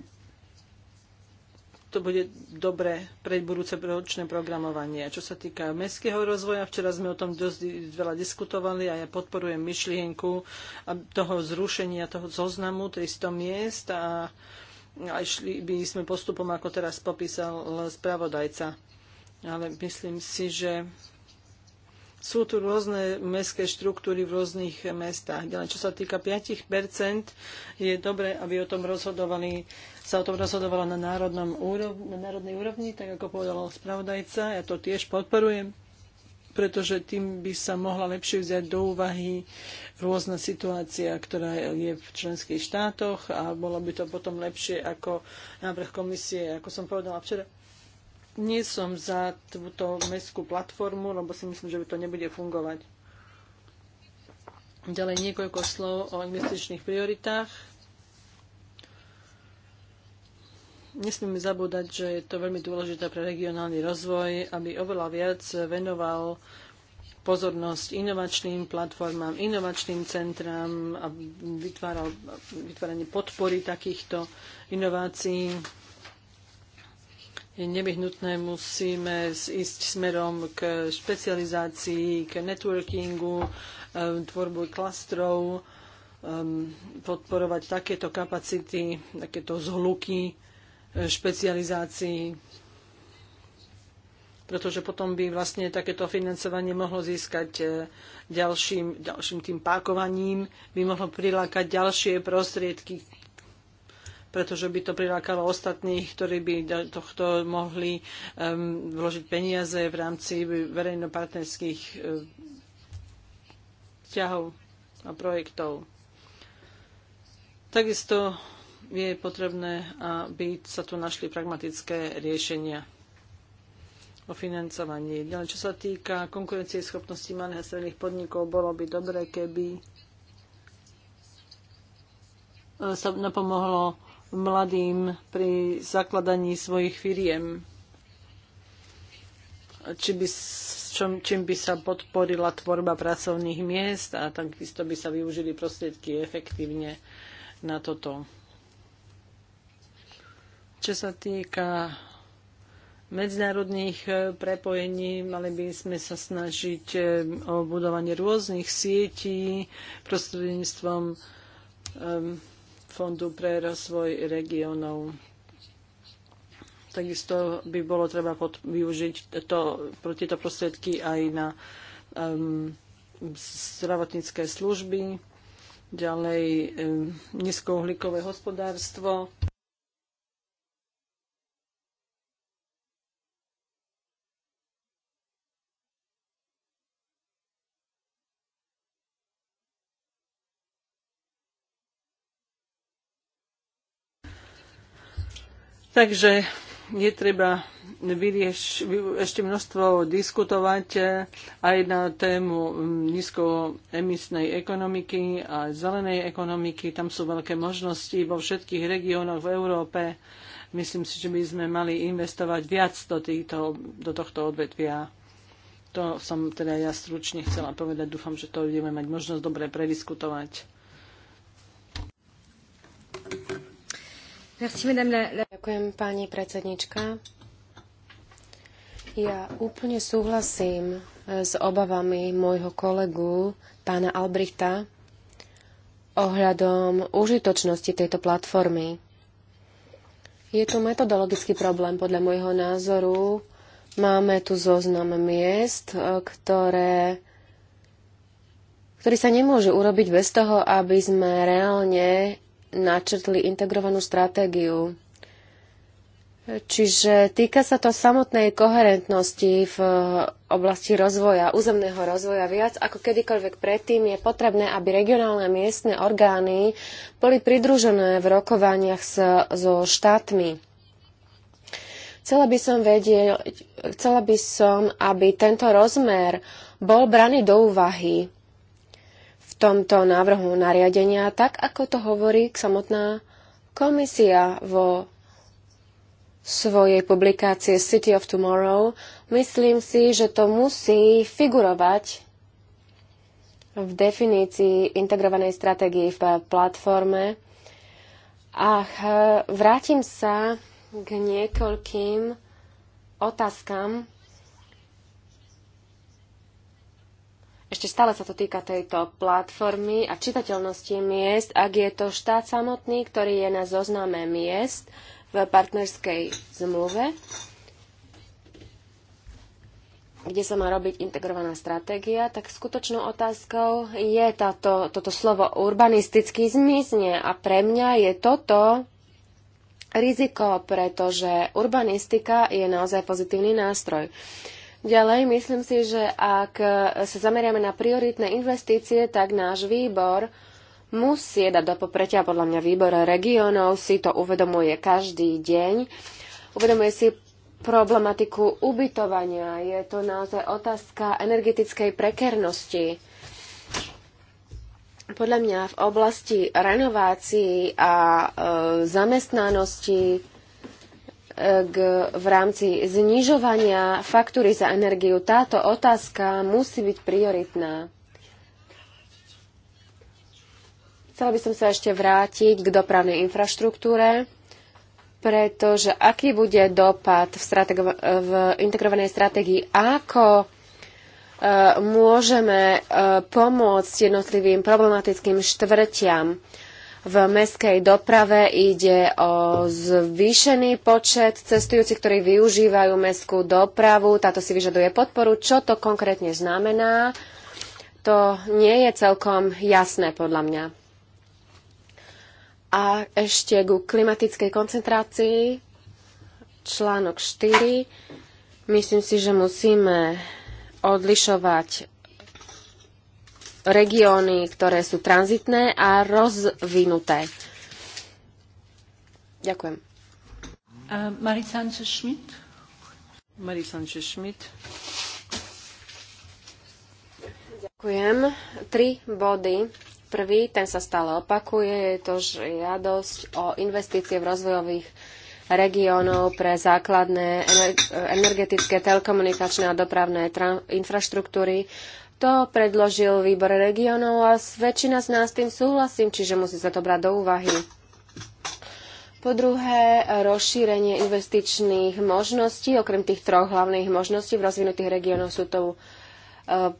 to bude dobre pre budúce ročné programovanie. Čo sa týka mestského rozvoja, včera sme o tom dosť veľa diskutovali a ja podporujem myšlienku toho zrušenia toho zoznamu 300 miest a aj šli by sme postupom, ako teraz popísal spravodajca. Ale myslím si, že sú tu rôzne mestské štruktúry v rôznych mestách. Ďalej, čo sa týka 5%, je dobré, aby o tom rozhodovali, sa o tom rozhodovalo na, národnom úrovni, na národnej úrovni, tak ako povedal spravodajca. Ja to tiež podporujem pretože tým by sa mohla lepšie vziať do úvahy rôzna situácia, ktorá je v členských štátoch a bolo by to potom lepšie ako návrh komisie. Ako som povedala včera, nie som za túto mestskú platformu, lebo si myslím, že by to nebude fungovať. Ďalej niekoľko slov o investičných prioritách. Nesmieme zabúdať, že je to veľmi dôležité pre regionálny rozvoj, aby oveľa viac venoval pozornosť inovačným platformám, inovačným centrám a vytváral, vytváranie podpory takýchto inovácií je nevyhnutné, musíme ísť smerom k špecializácii, k networkingu, e, tvorbu klastrov, e, podporovať takéto kapacity, takéto zhluky e, špecializácií, pretože potom by vlastne takéto financovanie mohlo získať ďalším, ďalším tým pákovaním, by mohlo prilákať ďalšie prostriedky pretože by to prilákalo ostatných, ktorí by do tohto mohli um, vložiť peniaze v rámci verejnopartnerských um, eh, ťahov a projektov. Takisto je potrebné, aby sa tu našli pragmatické riešenia o financovaní. Ďalej, čo sa týka konkurencie schopnosti malých a stredných podnikov, bolo by dobre, keby eh, sa napomohlo mladým pri zakladaní svojich firiem. Či by, čom, čím by sa podporila tvorba pracovných miest a takisto by sa využili prostriedky efektívne na toto. Čo sa týka medzinárodných e, prepojení, mali by sme sa snažiť e, o budovanie rôznych sietí prostredníctvom um, Fondu pre rozvoj regionov. Takisto by bolo treba pod, využiť to, tieto prostriedky aj na um, zdravotnícke služby, ďalej um, nízkouhlíkové hospodárstvo. Takže je treba vyrieš, ešte množstvo diskutovať eh, aj na tému mm, nízkoemisnej ekonomiky a zelenej ekonomiky. Tam sú veľké možnosti vo všetkých regiónoch v Európe. Myslím si, že by sme mali investovať viac do, týto, do tohto odvetvia. To som teda ja stručne chcela povedať. Dúfam, že to budeme mať možnosť dobre prediskutovať. Ďakujem, pani predsednička. Ja úplne súhlasím e, s obavami môjho kolegu, pána Albrichta, ohľadom užitočnosti tejto platformy. Je tu metodologický problém, podľa môjho názoru. Máme tu zoznam miest, e, ktoré ktorý sa nemôže urobiť bez toho, aby sme reálne načrtli integrovanú stratégiu. Čiže týka sa to samotnej koherentnosti v oblasti rozvoja, územného rozvoja viac ako kedykoľvek predtým je potrebné, aby regionálne a miestne orgány boli pridružené v rokovaniach s, so štátmi. Chcela by som vedieť, chcela by som, aby tento rozmer bol braný do úvahy tomto návrhu nariadenia, tak ako to hovorí samotná komisia vo svojej publikácie City of Tomorrow. Myslím si, že to musí figurovať v definícii integrovanej stratégie v platforme. A vrátim sa k niekoľkým otázkam, ešte stále sa to týka tejto platformy a čitateľnosti miest, ak je to štát samotný, ktorý je na zozname miest v partnerskej zmluve, kde sa má robiť integrovaná stratégia, tak skutočnou otázkou je táto, toto slovo urbanisticky zmizne a pre mňa je toto riziko, pretože urbanistika je naozaj pozitívny nástroj. Uh, Ďalej, myslím si, že ak sa zameriame na prioritné investície, tak náš výbor musí dať do popretia, podľa mňa výbor regiónov si to uvedomuje každý deň. Uvedomuje si problematiku ubytovania. Je to naozaj otázka energetickej prekernosti. Podľa mňa v oblasti renovácií a e, zamestnanosti k, v rámci znižovania faktúry za energiu. Táto otázka musí byť prioritná. Chcela by som sa ešte vrátiť k dopravnej infraštruktúre, pretože aký bude dopad v, v integrovanej stratégii, ako e, môžeme e, pomôcť jednotlivým problematickým štvrtiam. V mestskej doprave ide o zvýšený počet cestujúcich, ktorí využívajú mestskú dopravu. Táto si vyžaduje podporu. Čo to konkrétne znamená? To nie je celkom jasné podľa mňa. A ešte ku klimatickej koncentrácii. Článok 4. Myslím si, že musíme odlišovať regióny, ktoré sú tranzitné a rozvinuté. Ďakujem. schmidt schmidt Ďakujem. Tri body. Prvý, ten sa stále opakuje, je to žiadosť o investície v rozvojových regiónov pre základné energetické, telekomunikačné a dopravné infraštruktúry to predložil výbor regionov a väčšina z nás tým súhlasím, čiže musí sa to brať do úvahy. Po druhé, rozšírenie investičných možností, okrem tých troch hlavných možností v rozvinutých regiónoch sú to e,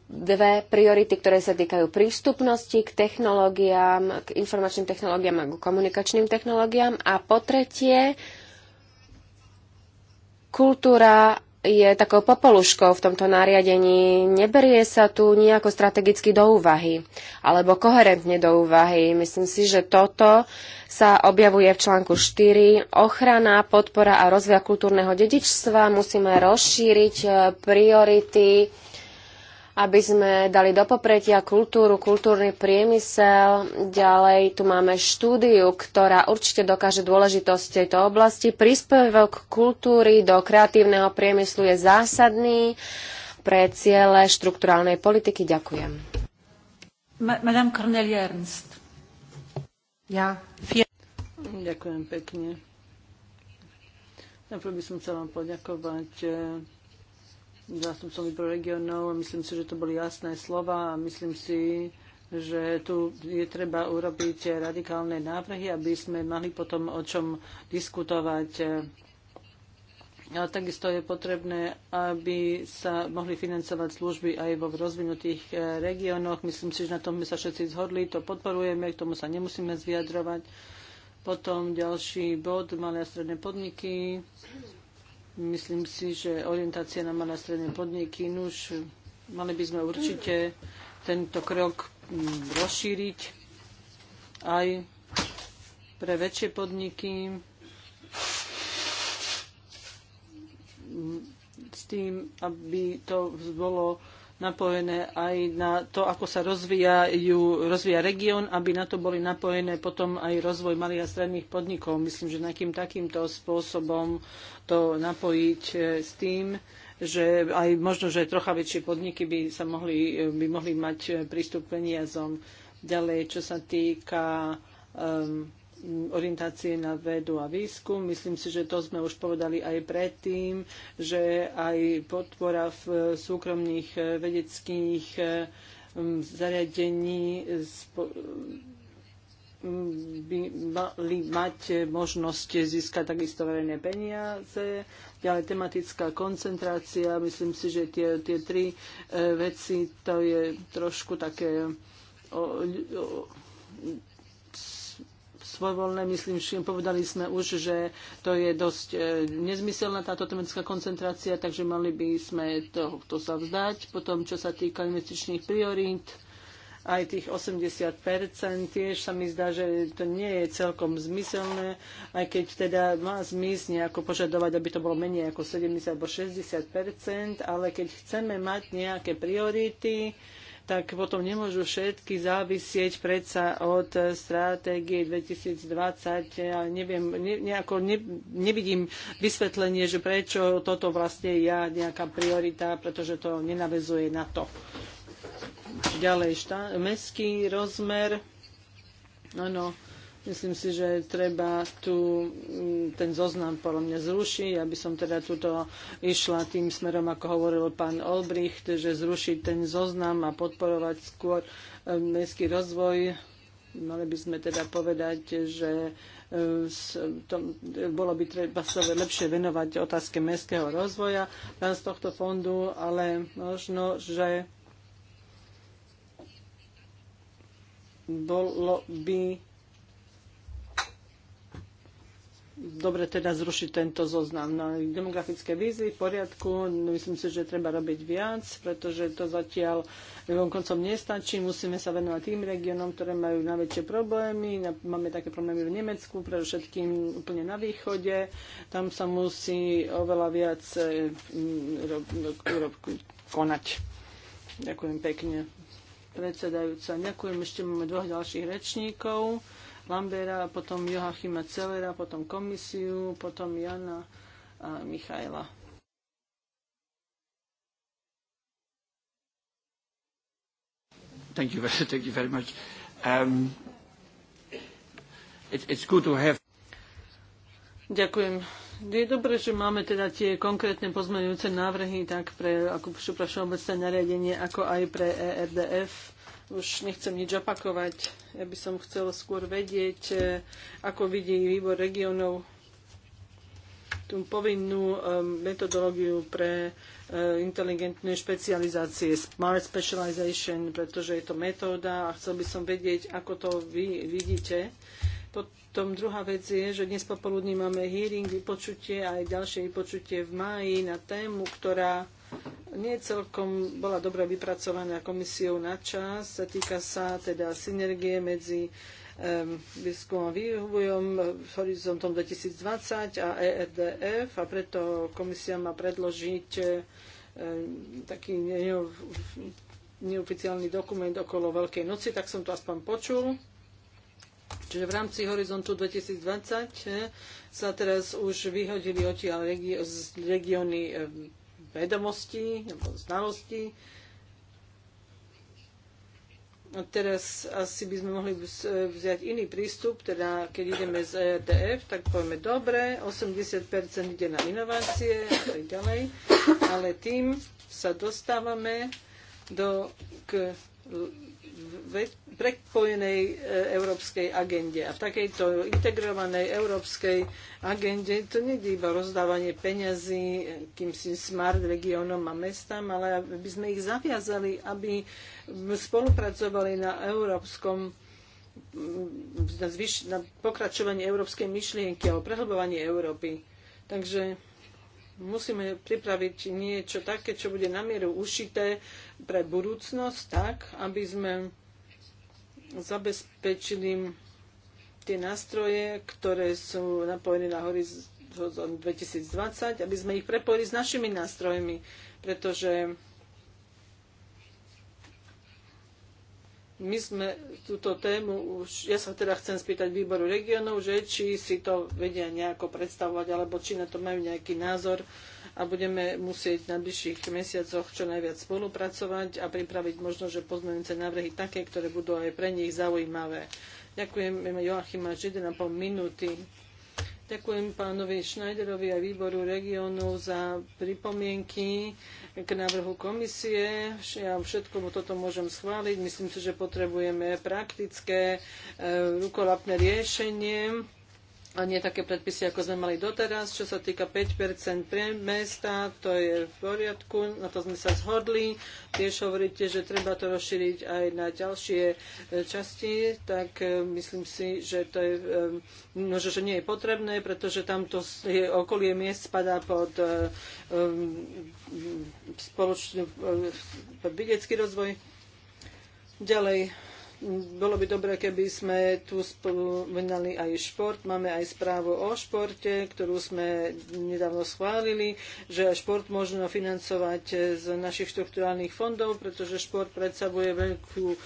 dve priority, ktoré sa týkajú prístupnosti k technológiám, k informačným technológiám a k komunikačným technológiám. A po tretie, kultúra je takou popoluškou v tomto nariadení. Neberie sa tu nejako strategicky do úvahy, alebo koherentne do úvahy. Myslím si, že toto sa objavuje v článku 4. Ochrana, podpora a rozvoj kultúrneho dedičstva. Musíme rozšíriť eh, priority aby sme dali do popretia kultúru, kultúrny priemysel. Ďalej tu máme štúdiu, ktorá určite dokáže dôležitosť tejto oblasti. Príspevok kultúry do kreatívneho priemyslu je zásadný pre ciele štrukturálnej politiky. Ďakujem. Madame Cornelia Ernst. Ja. Ďakujem pekne. Najprv by som chcela poďakovať eh, zástupcom výboru regionov. Myslím si, že to boli jasné slova a myslím si, že tu je treba urobiť radikálne návrhy, aby sme mali potom o čom diskutovať. A takisto je potrebné, aby sa mohli financovať služby aj vo rozvinutých e, regiónoch. Myslím si, že na tom sme sa všetci zhodli, to podporujeme, k tomu sa nemusíme zviadrovať. Potom ďalší bod, malé a stredné podniky. Myslím si, že orientácia na malé stredné podniky, nuž, mali by sme určite tento krok mm, rozšíriť aj pre väčšie podniky mm, s tým, aby to bolo napojené aj na to, ako sa rozvíjajú, rozvíja región, aby na to boli napojené potom aj rozvoj malých a stredných podnikov. Myslím, že nejakým takýmto spôsobom to napojiť e, s tým, že aj možno, že trocha väčšie podniky by, sa mohli, e, by mohli mať e, prístup k peniazom. Ďalej, čo sa týka um, Mm, orientácie na vedu a výskum. Myslím si, že to sme už povedali aj predtým, že aj podpora v súkromných eh, vedeckých eh, mm, zariadení mm, by mali mať možnosť získať takisto verejné peniaze. Ďalej tematická koncentrácia. Myslím si, že tie, tie tri eh, veci to je trošku také o, o, svojvoľné. Myslím, že povedali sme už, že to je dosť e, nezmyselná táto tematická koncentrácia, takže mali by sme to, to sa vzdať. Potom, čo sa týka investičných priorít, aj tých 80 tiež sa mi zdá, že to nie je celkom zmyselné, aj keď teda má zmysl nejako požadovať, aby to bolo menej ako 70 alebo 60 ale keď chceme mať nejaké priority, tak potom nemôžu všetky závisieť predsa od eh, stratégie 2020. Ja eh, neviem, ne, nejako ne, nevidím vysvetlenie, že prečo toto vlastne je nejaká priorita, pretože to nenavezuje na to. Ďalej, šta, mestský rozmer. Áno, Myslím si, že treba tu mm, ten zoznam podľa mňa zrušiť, aby som teda tuto išla tým smerom, ako hovoril pán Olbricht, že zrušiť ten zoznam a podporovať skôr eh, mestský rozvoj. Mali by sme teda povedať, že eh, to, bolo by treba sa lepšie venovať otázke mestského rozvoja z tohto fondu, ale možno, že bolo by dobre teda zrušiť tento zoznam. No, demografické výzvy v poriadku, myslím si, že treba robiť viac, pretože to zatiaľ koncom nestačí. Musíme sa venovať tým regiónom, ktoré majú najväčšie problémy. Máme také problémy v Nemecku, predovšetkým úplne na východe. Tam sa musí oveľa viac e, konať. Ďakujem pekne. Predsedajúca, ďakujem. Ešte máme dvoch ďalších rečníkov. Lambera, potom Joachima Celera, potom komisiu, potom Jana a Michaela. Thank you, *laughs* thank you very much. Um, it, it's good to have... Ďakujem. Je dobré, že máme teda tie konkrétne pozmeňujúce návrhy tak pre, ako pre všeobecné nariadenie, ako aj pre ERDF už nechcem nič opakovať. Ja by som chcela skôr vedieť, e, ako vidí výbor regionov tú povinnú e, metodológiu pre e, inteligentné špecializácie, smart specialization, pretože je to metóda a chcel by som vedieť, ako to vy vidíte. Potom druhá vec je, že dnes popoludní máme hearing, vypočutie a aj ďalšie vypočutie v máji na tému, ktorá nie celkom bola dobre vypracovaná komisiou na čas. Týka sa teda synergie medzi výskumom a vývojom, horizontom 2020 a ERDF a preto komisia má predložiť taký neoficiálny dokument okolo Veľkej noci, tak som to aspoň počul. Čiže v rámci Horizontu 2020 sa teraz už vyhodili odtiaľ regióny vedomosti nebo znalosti. A teraz asi by sme mohli vziať iný prístup, teda keď ideme z ETF, tak povieme dobre, 80% ide na inovácie a tak ďalej, ale tým sa dostávame do, k prepojenej e, európskej agende. A v takejto integrovanej európskej agende to nie je iba rozdávanie peňazí si smart regiónom a mestám, ale aby sme ich zaviazali, aby spolupracovali na európskom na, zvyš, na pokračovanie európskej myšlienky alebo prehlbovanie Európy. Takže musíme pripraviť niečo také, čo bude na mieru ušité pre budúcnosť, tak, aby sme zabezpečili tie nástroje, ktoré sú napojené na horizont 2020, aby sme ich prepojili s našimi nástrojmi, pretože my sme túto tému už, ja sa teda chcem spýtať výboru regionov, že či si to vedia nejako predstavovať, alebo či na to majú nejaký názor, a budeme musieť v najbližších mesiacoch čo najviac spolupracovať a pripraviť možno, že pozmeňujúce návrhy také, ktoré budú aj pre nich zaujímavé. Ďakujem Joachima až 1,5 minúty. Ďakujem pánovi Schneiderovi a výboru regiónu za pripomienky k návrhu komisie. Ja všetko toto môžem schváliť. Myslím si, že potrebujeme praktické e, rukolapné riešenie a nie také predpisy, ako sme mali doteraz. Čo sa týka 5% pre mesta, to je v poriadku, na to sme sa zhodli. Tiež hovoríte, že treba to rozšíriť aj na ďalšie e, časti, tak e, myslím si, že to je, e, no, že nie je potrebné, pretože tamto je, okolie miest spadá pod um, spoločný vedecký rozvoj. Ďalej, bolo by dobré, keby sme tu spomínali aj šport. Máme aj správu o športe, ktorú sme nedávno schválili, že šport možno financovať z našich štruktúrálnych fondov, pretože šport predstavuje veľkú e,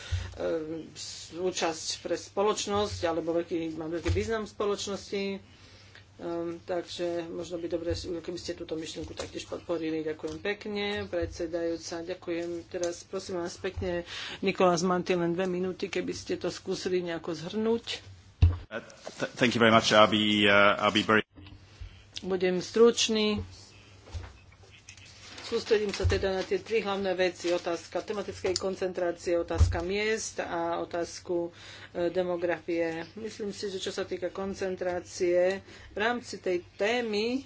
účasť pre spoločnosť alebo veľký, má veľký význam spoločnosti. Um, takže možno by dobre, keby ste túto myšlienku taktiež podporili. Ďakujem pekne, predsedajúca. Ďakujem. Teraz prosím vás pekne, Nikolás Manty, len dve minúty, keby ste to skúsili nejako zhrnúť. Uh, th- thank you very much. I'll be, uh, I'll be very... Budem stručný Sústredím sa teda na tie tri hlavné veci. Otázka tematickej koncentrácie, otázka miest a otázku e, demografie. Myslím si, že čo sa týka koncentrácie, v rámci tej témy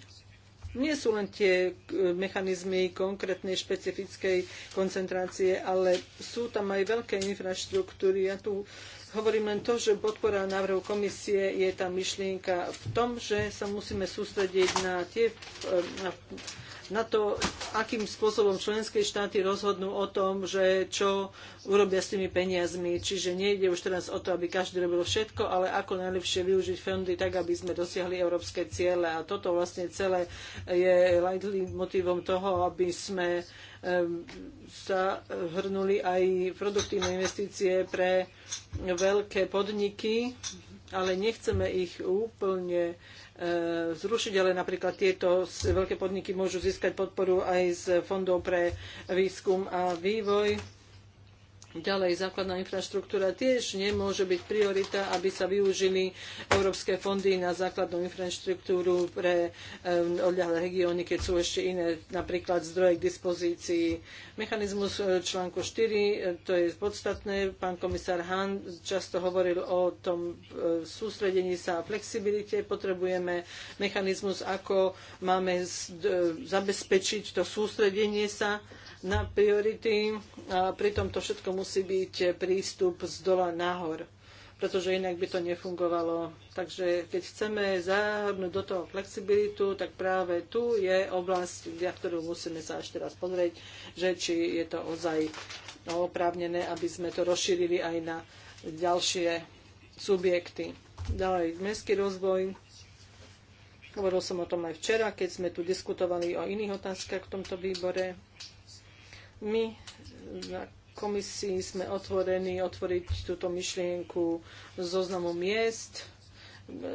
nie sú len tie e, mechanizmy konkrétnej špecifickej koncentrácie, ale sú tam aj veľké infraštruktúry. Ja tu hovorím len to, že podpora návrhu komisie je tá myšlienka v tom, že sa musíme sústrediť na tie e, na, na to, akým spôsobom členské štáty rozhodnú o tom, že čo urobia s tými peniazmi. Čiže nejde už teraz o to, aby každý robil všetko, ale ako najlepšie využiť fondy tak, aby sme dosiahli európske ciele. A toto vlastne celé je hlavným motivom toho, aby sme sa hrnuli aj produktívne investície pre veľké podniky, ale nechceme ich úplne eh, zrušiť, ale napríklad tieto veľké podniky môžu získať podporu aj z fondov pre výskum a vývoj Ďalej, základná infraštruktúra tiež nemôže byť priorita, aby sa využili európske fondy na základnú infraštruktúru pre odľahlé regióny, keď sú ešte iné napríklad zdroje k dispozícii. Mechanizmus e, článku 4, e, to je podstatné. Pán komisár Hahn často hovoril o tom e, sústredení sa a flexibilite. Potrebujeme mechanizmus, ako máme zabezpečiť to sústredenie sa na priority a pritom to všetko musí byť prístup z dola nahor pretože inak by to nefungovalo. Takže keď chceme zahrnúť do toho flexibilitu, tak práve tu je oblasť, na ktorú musíme sa ešte teraz pozrieť, že či je to ozaj oprávnené, aby sme to rozšírili aj na ďalšie subjekty. Ďalej, mestský rozvoj. Hovoril som o tom aj včera, keď sme tu diskutovali o iných otázkach v tomto výbore my na komisii sme otvorení otvoriť túto myšlienku zoznamu miest,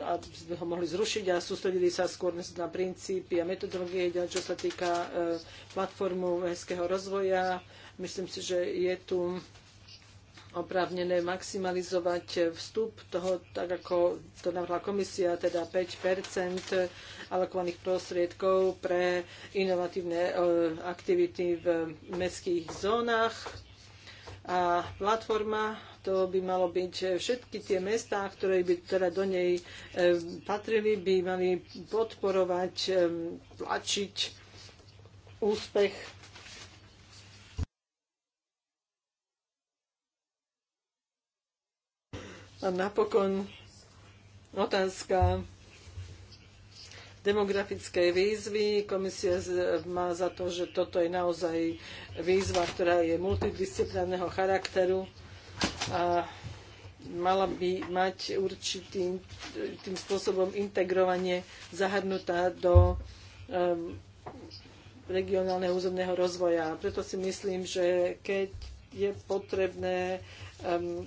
a ho mohli zrušiť a sústredili sa skôr na princípy a metodológie, čo sa týka e, platformu mestského rozvoja. Myslím si, že je tu oprávnené maximalizovať vstup toho, tak ako to navrhla komisia, teda 5 alokovaných prostriedkov pre inovatívne e, aktivity v mestských zónach. A platforma to by malo byť e, všetky tie mestá, ktoré by teda do nej e, patrili, by mali podporovať, tlačiť úspech A napokon otázka demografickej výzvy. Komisia má za to, že toto je naozaj výzva, ktorá je multidisciplinárneho charakteru a mala by mať určitým tým spôsobom integrovanie zahrnutá do um, regionálneho územného rozvoja. Preto si myslím, že keď je potrebné um,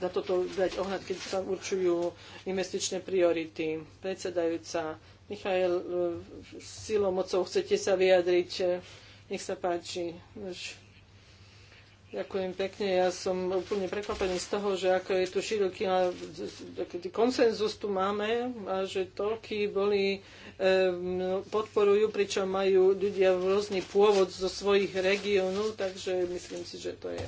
na toto dať ohľad, keď sa určujú investičné priority. Predsedajúca Michael, e, silou mocou chcete sa vyjadriť. Nech sa páči. Ďakujem pekne. Ja som úplne prekvapený z toho, že ako je tu široký konsenzus tu máme a že toľky boli, e, no, podporujú, pričom majú ľudia rôzny pôvod zo svojich regiónov, takže myslím si, že to je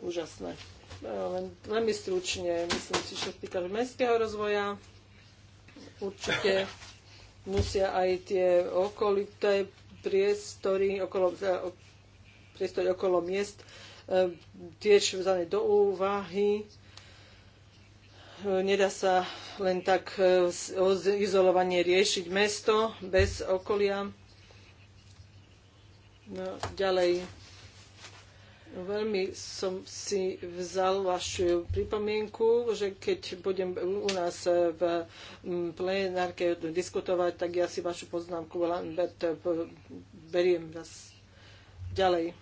úžasné. No, len veľmi stručne, myslím si, že týka mestského rozvoja. Určite musia aj tie okolité priestory okolo, priestory okolo miest e, tiež vzané do úvahy. E, nedá sa len tak e, izolovanie riešiť mesto bez okolia. No, ďalej Veľmi som si vzal vašu pripomienku, že keď budem u nás v mm, plenárke diskutovať, tak ja si vašu poznámku, eh, beriem vás ďalej.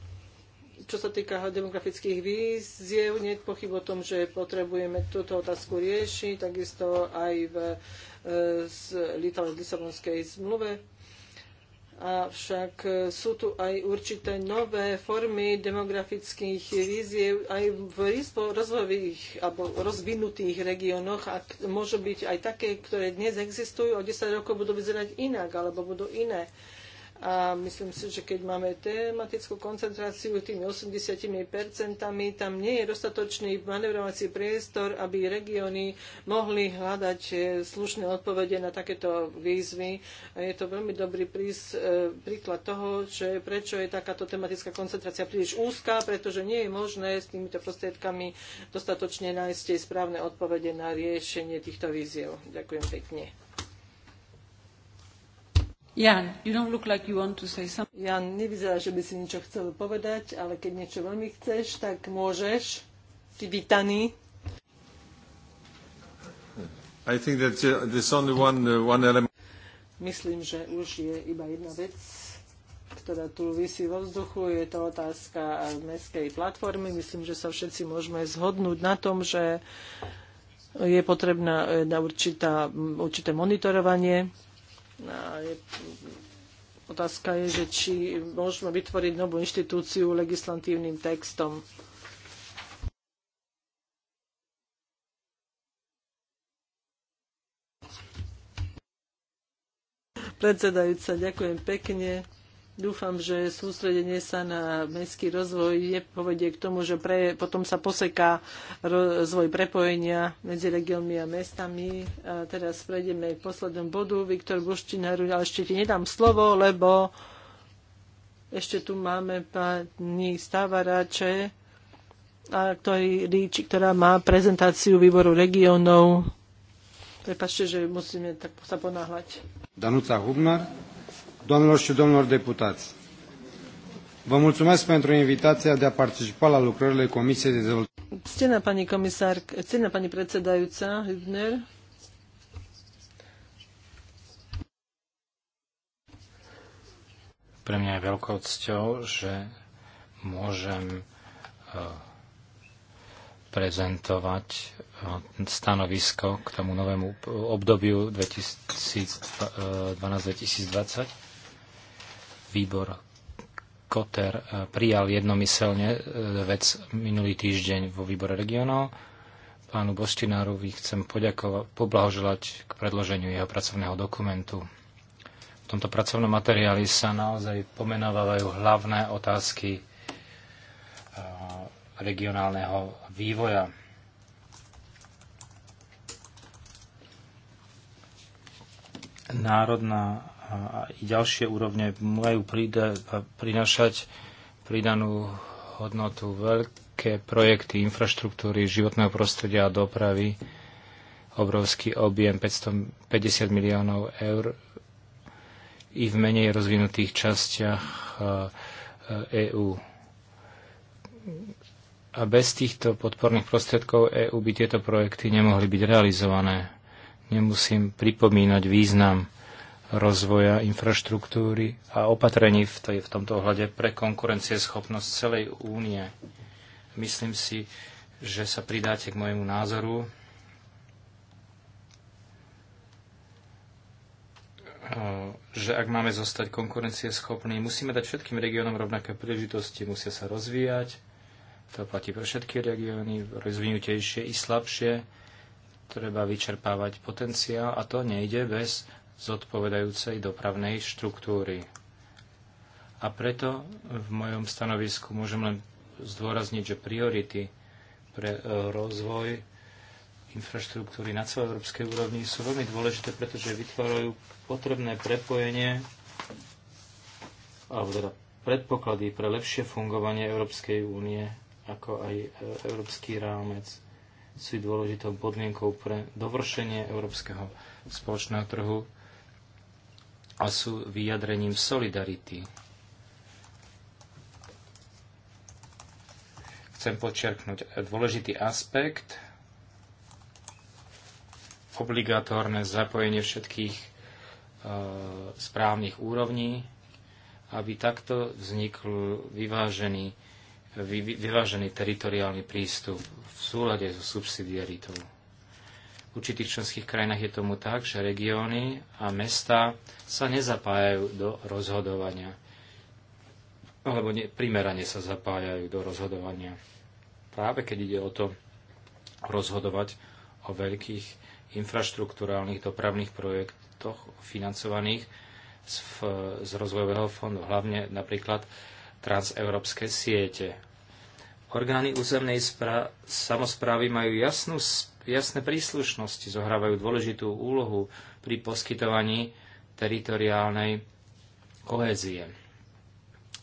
Čo sa týka demografických víziev, nie je pochyb o tom, že potrebujeme túto otázku riešiť, takisto aj v eh, Lisabonskej zmluve Avšak e, sú tu aj určité nové formy demografických víziev aj v rozvojových alebo rozvinutých regiónoch a môžu byť aj také, ktoré dnes existujú, o 10 rokov budú vyzerať inak alebo budú iné a myslím si, že keď máme tematickú koncentráciu tými 80%, tam nie je dostatočný manevrovací priestor, aby regióny mohli hľadať e, slušné odpovede na takéto výzvy. A je to veľmi dobrý prís, e, príklad toho, že prečo je takáto tematická koncentrácia príliš úzká, pretože nie je možné s týmito prostriedkami dostatočne nájsť tie správne odpovede na riešenie týchto výziev. Ďakujem pekne. Jan, you don't look like you want to say something. Jan, nevyzerá, že by si niečo chcel povedať, ale keď niečo veľmi chceš, tak môžeš. Ty vítaný. I think that uh, there's only one, uh, one element. Myslím, že už je iba jedna vec, ktorá tu vysí vo vzduchu. Je to otázka uh, mestskej platformy. Myslím, že sa všetci môžeme zhodnúť na tom, že je potrebná na určitá, určité monitorovanie a je, otázka je, že či môžeme vytvoriť novú inštitúciu legislatívnym textom. Predsedajúca, ďakujem pekne. Dúfam, že sústredenie sa na mestský rozvoj nepovedie k tomu, že pre, potom sa poseká rozvoj prepojenia medzi regiónmi a mestami. A teraz prejdeme k poslednom bodu. Viktor Buštinaru, ale ešte ti nedám slovo, lebo ešte tu máme pani Stavarače, ktorý, ktorá má prezentáciu výboru regiónov. Prepačte, že musíme tak sa ponáhľať. Danuca Hubnar, doamnelor și domnilor deputați, vă mulțumesc pentru invitația de a participa la lucrările Comisiei de Dezvoltare. Ctená pani komisárka, ctená pani predsedajúca Hübner, Pre mňa je veľkou cťou, že môžem e, prezentovať e, stanovisko k tomu novému obdobiu 2012-2020 výbor Koter e, prijal jednomyselne e, vec minulý týždeň vo výbore regionov. Pánu Boštinárovi chcem poďakovať, poblahoželať k predloženiu jeho pracovného dokumentu. V tomto pracovnom materiáli sa naozaj pomenovávajú hlavné otázky e, regionálneho vývoja. Národná a i ďalšie úrovne majú prinášať pridanú hodnotu veľké projekty infraštruktúry, životného prostredia a dopravy, obrovský objem 550 miliónov eur i v menej rozvinutých častiach EÚ. E a bez týchto podporných prostriedkov EÚ by tieto projekty nemohli byť realizované. Nemusím pripomínať význam rozvoja infraštruktúry a opatrení v, tej, v tomto ohľade pre konkurencieschopnosť celej únie. Myslím si, že sa pridáte k môjmu názoru. Eh, že ak máme zostať konkurencieschopní, musíme dať všetkým regiónom rovnaké príležitosti, musia sa rozvíjať. To platí pre všetky regióny, rozvinutejšie i slabšie. Treba vyčerpávať potenciál a to nejde bez zodpovedajúcej dopravnej štruktúry. A preto v mojom stanovisku môžem len zdôrazniť, že priority pre e, rozvoj infraštruktúry na celoeurópskej úrovni sú veľmi dôležité, pretože vytvárajú potrebné prepojenie alebo teda predpoklady pre lepšie fungovanie Európskej únie, ako aj e, európsky rámec sú dôležitou podmienkou pre dovršenie európskeho spoločného trhu a sú vyjadrením solidarity. Chcem počerknúť dôležitý aspekt, obligatórne zapojenie všetkých e, správnych úrovní, aby takto vznikl vyvážený, vy, vyvážený teritoriálny prístup v súlade so subsidiaritou. V určitých členských krajinách je tomu tak, že regióny a mesta sa nezapájajú do rozhodovania. Alebo ne, primerane sa zapájajú do rozhodovania. Práve keď ide o to rozhodovať o veľkých infraštruktúrálnych dopravných projektoch financovaných z, z rozvojového fondu, hlavne napríklad transeurópske siete Orgány územnej samozprávy majú jasnú, jasné príslušnosti, zohrávajú dôležitú úlohu pri poskytovaní teritoriálnej kohézie.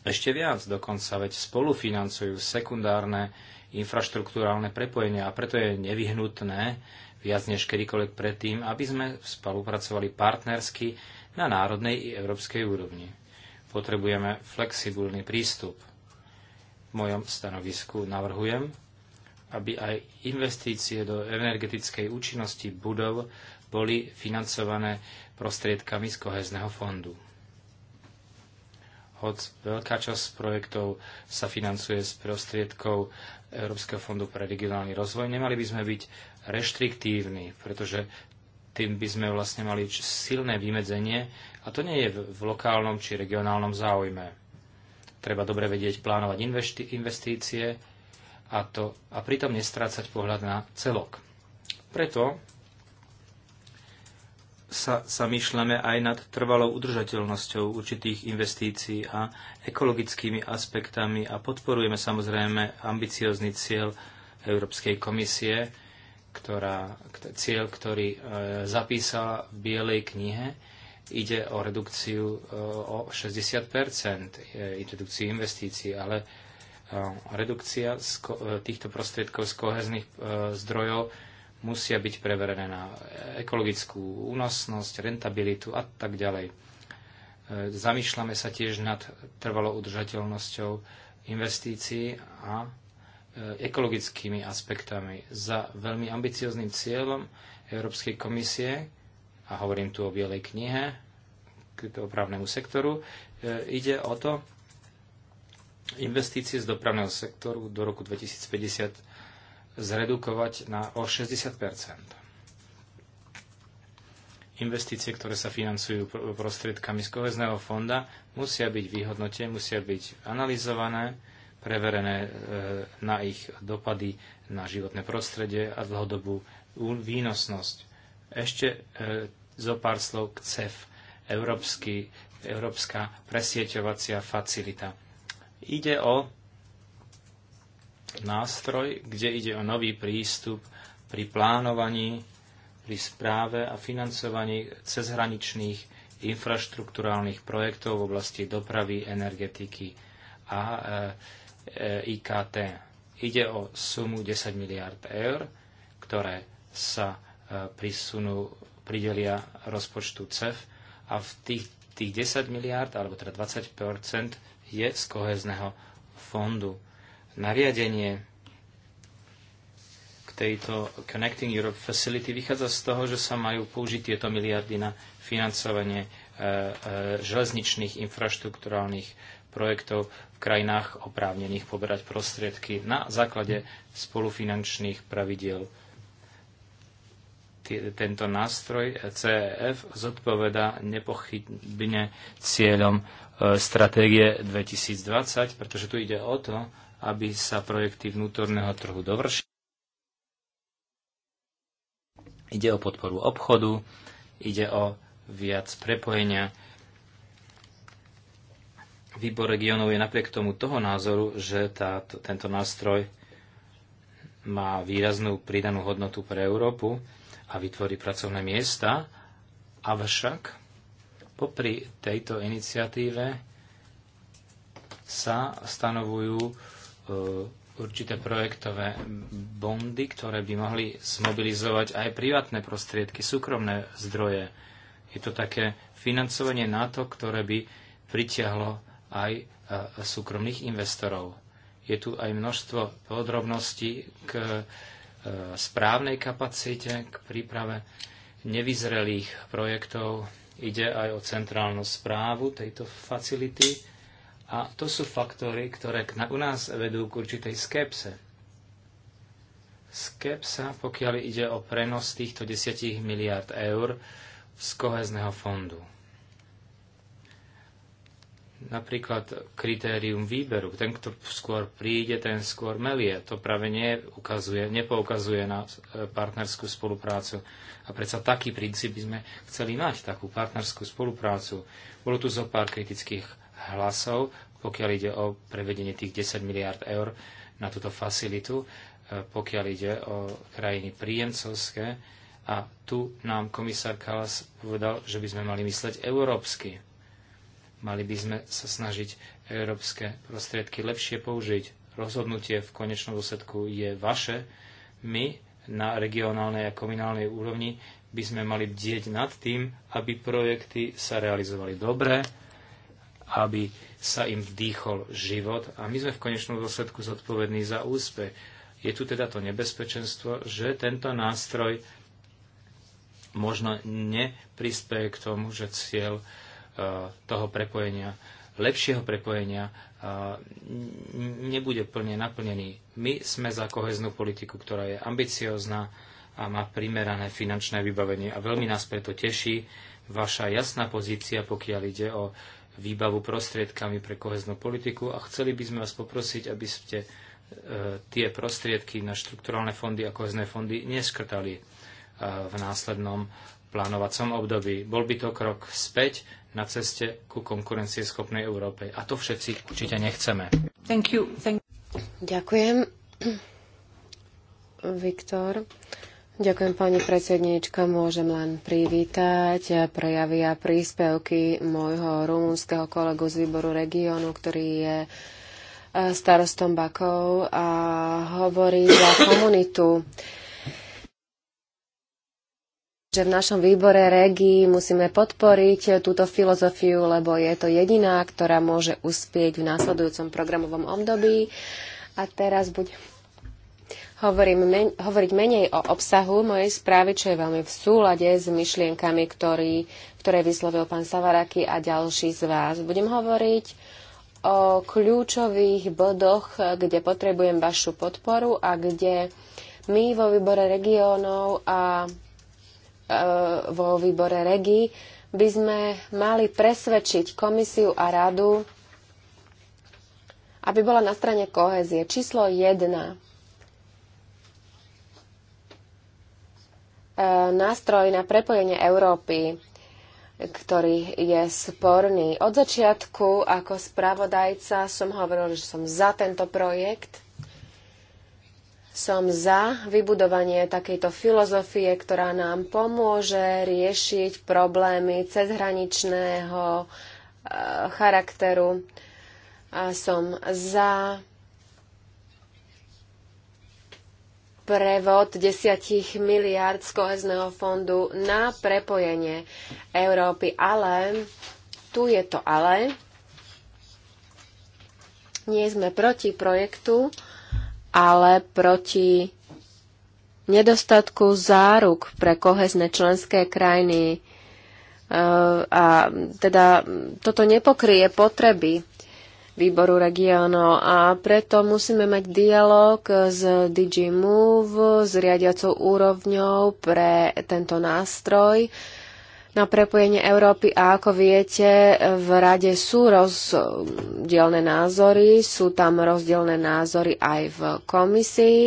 Ešte viac dokonca, veď spolufinancujú sekundárne infraštruktúrálne prepojenia a preto je nevyhnutné viac než kedykoľvek predtým, aby sme spolupracovali partnersky na národnej i európskej úrovni. Potrebujeme flexibilný prístup – v mojom stanovisku navrhujem, aby aj investície do energetickej účinnosti budov boli financované prostriedkami z kohezného fondu. Hoď veľká časť projektov sa financuje z prostriedkov Európskeho fondu pre regionálny rozvoj, nemali by sme byť reštriktívni, pretože tým by sme vlastne mali silné vymedzenie a to nie je v lokálnom či regionálnom záujme treba dobre vedieť plánovať investície a, to, a pritom nestrácať pohľad na celok. Preto sa sa myšľame aj nad trvalou udržateľnosťou určitých investícií a ekologickými aspektami a podporujeme samozrejme ambiciózny cieľ Európskej komisie, ktorá, cieľ, ktorý e, zapísala v Bielej knihe, ide o redukciu e, o 60 redukciu e, investícií, ale e, redukcia týchto prostriedkov z kohezných zdrojov musia byť preverené na ekologickú únosnosť, rentabilitu a tak ďalej. Zamýšľame sa tiež nad trvalou udržateľnosťou investícií a ekologickými aspektami. Za veľmi ambiciozným cieľom Európskej komisie a hovorím tu o Bielej knihe k dopravnému sektoru, e, ide o to, investície z dopravného sektoru do roku 2050 zredukovať na o 60 Investície, ktoré sa financujú prostriedkami z kohezného fonda, musia byť vyhodnotené, musia byť analyzované, preverené e, na ich dopady na životné prostredie a dlhodobú výnosnosť. Ešte e, zo pár slov k CEF, Európsky, Európska presieťovacia facilita. Ide o nástroj, kde ide o nový prístup pri plánovaní, pri správe a financovaní cezhraničných infraštruktúrálnych projektov v oblasti dopravy, energetiky a e, e, IKT. Ide o sumu 10 miliard eur, ktoré sa e, prisunú pridelia rozpočtu CEF a v tých, tých 10 miliárd, alebo teda 20 je z kohezného fondu. Nariadenie k tejto Connecting Europe Facility vychádza z toho, že sa majú použiť tieto miliardy na financovanie e, e, železničných infraštruktúrálnych projektov v krajinách oprávnených poberať prostriedky na základe spolufinančných pravidiel tento nástroj CEF zodpoveda nepochybne cieľom e, stratégie 2020, pretože tu ide o to, aby sa projekty vnútorného trhu dovršili. Ide o podporu obchodu, ide o viac prepojenia. Výbor regionov je napriek tomu toho názoru, že tá, tento nástroj má výraznú pridanú hodnotu pre Európu, a vytvorí pracovné miesta, avšak popri tejto iniciatíve sa stanovujú e, určité projektové bondy, ktoré by mohli zmobilizovať aj privátne prostriedky, súkromné zdroje. Je to také financovanie to, ktoré by pritiahlo aj e, súkromných investorov. Je tu aj množstvo podrobností k E, správnej kapacite k príprave nevyzrelých projektov. Ide aj o centrálnu správu tejto facility a to sú faktory, ktoré u nás vedú k určitej skepse. Skepsa, pokiaľ ide o prenos týchto 10 miliard eur z kohezného fondu. Napríklad kritérium výberu. Ten, kto skôr príde, ten skôr melie. To práve neukazuje, nepoukazuje na e, partnerskú spoluprácu. A predsa taký princíp by sme chceli mať, takú partnerskú spoluprácu. Bolo tu zo pár kritických hlasov, pokiaľ ide o prevedenie tých 10 miliard eur na túto facilitu, e, pokiaľ ide o krajiny príjemcovské. A tu nám komisár Kalas povedal, že by sme mali mysleť európsky Mali by sme sa snažiť európske prostriedky lepšie použiť. Rozhodnutie v konečnom dôsledku je vaše. My na regionálnej a komunálnej úrovni by sme mali bdieť nad tým, aby projekty sa realizovali dobre, aby sa im vdýchol život a my sme v konečnom dôsledku zodpovední za úspech. Je tu teda to nebezpečenstvo, že tento nástroj možno neprispieje k tomu, že cieľ E, toho prepojenia, lepšieho prepojenia e, nebude plne naplnený. My sme za koheznú politiku, ktorá je ambiciozná a má primerané finančné vybavenie. A veľmi nás preto teší vaša jasná pozícia, pokiaľ ide o výbavu prostriedkami pre koheznú politiku a chceli by sme vás poprosiť, aby ste e, tie prostriedky na štrukturálne fondy a kohezné fondy neskrtali v následnom plánovacom období. Bol by to krok späť na ceste ku konkurencieschopnej Európe. A to všetci určite nechceme. Thank you. Thank... Ďakujem. Viktor. Ďakujem pani predsedníčka, môžem len privítať prejavy a príspevky môjho rumúnskeho kolegu z výboru regiónu, ktorý je e, starostom Bakov a hovorí za komunitu že v našom výbore REGI musíme podporiť túto filozofiu, lebo je to jediná, ktorá môže uspieť v následujúcom programovom období. A teraz budem hovorím men, hovoriť menej o obsahu mojej správy, čo je veľmi v súlade s myšlienkami, ktorý, ktoré vyslovil pán Savaraky a ďalší z vás. Budem hovoriť o kľúčových bodoch, kde potrebujem vašu podporu a kde my vo výbore regiónov a E, vo výbore REGI by sme mali presvedčiť komisiu a radu, aby bola na strane kohezie. Číslo 1. E, nástroj na prepojenie Európy, ktorý je sporný. Od začiatku ako spravodajca som hovoril, že som za tento projekt som za vybudovanie takejto filozofie, ktorá nám pomôže riešiť problémy cezhraničného e, charakteru. A som za prevod desiatich miliard z kohezného fondu na prepojenie Európy, ale tu je to ale. Nie sme proti projektu, ale proti nedostatku záruk pre kohezné členské krajiny. E, a teda toto nepokrie potreby výboru regiónov a preto musíme mať dialog s DG Move, s riadiacou úrovňou pre tento nástroj, na prepojenie Európy a ako viete, v rade sú rozdielne názory, sú tam rozdielne názory aj v komisii.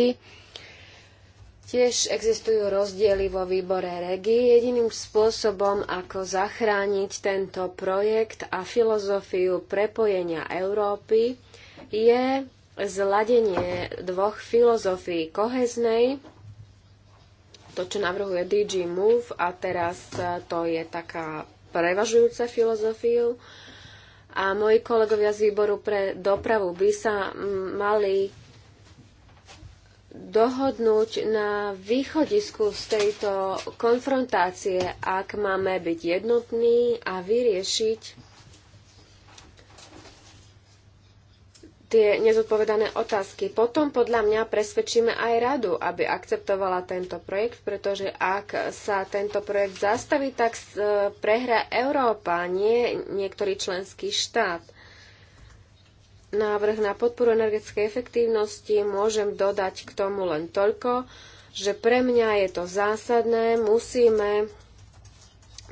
Tiež existujú rozdiely vo výbore REGI. Jediným spôsobom, ako zachrániť tento projekt a filozofiu prepojenia Európy, je zladenie dvoch filozofií koheznej to, čo navrhuje DG Move a teraz e, to je taká prevažujúca filozofia. A moji kolegovia z výboru pre dopravu by sa mali dohodnúť na východisku z tejto konfrontácie, ak máme byť jednotní a vyriešiť tie nezodpovedané otázky. Potom podľa mňa presvedčíme aj radu, aby akceptovala tento projekt, pretože ak sa tento projekt zastaví, tak e, prehra Európa, nie niektorý členský štát. Návrh na podporu energetickej efektívnosti môžem dodať k tomu len toľko, že pre mňa je to zásadné, musíme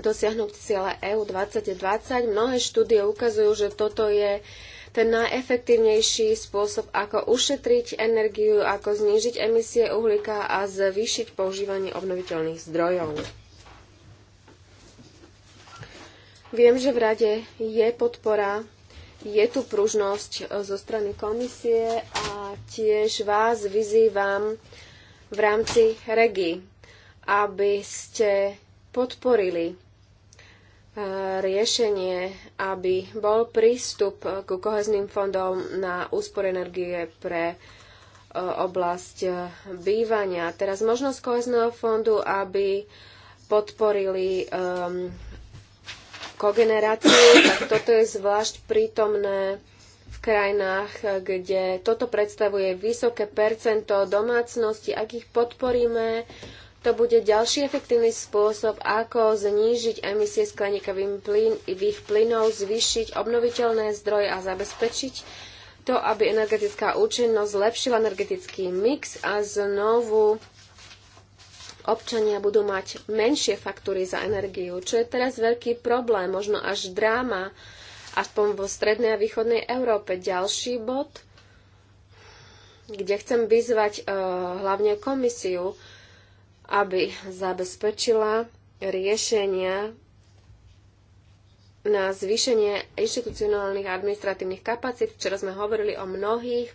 dosiahnuť ciele EU 2020. Mnohé štúdie ukazujú, že toto je uh, ten najefektívnejší spôsob, ako ušetriť energiu, ako znížiť emisie uhlíka a zvýšiť používanie obnoviteľných zdrojov. Viem, že v rade je podpora, je tu pružnosť zo strany komisie a tiež vás vyzývam v rámci REGI, aby ste podporili riešenie, aby bol prístup k kohezným fondom na úspor energie pre e, oblasť e, bývania. Teraz možnosť kohezného fondu, aby podporili um, kogeneráciu, tak toto je zvlášť prítomné v krajinách, kde toto predstavuje vysoké percento domácnosti. Ak ich podporíme, uh, to bude ďalší efektívny spôsob, ako znížiť emisie skleníkových plynov, zvýšiť obnoviteľné zdroje a zabezpečiť to, aby energetická účinnosť zlepšila energetický mix a znovu občania budú mať menšie faktúry za energiu, čo je teraz veľký problém, možno až dráma, aspoň vo strednej a východnej Európe. Ďalší bod, kde chcem vyzvať e, hlavne komisiu, aby zabezpečila riešenia na zvýšenie inštitucionálnych a administratívnych kapacít. Včera sme hovorili o mnohých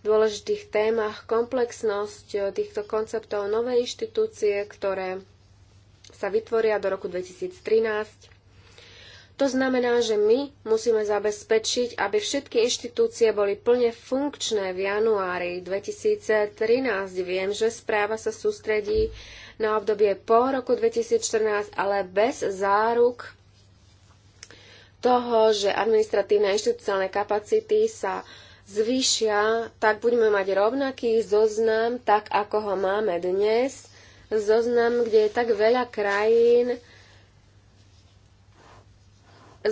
dôležitých témach, komplexnosť eh, týchto konceptov, nové inštitúcie, ktoré sa vytvoria do roku 2013 to znamená, že my musíme zabezpečiť, aby všetky inštitúcie boli plne funkčné v januári 2013. Viem, že správa sa sústredí na obdobie po roku 2014, ale bez záruk toho, že administratívne inštitucionálne kapacity sa zvýšia, tak budeme mať rovnaký zoznam, tak ako ho máme dnes. Zoznam, kde je tak veľa krajín,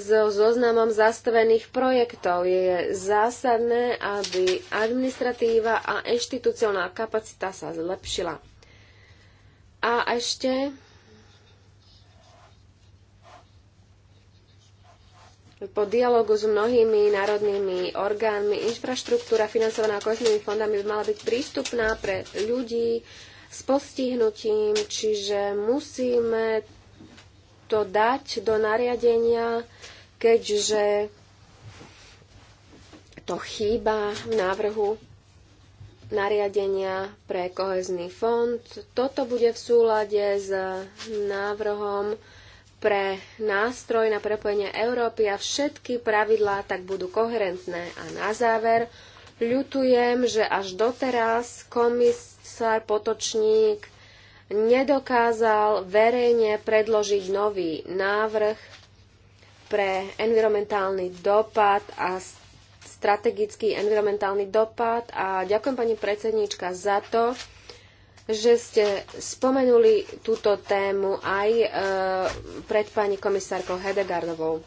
so zoznamom zastavených projektov. Je zásadné, aby administratíva a inštitucionálna kapacita sa zlepšila. A ešte po dialogu s mnohými národnými orgánmi infraštruktúra financovaná kohesnými fondami by mala byť prístupná pre ľudí s postihnutím, čiže musíme to dať do nariadenia, keďže to chýba v návrhu nariadenia pre kohezný fond. Toto bude v súlade s návrhom pre nástroj na prepojenie Európy a všetky pravidlá tak budú koherentné. A na záver ľutujem, že až doteraz komisár Potočník nedokázal verejne predložiť nový návrh pre environmentálny dopad a strategický environmentálny dopad a ďakujem pani predsedníčka za to, že ste spomenuli túto tému aj e, pred pani komisárkou Hedegardovou.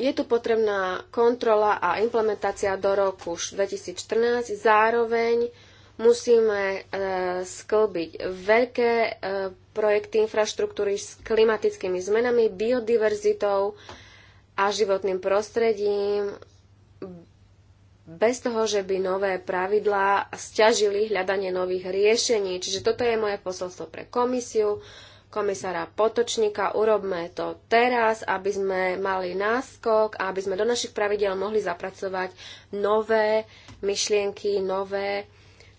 Je tu potrebná kontrola a implementácia do roku 2014. Zároveň Musíme e, sklbiť veľké e, projekty infraštruktúry s klimatickými zmenami, biodiverzitou a životným prostredím bez toho, že by nové pravidlá stiažili hľadanie nových riešení. Čiže toto je moje posolstvo pre komisiu, komisára Potočníka. Urobme to teraz, aby sme mali náskok a aby sme do našich pravidel mohli zapracovať nové myšlienky, nové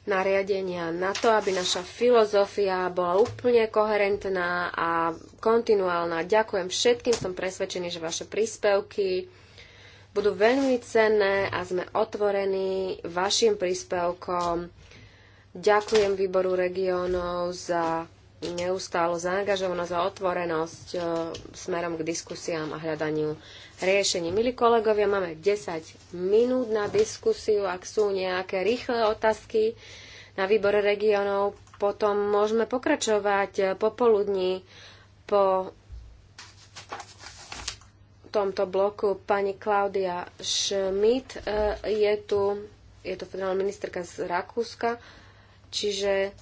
nariadenia na to, aby naša filozofia bola úplne koherentná a kontinuálna. Ďakujem všetkým, som presvedčený, že vaše príspevky budú veľmi cenné a sme otvorení vašim príspevkom. Ďakujem výboru regiónov za neustálu zaangažovanosť a otvorenosť e, smerom k diskusiám a hľadaniu riešení. Milí kolegovia, máme 10 minút na diskusiu. Ak sú nejaké rýchle otázky na výbore regionov, potom môžeme pokračovať e, popoludní po tomto bloku pani Klaudia Schmidt. E, je tu, je to federálna ministerka z Rakúska, čiže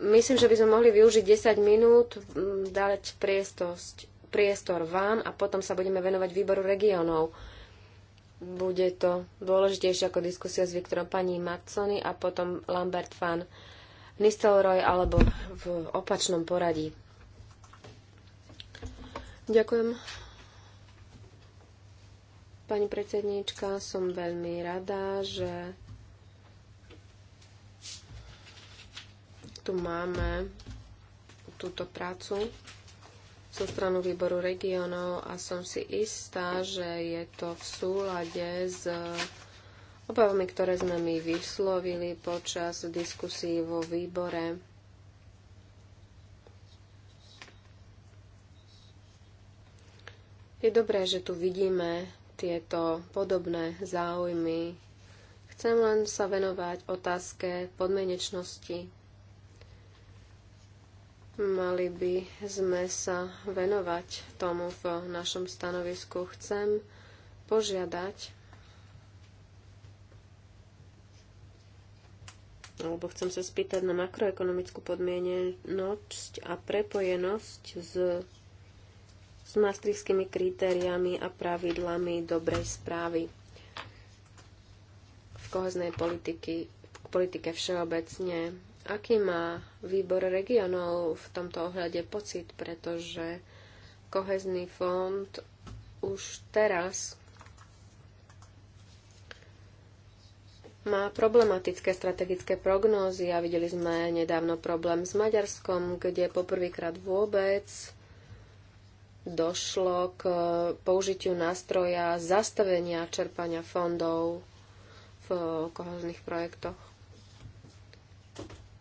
Myslím, že by sme mohli využiť 10 minút, mm, dať priestosť, priestor vám a potom sa budeme venovať výboru regiónov. Bude to dôležitejšie ako diskusia s Viktorom pani Matsony a potom Lambert van Nistelrooy alebo v opačnom poradí. Ďakujem. Pani predsedníčka, som veľmi rada, že tu máme túto prácu zo stranu výboru regionov a som si istá, že je to v súlade s obavami, ktoré sme my vyslovili počas diskusí vo výbore. Je dobré, že tu vidíme tieto podobné záujmy. Chcem len sa venovať otázke podmenečnosti Mali by sme sa venovať tomu v našom stanovisku. Chcem požiadať, alebo chcem sa spýtať na makroekonomickú podmienenosť a prepojenosť s, s maastrichtskými kritériami a pravidlami dobrej správy v koheznej politiky, v politike všeobecne Aký má výbor regionov v tomto ohľade pocit, pretože kohezný fond už teraz má problematické strategické prognózy a videli sme nedávno problém s Maďarskom, kde poprvýkrát vôbec došlo k použitiu nástroja zastavenia čerpania fondov v kohozných projektoch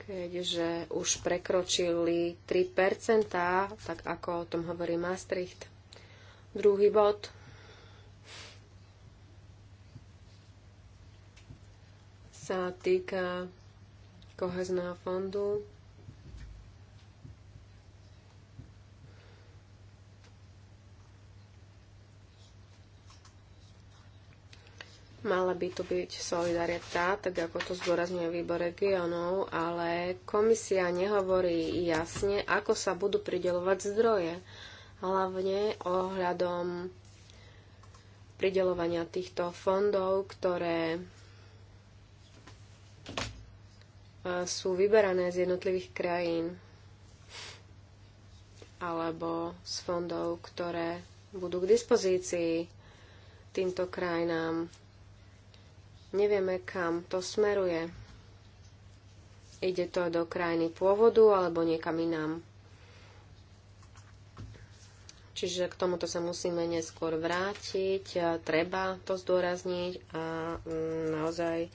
keďže už prekročili 3%, tak ako o tom hovorí Maastricht. Druhý bod. sa týka kohezného fondu. Mala by tu byť solidarita, tak ako to zdôrazňuje výbor regionov, ale komisia nehovorí jasne, ako sa budú pridelovať zdroje, hlavne ohľadom pridelovania týchto fondov, ktoré e, sú vyberané z jednotlivých krajín alebo z fondov, ktoré budú k dispozícii týmto krajinám Nevieme, kam to smeruje. Ide to do krajiny pôvodu alebo niekam inám. Čiže k tomuto sa musíme neskôr vrátiť. Treba to zdôrazniť a mm, naozaj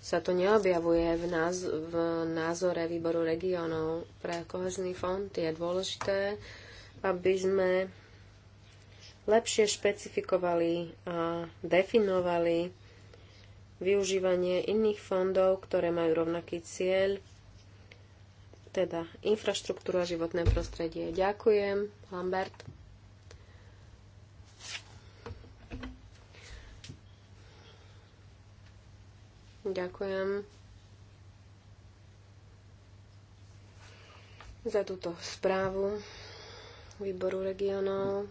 sa to neobjavuje v, náz- v názore výboru regiónov pre kohezný fond. Je dôležité, aby sme lepšie špecifikovali a definovali využívanie iných fondov, ktoré majú rovnaký cieľ, teda infraštruktúra a životné prostredie. Ďakujem, Lambert. Ďakujem za túto správu výboru regionov.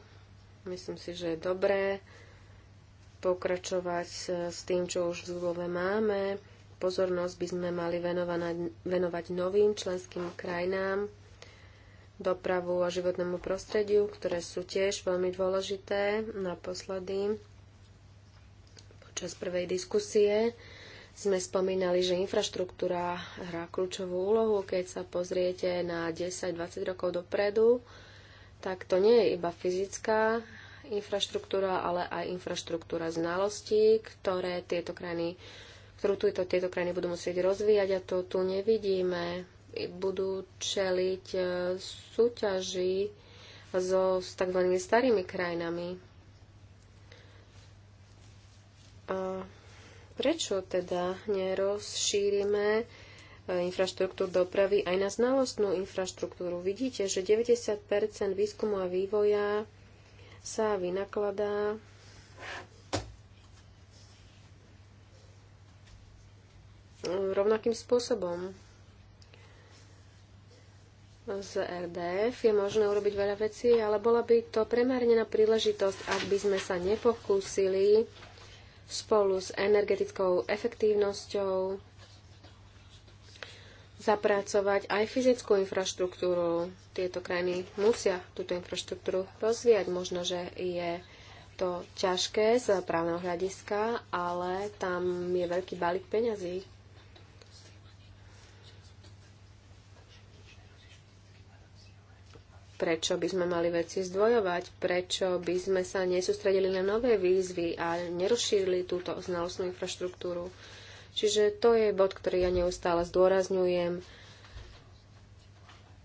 Myslím si, že je dobré pokračovať s tým, čo už v zvove máme. Pozornosť by sme mali venovať novým členským krajinám, dopravu a životnému prostrediu, ktoré sú tiež veľmi dôležité. Naposledy, počas prvej diskusie, sme spomínali, že infraštruktúra hrá kľúčovú úlohu. Keď sa pozriete na 10-20 rokov dopredu, tak to nie je iba fyzická infraštruktúra, ale aj infraštruktúra znalostí, ktoré tieto krajiny, ktorú tieto, tieto krajiny budú musieť rozvíjať a to tu nevidíme. Budú čeliť e, súťaži so, s tzv. starými krajinami. A prečo teda nerozšírime e, infraštruktúru dopravy aj na znalostnú infraštruktúru. Vidíte, že 90 výskumu a vývoja sa vynakladá rovnakým spôsobom. Z RDF je možné urobiť veľa vecí, ale bola by to premárnená príležitosť, ak by sme sa nepokúsili spolu s energetickou efektívnosťou zapracovať aj fyzickú infraštruktúru. Tieto krajiny musia túto infraštruktúru rozvíjať. Možno, že je to ťažké z právneho hľadiska, ale tam je veľký balík peňazí. Prečo by sme mali veci zdvojovať? Prečo by sme sa nesústredili na nové výzvy a nerozšírili túto znalostnú infraštruktúru? Čiže to je bod, ktorý ja neustále zdôrazňujem.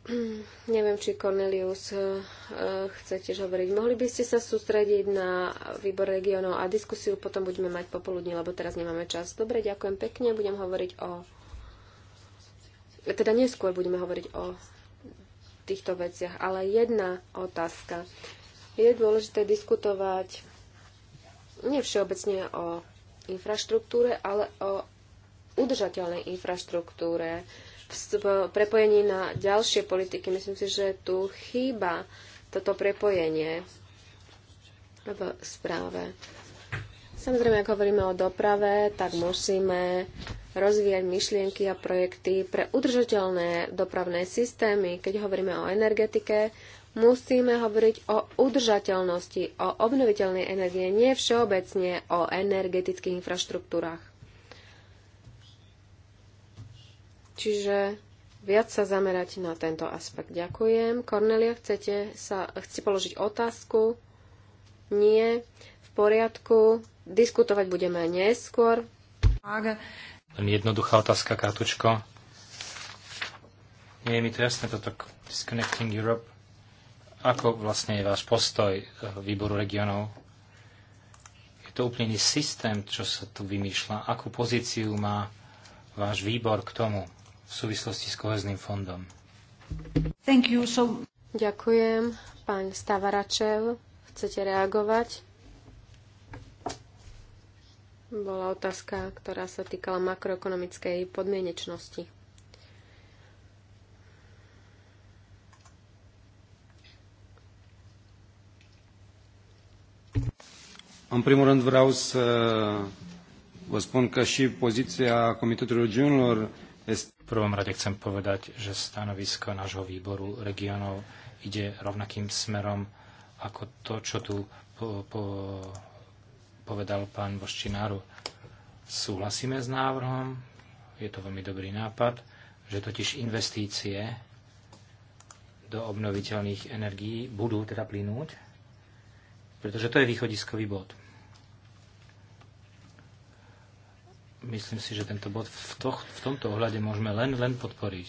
*clears throat* Neviem, či Cornelius eh, eh, chce tiež hovoriť. Mohli by ste sa sústrediť na výbor regionov a diskusiu potom budeme mať popoludní, lebo teraz nemáme čas. Dobre, ďakujem pekne. Budem hovoriť o... Teda neskôr budeme hovoriť o týchto veciach, ale jedna otázka. Je dôležité diskutovať nevšeobecne všeobecne o infraštruktúre, ale o udržateľnej infraštruktúre, v prepojení na ďalšie politiky. Myslím si, že tu chýba toto prepojenie v správe. Samozrejme, ak hovoríme o doprave, tak musíme rozvíjať myšlienky a projekty pre udržateľné dopravné systémy. Keď hovoríme o energetike, musíme hovoriť o udržateľnosti, o obnoviteľnej energie, nie všeobecne o energetických infraštruktúrach. Čiže viac sa zamerať na tento aspekt. Ďakujem. Kornelia, chcete sa, chci položiť otázku? Nie. V poriadku. Diskutovať budeme neskôr. Len jednoduchá otázka, Katučko. Nie je mi to jasné, toto Disconnecting Europe. Ako vlastne je váš postoj výboru regionov? Je to úplný systém, čo sa tu vymýšľa. Akú pozíciu má váš výbor k tomu? v súvislosti s kohezným fondom. Thank you, so... Ďakujem. Pán Stavaračev, chcete reagovať? Bola otázka, ktorá sa týkala makroekonomickej podmienečnosti. În primul rând vreau să vă spun că și poziția Comitetului Regiunilor este... V prvom rade chcem povedať, že stanovisko nášho výboru regionov ide rovnakým smerom ako to, čo tu po, po, povedal pán Boščináru. Súhlasíme s návrhom, je to veľmi dobrý nápad, že totiž investície do obnoviteľných energií budú teda plynúť, pretože to je východiskový bod. myslím si, že tento bod v, to, v tomto ohľade môžeme len, len podporiť.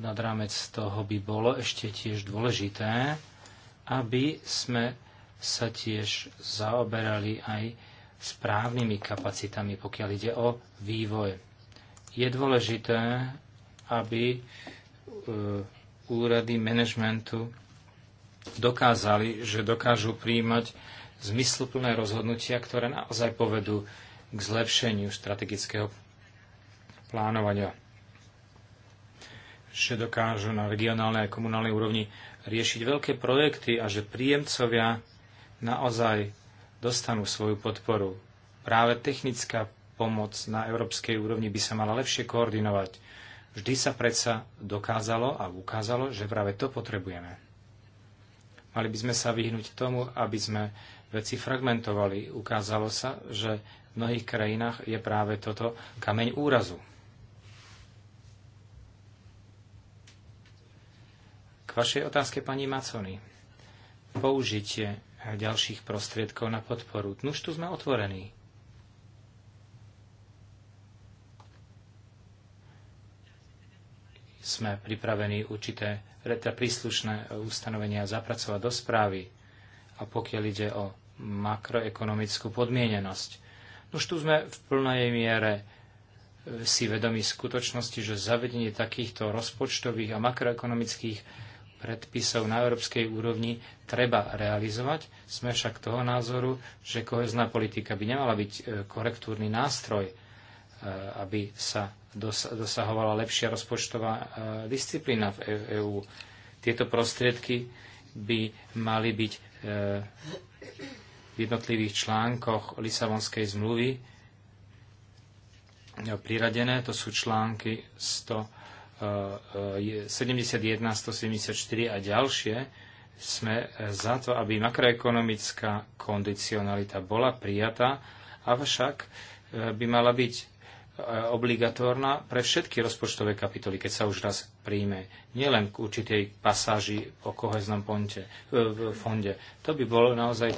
Nad rámec toho by bolo ešte tiež dôležité, aby sme sa tiež zaoberali aj správnymi kapacitami, pokiaľ ide o vývoj. Je dôležité, aby e, úrady manažmentu dokázali, že dokážu príjmať zmysluplné rozhodnutia, ktoré naozaj povedú k zlepšeniu strategického plánovania. Že dokážu na regionálnej a komunálnej úrovni riešiť veľké projekty a že príjemcovia naozaj dostanú svoju podporu. Práve technická pomoc na európskej úrovni by sa mala lepšie koordinovať. Vždy sa predsa dokázalo a ukázalo, že práve to potrebujeme. Mali by sme sa vyhnúť tomu, aby sme veci fragmentovali. Ukázalo sa, že v mnohých krajinách je práve toto kameň úrazu. K vašej otázke, pani Macony. Použitie ďalších prostriedkov na podporu. Nuž tu sme otvorení. Sme pripravení určité teda príslušné ustanovenia zapracovať do správy. A pokiaľ ide o makroekonomickú podmienenosť, už tu sme v plnej miere e, si vedomi skutočnosti, že zavedenie takýchto rozpočtových a makroekonomických predpisov na európskej úrovni treba realizovať. Sme však toho názoru, že kohezná politika by nemala byť e, korektúrny nástroj, e, aby sa dosahovala lepšia rozpočtová disciplína v EÚ. Tieto prostriedky by mali byť jednotlivých článkoch Lisabonskej zmluvy e, priradené. To sú články 171, 174 e, e, a ďalšie. Sme za to, aby makroekonomická kondicionalita bola prijatá, avšak by mala byť obligatórna pre všetky rozpočtové kapitoly, keď sa už raz príjme. Nielen k určitej pasáži o koheznom ponte, v fonde. To by bolo naozaj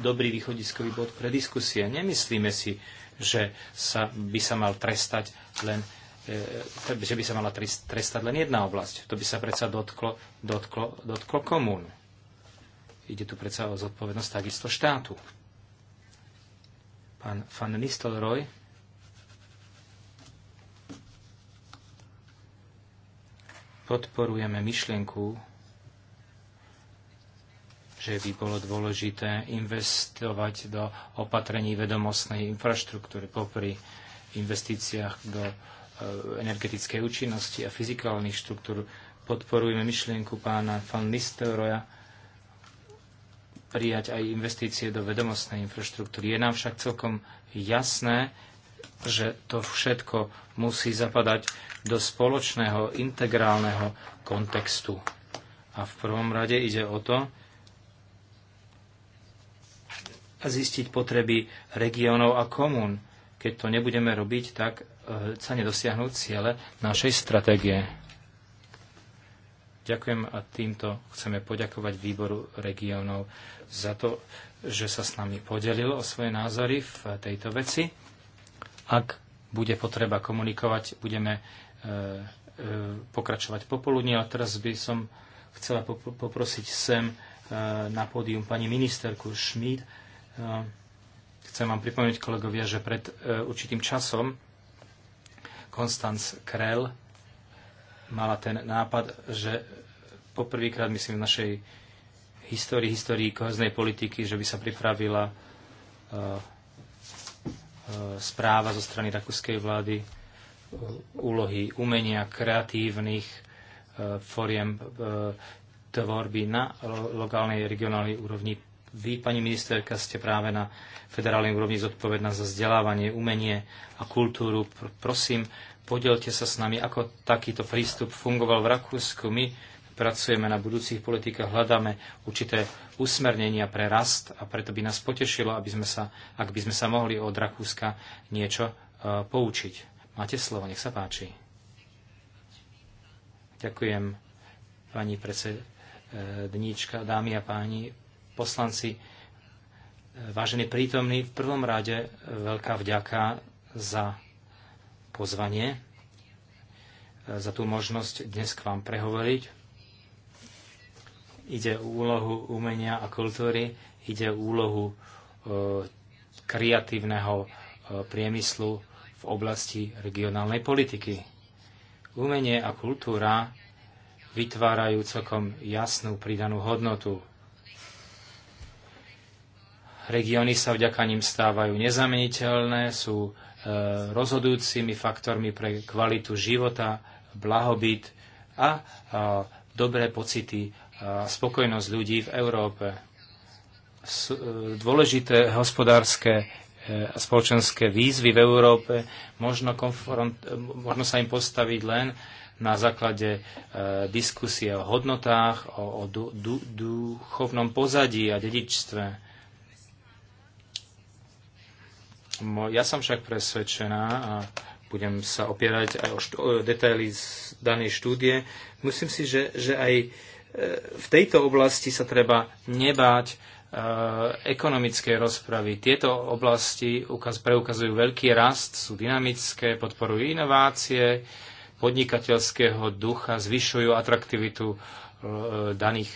dobrý východiskový bod pre diskusie. Nemyslíme si, že sa by sa mal trestať len e, že by sa mala trestať len jedna oblasť. To by sa predsa dotklo, dotklo, dotklo komún. Ide tu predsa o zodpovednosť takisto štátu. Pán Van Nistelrooy podporujeme myšlienku že by bolo dôležité investovať do opatrení vedomostnej infraštruktúry popri investíciách do e, energetickej účinnosti a fyzikálnych štruktúr. Podporujeme myšlienku pána van Nistelroja prijať aj investície do vedomostnej infraštruktúry. Je nám však celkom jasné, že to všetko musí zapadať do spoločného integrálneho kontextu. A v prvom rade ide o to, a zistiť potreby regiónov a komún. Keď to nebudeme robiť, tak e, sa nedosiahnu ciele našej stratégie. Ďakujem a týmto chceme poďakovať výboru regiónov za to, že sa s nami podelil o svoje názory v tejto veci. Ak bude potreba komunikovať, budeme e, e, pokračovať popoludní. A teraz by som chcela poprosiť sem na pódium pani ministerku Schmidt, No, chcem vám pripomenúť, kolegovia, že pred e, určitým časom Konstanc Krell mala ten nápad, že poprvýkrát, myslím, v našej histórii, histórii koheznej politiky, že by sa pripravila e, e, správa zo strany rakúskej vlády úlohy umenia, kreatívnych foriem tvorby na lokálnej regionálnej úrovni vy, pani ministerka, ste práve na federálnej úrovni zodpovedná za vzdelávanie, umenie a kultúru. Pr- prosím, podielte sa s nami, ako takýto prístup fungoval v Rakúsku. My pracujeme na budúcich politikách, hľadáme určité usmernenia pre rast a preto by nás potešilo, aby sme sa, ak by sme sa mohli od Rakúska niečo e, poučiť. Máte slovo, nech sa páči. Ďakujem, pani predsedníčka, dámy a páni poslanci, e, vážení prítomní, v prvom rade e, veľká vďaka za pozvanie, e, za tú možnosť dnes k vám prehovoriť. Ide o úlohu umenia a kultúry, ide o úlohu kreatívneho priemyslu v oblasti regionálnej politiky. Umenie a kultúra vytvárajú celkom jasnú pridanú hodnotu Regióny sa vďaka ním stávajú nezameniteľné, sú e, rozhodujúcimi faktormi pre kvalitu života, blahobyt a, e, dobré pocity a spokojnosť ľudí v Európe. S, e, dôležité hospodárske a spoločenské výzvy v Európe možno, konfront, možno sa im postaviť len na základe diskusie o hodnotách, o, o du, du, duchovnom pozadí a dedičstve. Ja som však presvedčená a budem sa opierať aj o, štú, o detaily z danej štúdie. Myslím si, že, že aj e, v tejto oblasti sa treba nebáť e, ekonomickej rozpravy. Tieto oblasti ukaz, preukazujú veľký rast, sú dynamické, podporujú inovácie, podnikateľského ducha, zvyšujú atraktivitu e, daných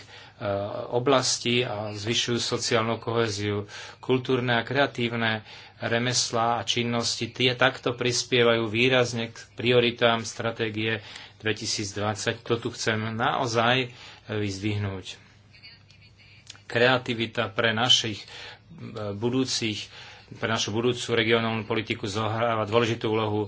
oblastí a zvyšujú sociálnu koheziu. Kultúrne a kreatívne remeslá a činnosti tie takto prispievajú výrazne k prioritám stratégie 2020. To tu chcem naozaj e, vyzdvihnúť. Kreativita pre našich e, budúcich, pre našu budúcu regionálnu politiku zohráva dôležitú úlohu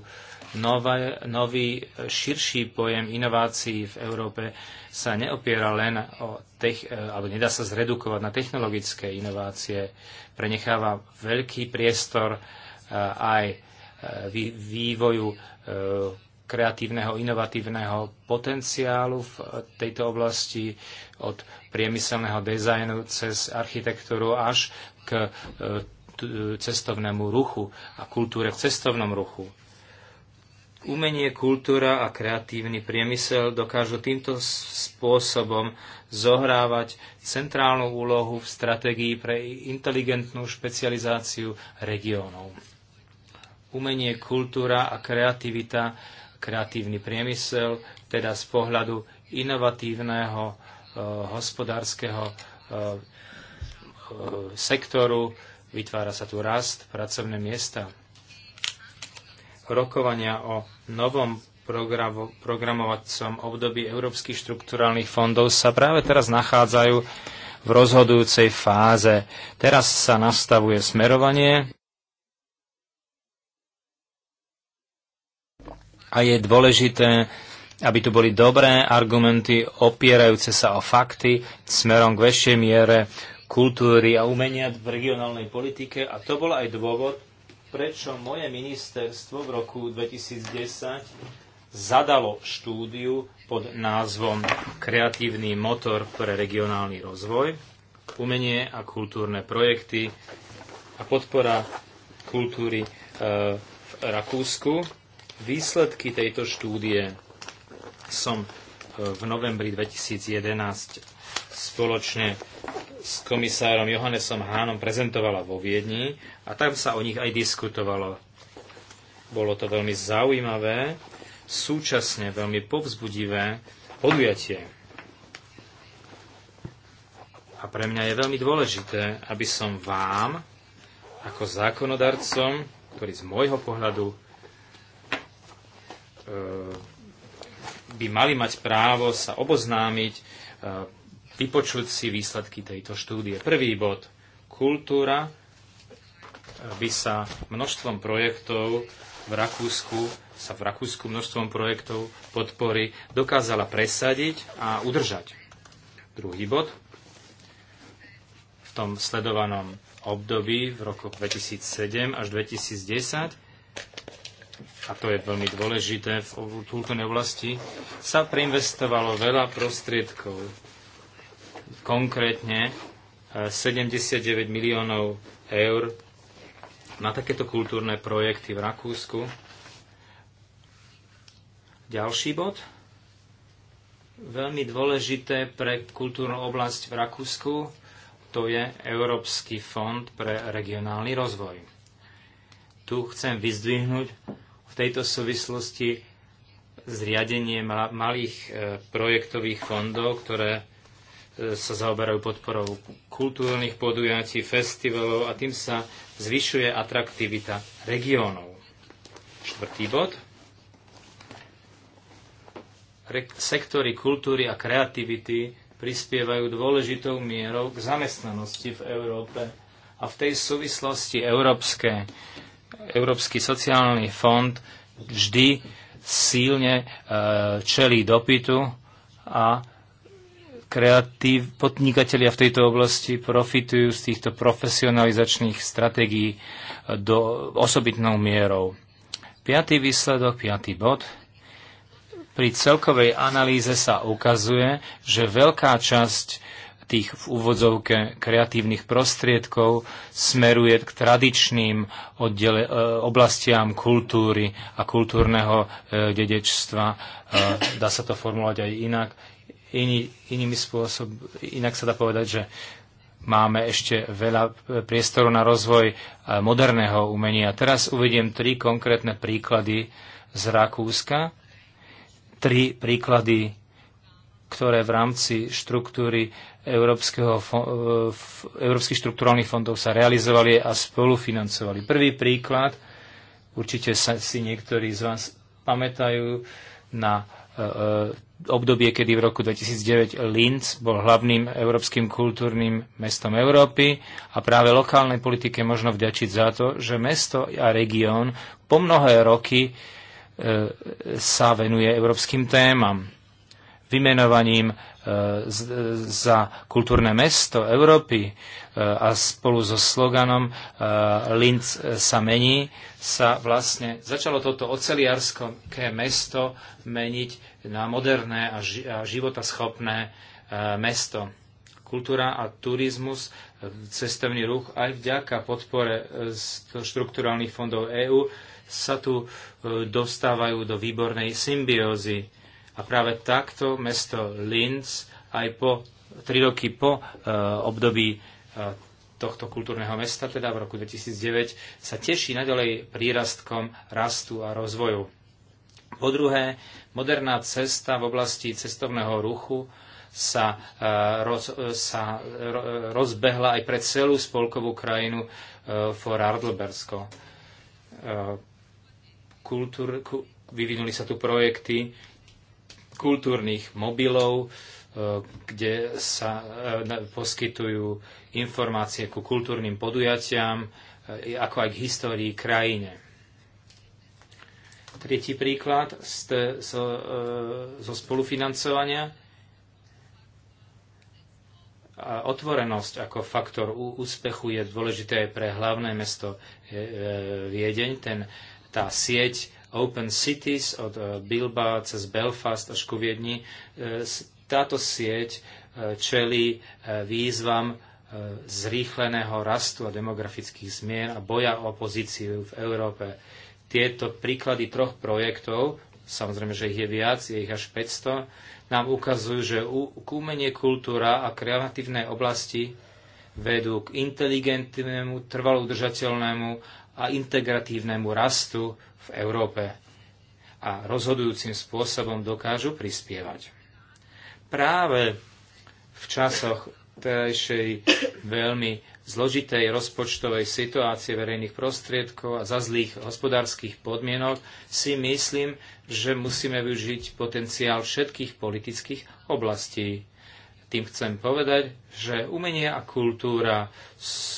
nové, nový širší pojem inovácií v Európe sa neopiera len o tech, e, alebo nedá sa zredukovať na technologické inovácie. Prenecháva veľký priestor e, aj e, vývoju kreatívneho, inovatívneho potenciálu v tejto oblasti, od priemyselného dizajnu cez architektúru až k cestovnému ruchu a kultúre v cestovnom ruchu. Umenie, kultúra a kreatívny priemysel dokážu týmto spôsobom zohrávať centrálnu úlohu v stratégii pre inteligentnú špecializáciu regiónov. Umenie, kultúra a kreativita, kreatívny priemysel, teda z pohľadu inovatívneho e, hospodárskeho e, e, sektoru, vytvára sa tu rast, pracovné miesta rokovania o novom programovacom období európskych štrukturálnych fondov sa práve teraz nachádzajú v rozhodujúcej fáze. Teraz sa nastavuje smerovanie a je dôležité, aby tu boli dobré argumenty opierajúce sa o fakty smerom k väčšej miere kultúry a umenia v regionálnej politike a to bol aj dôvod, prečo moje ministerstvo v roku 2010 zadalo štúdiu pod názvom Kreatívny motor pre regionálny rozvoj, umenie a kultúrne projekty a podpora kultúry e, v Rakúsku. Výsledky tejto štúdie som e, v novembri 2011 spoločne s komisárom Johannesom Hánom prezentovala vo Viedni a tam sa o nich aj diskutovalo. Bolo to veľmi zaujímavé, súčasne veľmi povzbudivé podujatie. A pre mňa je veľmi dôležité, aby som vám, ako zákonodarcom, ktorý z môjho pohľadu e, by mali mať právo sa oboznámiť e, vypočuť si výsledky tejto štúdie. Prvý bod. Kultúra by sa množstvom projektov v Rakúsku sa v Rakúsku množstvom projektov podpory dokázala presadiť a udržať. Druhý bod. V tom sledovanom období v roku 2007 až 2010 a to je veľmi dôležité v kultúrnej oblasti, sa preinvestovalo veľa prostriedkov konkrétne 79 e, miliónov eur na takéto kultúrne projekty v Rakúsku. Ďalší bod. Veľmi dôležité pre kultúrnu oblasť v Rakúsku to je Európsky fond pre regionálny rozvoj. Tu chcem vyzdvihnúť v tejto súvislosti zriadenie malých e, projektových fondov, ktoré sa zaoberajú podporou kultúrnych podujatí, festivalov a tým sa zvyšuje atraktivita regiónov. Štvrtý bod. Re- sektory kultúry a kreativity prispievajú dôležitou mierou k zamestnanosti v Európe a v tej súvislosti Európske, Európsky sociálny fond vždy silne e, čelí dopytu a kreatív, podnikatelia v tejto oblasti profitujú z týchto profesionalizačných stratégií do osobitnou mierou. Piatý výsledok, piatý bod. Pri celkovej analýze sa ukazuje, že veľká časť tých v úvodzovke kreatívnych prostriedkov smeruje k tradičným oddele, e, oblastiam kultúry a kultúrneho e, dedečstva. E, dá sa to formulovať aj inak Iný, inými spôsob, inak sa dá povedať, že máme ešte veľa priestoru na rozvoj eh, moderného umenia. Teraz uvediem tri konkrétne príklady z Rakúska. Tri príklady, ktoré v rámci štruktúry Európskeho, eh, Európskych štruktúrálnych fondov sa realizovali a spolufinancovali. Prvý príklad, určite sa si niektorí z vás pamätajú na eh, obdobie, kedy v roku 2009 Linz bol hlavným európskym kultúrnym mestom Európy a práve lokálnej politike možno vďačiť za to, že mesto a región po mnohé roky e, sa venuje európskym témam. Vymenovaním za kultúrne mesto Európy e, a spolu so sloganom e, Linz e, sa mení, sa vlastne začalo toto oceliarské mesto meniť na moderné a životaschopné mesto. Kultúra a turizmus, cestovný ruch aj vďaka podpore štrukturálnych fondov EÚ sa tu dostávajú do výbornej symbiózy a práve takto mesto Linz aj po tri roky po e, období e, tohto kultúrneho mesta, teda v roku 2009, sa teší nadalej prírastkom rastu a rozvoju. Po druhé, moderná cesta v oblasti cestovného ruchu sa, e, roz, sa rozbehla aj pre celú spolkovú krajinu E, Kultúr, vyvinuli sa tu projekty kultúrnych mobilov, e, kde sa e, poskytujú informácie ku kultúrnym podujatiam, e, ako aj k histórii krajine. Tretí príklad ste zo, zo spolufinancovania. A otvorenosť ako faktor úspechu je dôležité aj pre hlavné mesto Viedeň. Ten, tá sieť Open Cities od eh, Bilba cez Belfast až ku Viedni. Eh, táto sieť eh, čelí výzvam zrýchleného rastu a demografických zmien a boja o pozíciu v Európe. Tieto príklady troch projektov, samozrejme, že ich je viac, je ich až 500, nám ukazujú, že umenie, kultúra a kreatívne oblasti vedú k inteligentnému, trvalo udržateľnému a integratívnemu rastu v Európe a rozhodujúcim spôsobom dokážu prispievať. Práve v časoch terajšej veľmi zložitej rozpočtovej situácie verejných prostriedkov a za zlých hospodárskych podmienok si myslím, že musíme využiť potenciál všetkých politických oblastí. Tým chcem povedať, že umenie a kultúra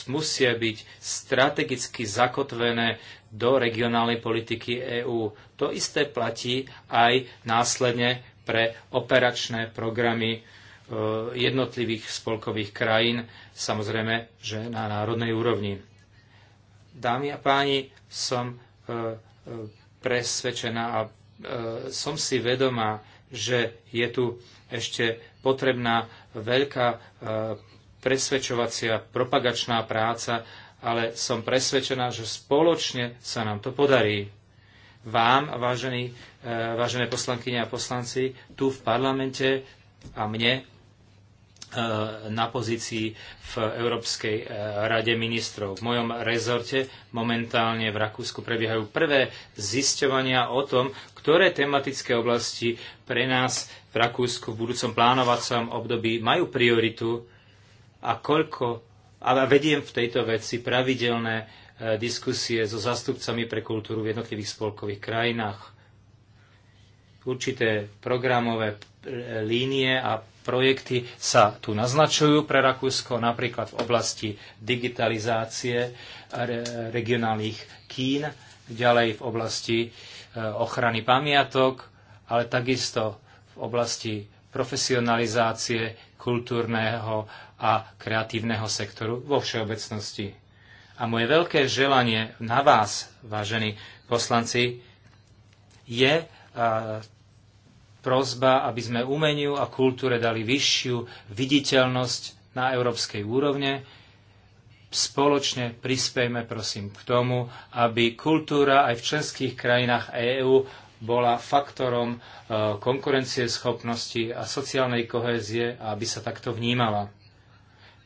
musia byť strategicky zakotvené do regionálnej politiky EÚ. To isté platí aj následne pre operačné programy e, jednotlivých spolkových krajín, samozrejme, že na národnej úrovni. Dámy a páni, som e, e, presvedčená a som si vedomá, že je tu ešte potrebná veľká e, presvedčovacia, propagačná práca, ale som presvedčená, že spoločne sa nám to podarí. Vám, vážení, e, vážené poslankyne a poslanci, tu v parlamente a mne e, na pozícii v Európskej rade ministrov. V mojom rezorte momentálne v Rakúsku prebiehajú prvé zisťovania o tom, ktoré tematické oblasti pre nás v Rakúsku v budúcom plánovacom období majú prioritu a koľko, A vediem v tejto veci pravidelné e, diskusie so zastupcami pre kultúru v jednotlivých spolkových krajinách. Určité programové e, línie a projekty sa tu naznačujú pre Rakúsko, napríklad v oblasti digitalizácie regionálnych kín, ďalej v oblasti e, ochrany pamiatok, ale takisto v oblasti profesionalizácie kultúrneho a kreatívneho sektoru vo všeobecnosti. A moje veľké želanie na vás, vážení poslanci, je a, e, prozba, aby sme umeniu a kultúre dali vyššiu viditeľnosť na európskej úrovne. Spoločne prispejme, prosím, k tomu, aby kultúra aj v členských krajinách EÚ bola faktorom e, konkurencieschopnosti a sociálnej kohézie a aby sa takto vnímala.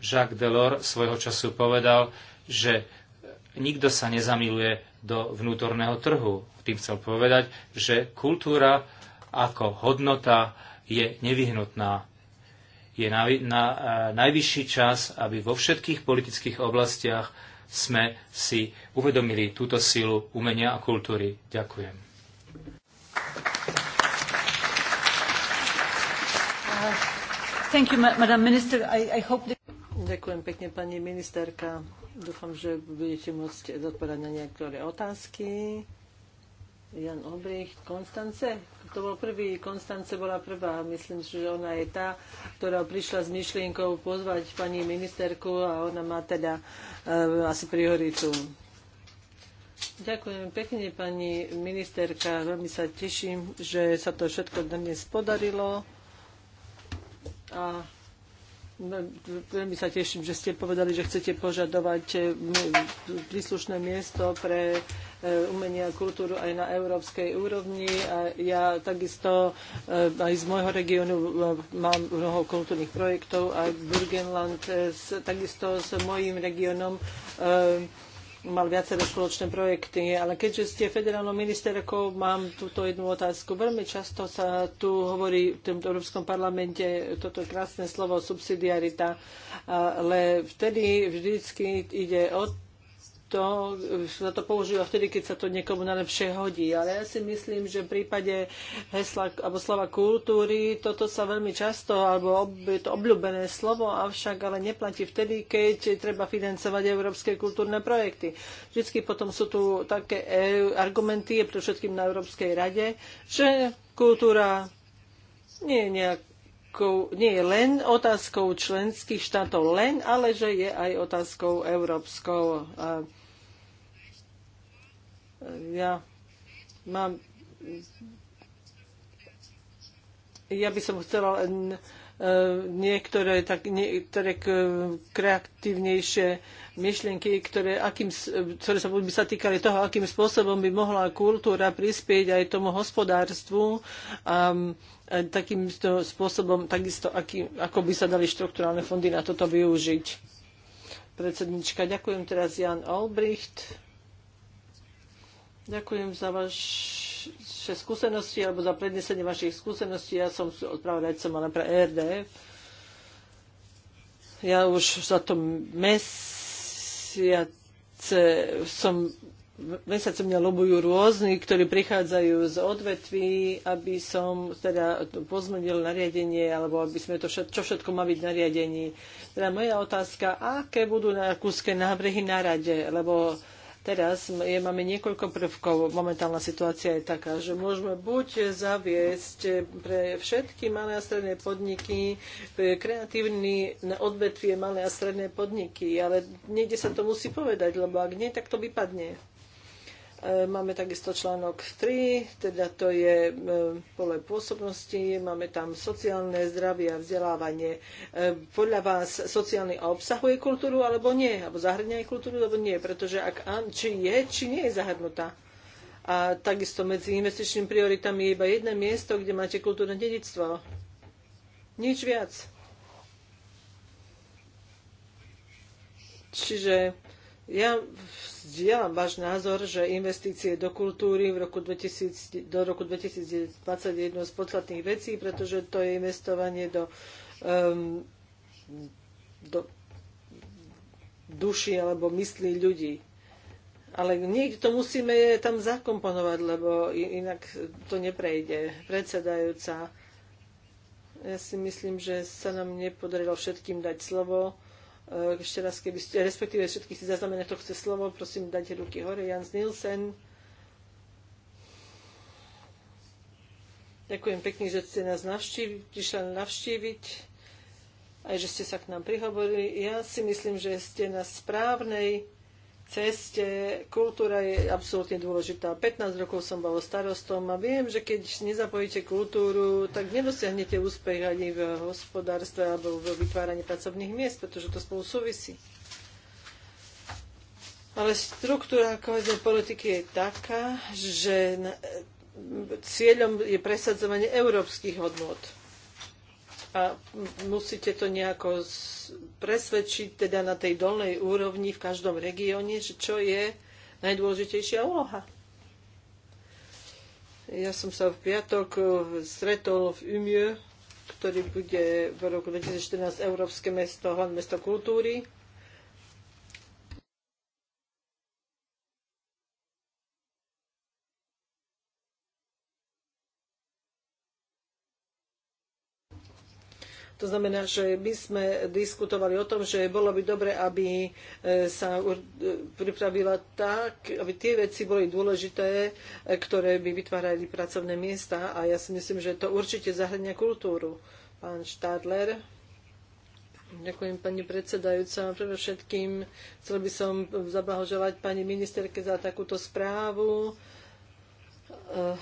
Jacques Delors svojho času povedal, že nikto sa nezamiluje do vnútorného trhu. Tým chcel povedať, že kultúra ako hodnota je nevyhnutná je na, na, e, najvyšší čas, aby vo všetkých politických oblastiach sme si uvedomili túto silu umenia a kultúry. Ďakujem. Thank you, madam minister. I, I hope that... Ďakujem pekne, pani ministerka. Dúfam, že budete môcť zodpovedať na niektoré otázky. Jan Obrich, Konstance. To bol prvý, Konstance bola prvá. Myslím, si, že ona je tá, ktorá prišla s myšlienkou pozvať pani ministerku a ona má teda e, asi prioritu. Ďakujem pekne, pani ministerka. Veľmi sa teším, že sa to všetko dnes podarilo a no, veľmi sa teším, že ste povedali, že chcete požadovať e, príslušné miesto pre e, umenia a kultúru aj na európskej úrovni. A ja takisto e, aj z môjho regiónu mám mnoho kultúrnych projektov a Burgenland takisto s mojím regiónom mal viaceré spoločné projekty, ale keďže ste federálnou ministerkou, mám túto jednu otázku. Veľmi často sa tu hovorí v tomto Európskom parlamente toto krásne slovo subsidiarita, ale vtedy vždycky ide o to eh, sa to používa vtedy, keď sa to niekomu najlepšie hodí. Ale ja si myslím, že v prípade hesla alebo slova kultúry toto sa veľmi často, alebo ob, je to obľúbené slovo, avšak ale neplatí vtedy, keď treba financovať európske kultúrne projekty. Vždycky potom sú tu také eh, argumenty, pre všetkým na Európskej rade, že kultúra nie je nejak otázkou, nie je len otázkou členských štátov len, ale že je aj otázkou európskou. A ja mám ja by som chcela e, niektoré, tak, niektoré kreatívnejšie myšlienky, ktoré, akým, ktoré sa, by sa týkali toho, akým spôsobom by mohla kultúra prispieť aj tomu hospodárstvu a E, takýmto spôsobom, takisto aký, ako by sa dali štruktúrálne fondy na toto využiť. Predsednička, ďakujem teraz Jan Olbricht. Ďakujem za vaše skúsenosti alebo za prednesenie vašich skúseností. Ja som odpravodajcom ale pre ERDF. Ja už za to mesiace som mesiacu mňa lobujú rôzni, ktorí prichádzajú z odvetví, aby som teda pozmenil nariadenie, alebo aby sme to všetko, čo všetko má byť nariadení. Teda moja otázka, aké budú na kúske návrhy na rade, lebo teraz je, máme niekoľko prvkov. Momentálna situácia je taká, že môžeme buď zaviesť pre všetky malé a stredné podniky kreatívny na odvetvie malé a stredné podniky, ale niekde sa to musí povedať, lebo ak nie, tak to vypadne. E, máme takisto článok 3, teda to je e, pole pôsobnosti, máme tam sociálne zdravie a vzdelávanie. E, podľa vás sociálny obsahuje kultúru alebo nie? Alebo zahrňa aj kultúru alebo nie? Pretože ak či je, či nie je zahrnutá. A takisto medzi investičnými prioritami je iba jedné miesto, kde máte kultúrne dedictvo. Nič viac. Čiže ja zdieľam váš názor, že investície do kultúry v roku 2000, do roku 2020 je jednou z podstatných vecí, pretože to je investovanie do, um, do duši alebo myslí ľudí. Ale niekde to musíme tam zakomponovať, lebo inak to neprejde. Predsedajúca, ja si myslím, že sa nám nepodarilo všetkým dať slovo E, ešte raz, keby ste, respektíve všetky si zaznamená to chce slovo, prosím, dajte ruky hore. Jans Nielsen. Ďakujem pekne, že ste nás navštívi, prišli navštíviť aj že ste sa k nám prihovorili. Ja si myslím, že ste na správnej ceste kultúra je absolútne dôležitá. 15 rokov som bol starostom a viem, že keď nezapojíte kultúru, tak nedosiahnete úspech ani v hospodárstve alebo v vytváraní pracovných miest, pretože to spolu súvisí. Ale štruktúra koheznej politiky je taká, že cieľom je presadzovanie európskych hodnot a musíte to nejako presvedčiť teda na tej dolnej úrovni v každom regióne, že čo je najdôležitejšia úloha. Ja som sa v piatok eh, stretol v Umieu, ktorý bude v roku 2014 Európske mesto, hlavné mesto kultúry. To znamená, že my sme diskutovali o tom, že bolo by dobre, aby e, sa e, pripravila tak, aby tie veci boli dôležité, e, ktoré by vytvárali pracovné miesta a ja si myslím, že to určite zahrania kultúru. Pán Štádler. Ďakujem pani predsedajúca. všetkým chcel by som zablahoželať pani ministerke za takúto správu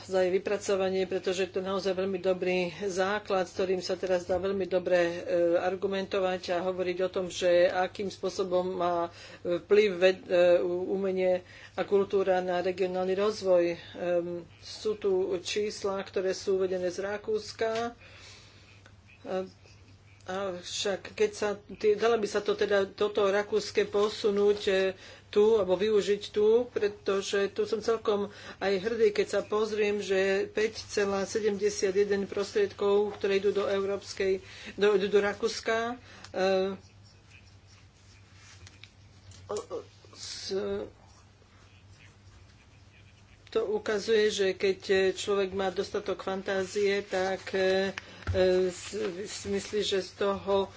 za jej vypracovanie, pretože to je naozaj veľmi dobrý základ, s ktorým sa teraz dá veľmi dobre e, argumentovať a hovoriť o tom, že akým spôsobom má e, vplyv e, umenie a kultúra na regionálny rozvoj. Sú tu čísla, ktoré sú uvedené z Rakúska Avšak keď sa, dala by sa to teda toto rakúske posunúť e, tu, alebo využiť tu, pretože tu som celkom aj hrdý, keď sa pozriem, že 5,71 prostriedkov, ktoré idú do Európskej, do, do, do Rakúska, e, s, to ukazuje, že keď e, človek má dostatok fantázie, tak e, e, si myslí, že z toho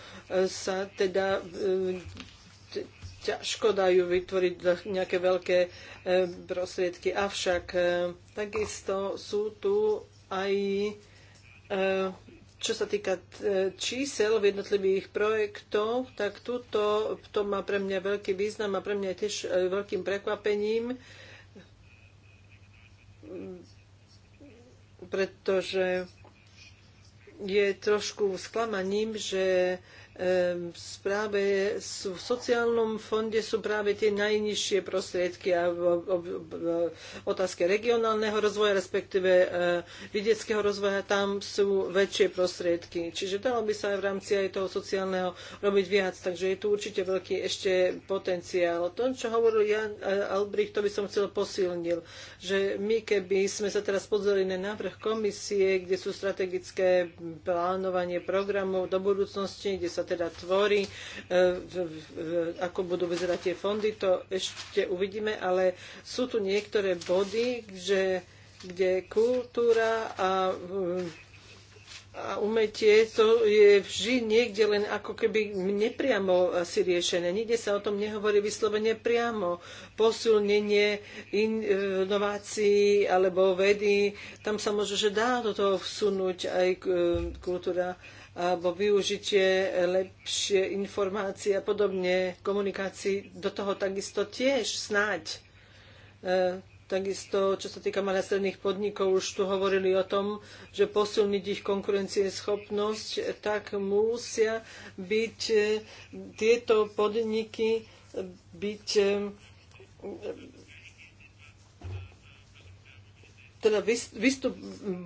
sa teda ťažko dajú vytvoriť nejaké veľké prostriedky. Avšak takisto sú tu aj čo sa týka čísel v jednotlivých projektov, tak túto, to má pre mňa veľký význam a pre mňa je tiež veľkým prekvapením, pretože je trošku sklamaním, že správe sú v sociálnom fonde sú práve tie najnižšie prostriedky a v, v, v otázke regionálneho rozvoja, respektíve e, vidieckého rozvoja, tam sú väčšie prostriedky. Čiže dalo by sa aj v rámci aj toho sociálneho robiť viac, takže je tu určite veľký ešte potenciál. To, čo hovoril Jan e, Albrich, to by som chcel posilnil, že my keby sme sa teraz pozreli na návrh komisie, kde sú strategické plánovanie programov do budúcnosti, kde sa teda tvorí, e, ako budú vyzerať tie fondy, to ešte uvidíme, ale sú tu niektoré body, že, kde kultúra a e, a umetie, to je vždy niekde len ako keby nepriamo asi riešené. Nikde sa o tom nehovorí vyslovene priamo. Posilnenie e, inovácií alebo vedy, tam sa môže, že dá do toho vsunúť aj kultúra alebo využitie lepšie informácie a podobne komunikácii do toho takisto tiež snáď. E, takisto, čo sa týka malých stredných podnikov, už tu hovorili o tom, že posilniť ich konkurencieschopnosť, tak musia byť e, tieto podniky byť e, teda vystup,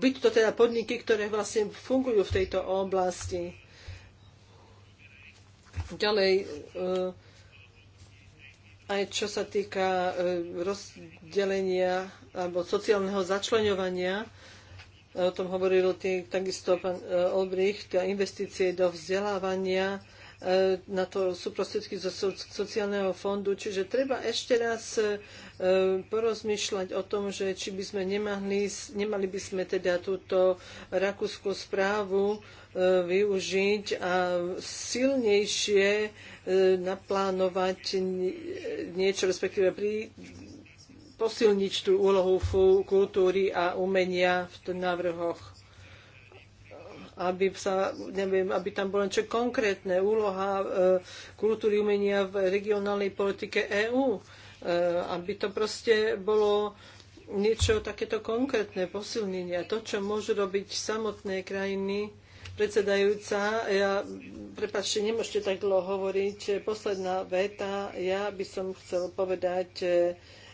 byť to teda podniky, ktoré vlastne fungujú v tejto oblasti. Ďalej, eh, aj čo sa týka eh, rozdelenia alebo sociálneho začleňovania, eh, o tom hovoril tý, takisto pán Olbrich, tie investície do vzdelávania, E, na to sú prostriedky zo sociálneho fondu, čiže treba ešte raz e, porozmýšľať o tom, že či by sme nemali, nemali by sme teda túto rakúskú správu e, využiť a silnejšie naplánovať niečo, respektíve pri posilniť tú úlohu kultúry a umenia v návrhoch aby, sa, neviem, aby tam bola niečo konkrétne, úloha e, kultúry umenia v regionálnej politike EÚ, e, aby to proste bolo niečo takéto konkrétne posilnenie. To, čo môžu robiť samotné krajiny, predsedajúca, ja, prepáčte, nemôžete tak dlho hovoriť. Posledná veta, ja by som chcel povedať, e,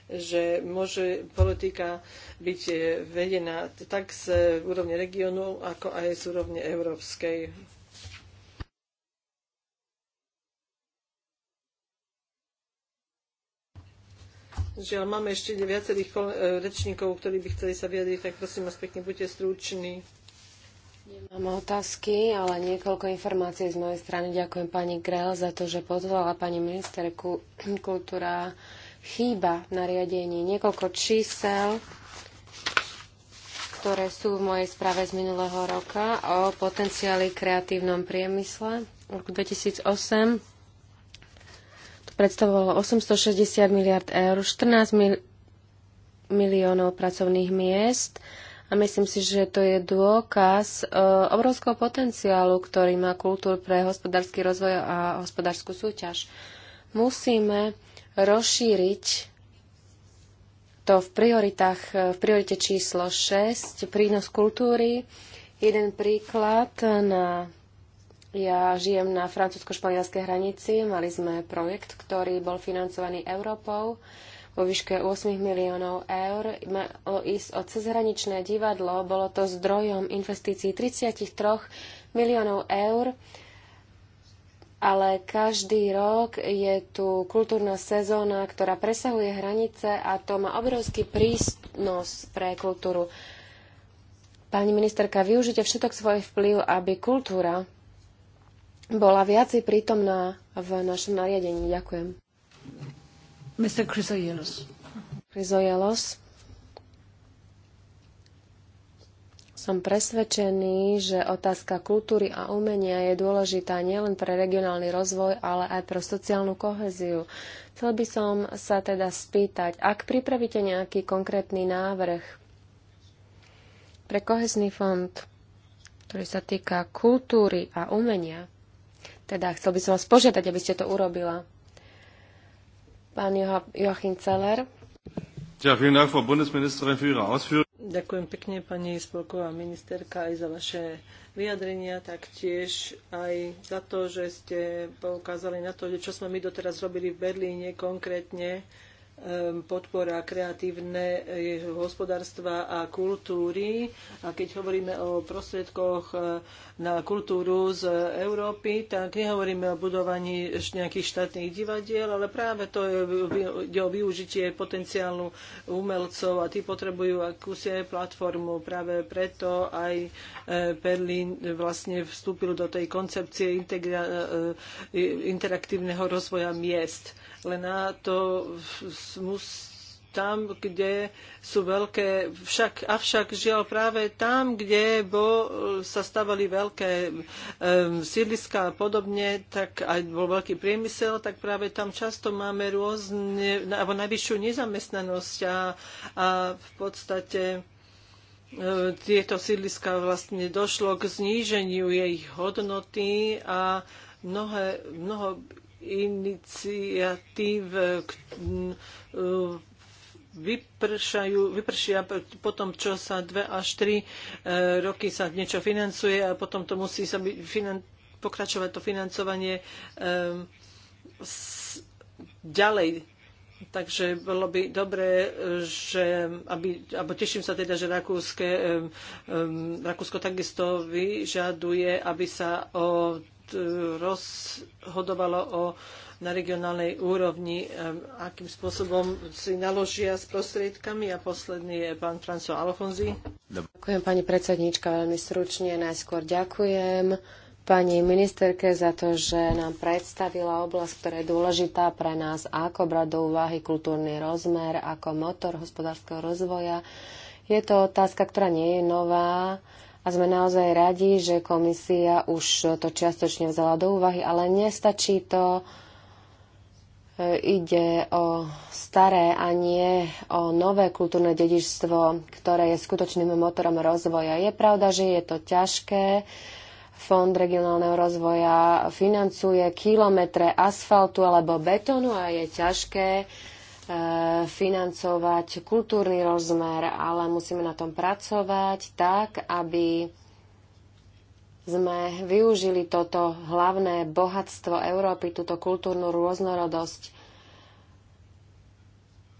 že môže politika byť e, vedená tak z úrovne regionu, ako aj z úrovne európskej. Žiaľ, máme ešte viacerých e, rečníkov, ktorí by chceli sa vyjadriť, tak prosím vás pekne, buďte struční. Nemám otázky, ale niekoľko informácií z mojej strany. Ďakujem pani Grel za to, že pozvala pani ministerku kultúra chýba v nariadení. Niekoľko čísel, ktoré sú v mojej správe z minulého roka o potenciáli kreatívnom priemysle v roku 2008. To predstavovalo 860 miliard eur, 14 mil- miliónov pracovných miest a myslím si, že to je dôkaz e, obrovského potenciálu, ktorý má kultúr pre hospodársky rozvoj a hospodárskú súťaž. Musíme rozšíriť to v prioritách, v priorite číslo 6, prínos kultúry. Jeden príklad na ja žijem na francúzsko-španielskej hranici. Mali sme projekt, ktorý bol financovaný Európou vo výške 8 miliónov eur. Malo ísť o cezhraničné divadlo. Bolo to zdrojom investícií 33 miliónov eur ale každý rok je tu kultúrna sezóna, ktorá presahuje hranice a to má obrovský prínos pre kultúru. Pani ministerka, využite všetok svoj vplyv, aby kultúra bola viacej prítomná v našom nariadení. Ďakujem. Mr. Chrysoyelos. Chrysoyelos. Som presvedčený, že otázka kultúry a umenia je dôležitá nielen pre regionálny rozvoj, ale aj pre sociálnu koheziu. Chcel by som sa teda spýtať, ak pripravíte nejaký konkrétny návrh pre kohezný fond, ktorý sa týka kultúry a umenia, teda chcel by som vás požiadať, aby ste to urobila. Pán Joachim Celer. Ja, vielen Dank, Bundesministerin, für Ihre Ďakujem pekne, pani spolková ministerka, aj za vaše vyjadrenia, taktiež aj za to, že ste poukázali na to, čo sme my doteraz robili v Berlíne konkrétne podpora kreatívneho eh, hospodárstva a kultúry. A keď hovoríme o prostriedkoch eh, na kultúru z Európy, tak nehovoríme o budovaní nejakých štátnych divadiel, ale práve to je, o využitie potenciálu umelcov a tí potrebujú akúsi platformu. Práve preto aj Perlin eh, vlastne vstúpil do tej koncepcie integra- interaktívneho rozvoja miest len na to musí tam, kde sú veľké, však, avšak žiaľ práve tam, kde bo, sa stavali veľké e, sídliska a podobne, tak aj bol veľký priemysel, tak práve tam často máme rôzne, alebo najvyššiu nezamestnanosť a, a v podstate tieto sídliska vlastne došlo k zníženiu jej hodnoty a mnohé, mnoho iniciatív e, vypršajú, vypršia potom, čo sa dve až tri e, roky sa niečo financuje a potom to musí sa finan- pokračovať to financovanie e, ďalej. Takže bolo by dobré, že, aby, alebo teším sa teda, že Rakúske, um, Rakúsko takisto vyžaduje, aby sa o rozhodovalo o, na regionálnej úrovni, eh, akým spôsobom si naložia s prostriedkami. A posledný je pán Franco Alfonzi. Ďakujem pani predsednička veľmi stručne. Najskôr ďakujem pani ministerke za to, že nám predstavila oblasť, ktorá je dôležitá pre nás, ako brať do úvahy kultúrny rozmer ako motor hospodárskeho rozvoja. Je to otázka, ktorá nie je nová a sme naozaj radi, že komisia už to čiastočne vzala do úvahy, ale nestačí to. E, ide o staré a nie o nové kultúrne dedičstvo, ktoré je skutočným motorom rozvoja. Je pravda, že je to ťažké, Fond regionálneho rozvoja financuje kilometre asfaltu alebo betónu a je ťažké Eh, financovať kultúrny rozmer, ale musíme na tom pracovať tak, aby sme využili toto hlavné bohatstvo Európy, túto kultúrnu rôznorodosť.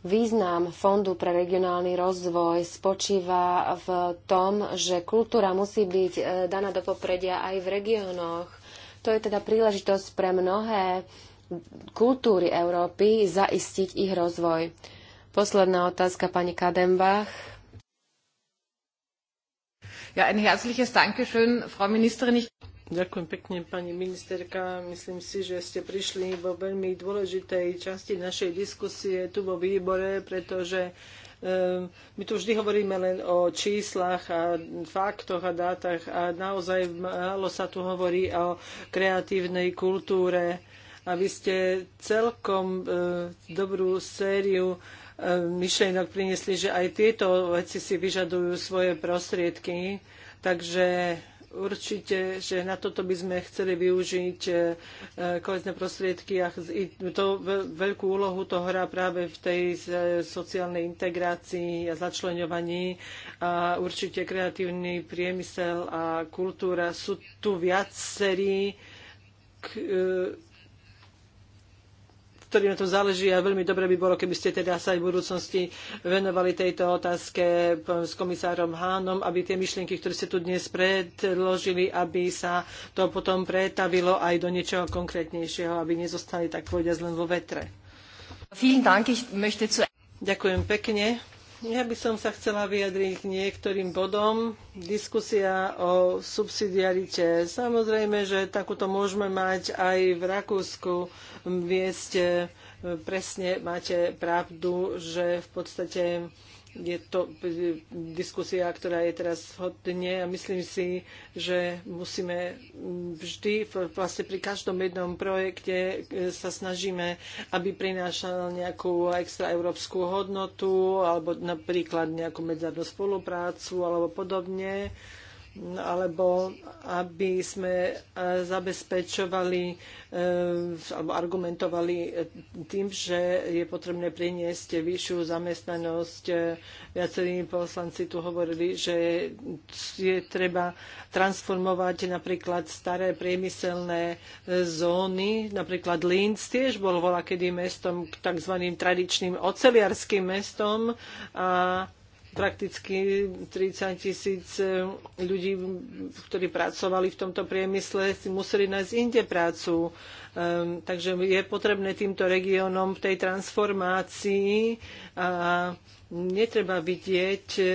Význam Fondu pre regionálny rozvoj spočíva v tom, že kultúra musí byť eh, daná do popredia aj v regiónoch. To je teda príležitosť pre mnohé kultúry Európy zaistiť ich rozvoj. Posledná otázka pani Kadembach. Ja, ein herzliches Dankeschön, Frau Ministerin. Ich... Ďakujem pekne, pani ministerka. Myslím si, že ste prišli vo veľmi dôležitej časti našej diskusie tu vo výbore, pretože eh, my tu vždy hovoríme len o číslach a faktoch a dátach a naozaj málo sa tu hovorí o kreatívnej kultúre aby ste celkom e, dobrú sériu e, myšlienok priniesli, že aj tieto veci si vyžadujú svoje prostriedky. Takže určite, že na toto by sme chceli využiť e, e, kohezné prostriedky a to veľkú úlohu to hrá práve v tej sociálnej integrácii a začlenovaní a určite kreatívny priemysel a kultúra sú tu viacerí k, e, ktorým na tom záleží a veľmi dobre by bolo, keby ste teda sa aj v budúcnosti venovali tejto otázke s komisárom Hánom, aby tie myšlienky, ktoré ste tu dnes predložili, aby sa to potom pretavilo aj do niečoho konkrétnejšieho, aby nezostali tak povediať len vo vetre. Ďakujem pekne. Ja by som sa chcela vyjadriť k niektorým bodom. Diskusia o subsidiarite. Samozrejme, že takúto môžeme mať aj v Rakúsku. Viesť presne máte pravdu, že v podstate je to e, diskusia, ktorá je teraz hodne a myslím si, že musíme vždy, vlastne pri každom jednom projekte e, sa snažíme, aby prinášal nejakú extra európsku hodnotu alebo napríklad nejakú medzárodnú spoluprácu alebo podobne alebo aby sme eh, zabezpečovali eh, alebo argumentovali eh, tým, že je potrebné priniesť vyššiu zamestnanosť. Viacerí poslanci tu hovorili, že je treba transformovať napríklad staré priemyselné zóny, napríklad Linz tiež bol voľakedy mestom, tzv. tradičným oceliarským mestom a prakticky 30 tisíc e, ľudí, ktorí pracovali v tomto priemysle, si museli nájsť inde prácu. Um, takže je potrebné týmto regiónom v tej transformácii a netreba vidieť e,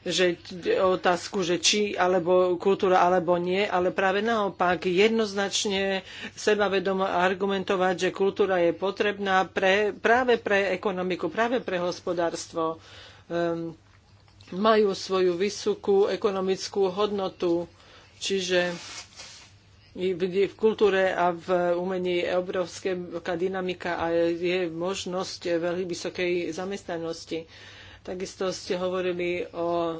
že, otázku, že či alebo kultúra alebo nie, ale práve naopak jednoznačne sebavedomo argumentovať, že kultúra je potrebná pre, práve pre ekonomiku, práve pre hospodárstvo. Um, majú svoju vysokú ekonomickú hodnotu, čiže v kultúre a v umení je obrovská dynamika a je možnosť veľmi vysokej zamestnanosti. Takisto ste hovorili o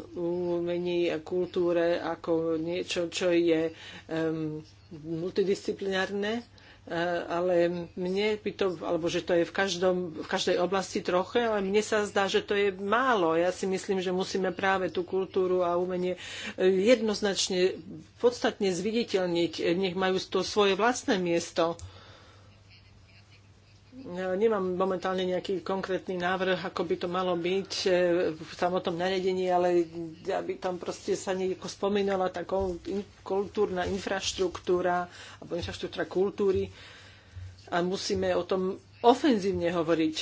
umení a kultúre ako niečo, čo je um, multidisciplinárne Eh, ale mne by to, alebo že to je v, každom, v každej oblasti troche, ale mne sa zdá, že to je málo. Ja si myslím, že musíme práve tú kultúru a umenie eh, jednoznačne podstatne zviditeľniť. Nech majú to svoje vlastné miesto. No, nemám momentálne nejaký konkrétny návrh, ako by to malo byť e, v samotnom nariadení, ale aby tam proste sa nejako spomínala tá kultúrna infraštruktúra alebo infraštruktúra kultúry a musíme o tom ofenzívne hovoriť.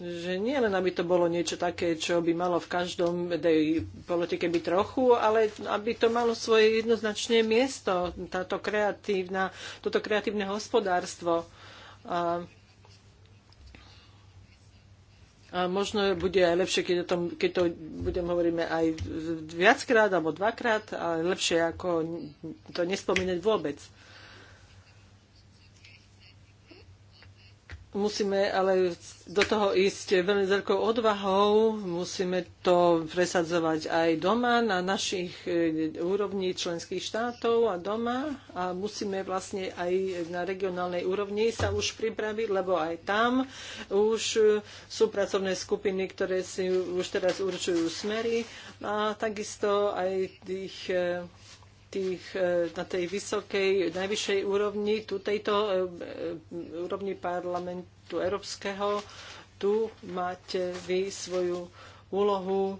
Že nie len, aby to bolo niečo také, čo by malo v každom politike byť trochu, ale aby to malo svoje jednoznačné miesto, táto kreatívna, toto kreatívne hospodárstvo. A a možno bude aj lepšie, keď, o tom, keď to budem hovoríme aj viackrát alebo dvakrát, ale lepšie ako to nespomínať vôbec. musíme ale do toho ísť veľmi veľkou odvahou, musíme to presadzovať aj doma na našich e, úrovni členských štátov a doma a musíme vlastne aj na regionálnej úrovni sa už pripraviť, lebo aj tam už e, sú pracovné skupiny, ktoré si už teraz určujú smery a takisto aj tých e, tých, e, na tej vysokej, najvyššej úrovni, tu tejto e, e, úrovni parlamentu európskeho, tu máte vy svoju úlohu,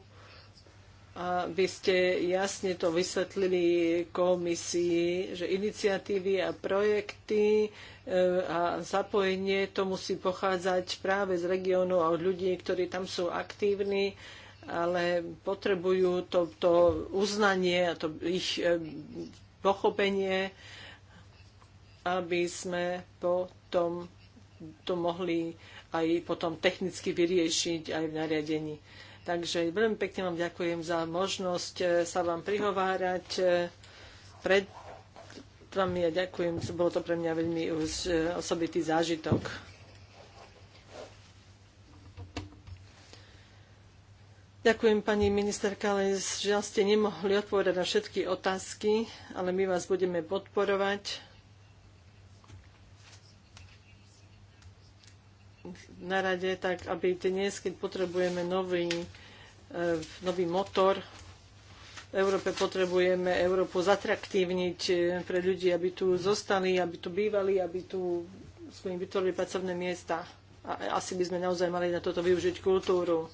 aby ste jasne to vysvetlili komisii, že iniciatívy a projekty a zapojenie to musí pochádzať práve z regiónu a od ľudí, ktorí tam sú aktívni ale potrebujú to, to uznanie a to ich e, pochopenie, aby sme potom to mohli aj potom technicky vyriešiť aj v nariadení. Takže veľmi pekne vám ďakujem za možnosť e, sa vám prihovárať. E, pred vami a ďakujem, bolo to pre mňa veľmi osobitý zážitok. Ďakujem pani ministerka, ale žiaľ ste nemohli odpovedať na všetky otázky, ale my vás budeme podporovať. Na rade, tak aby dnes, keď potrebujeme nový, eh, nový motor, v Európe potrebujeme Európu zatraktívniť eh, pre ľudí, aby tu zostali, aby tu bývali, aby tu sme im vytvorili pracovné miesta. A asi by sme naozaj mali na toto využiť kultúru.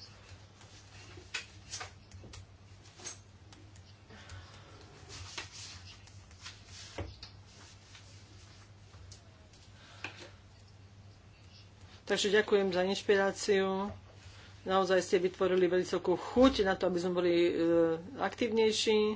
Takže ďakujem za inšpiráciu. Naozaj ste vytvorili vysokú chuť na to, aby sme boli e, aktívnejší.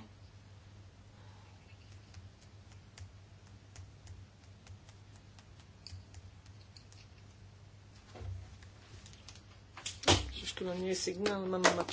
Ešte tu nám nie je signál, máme mať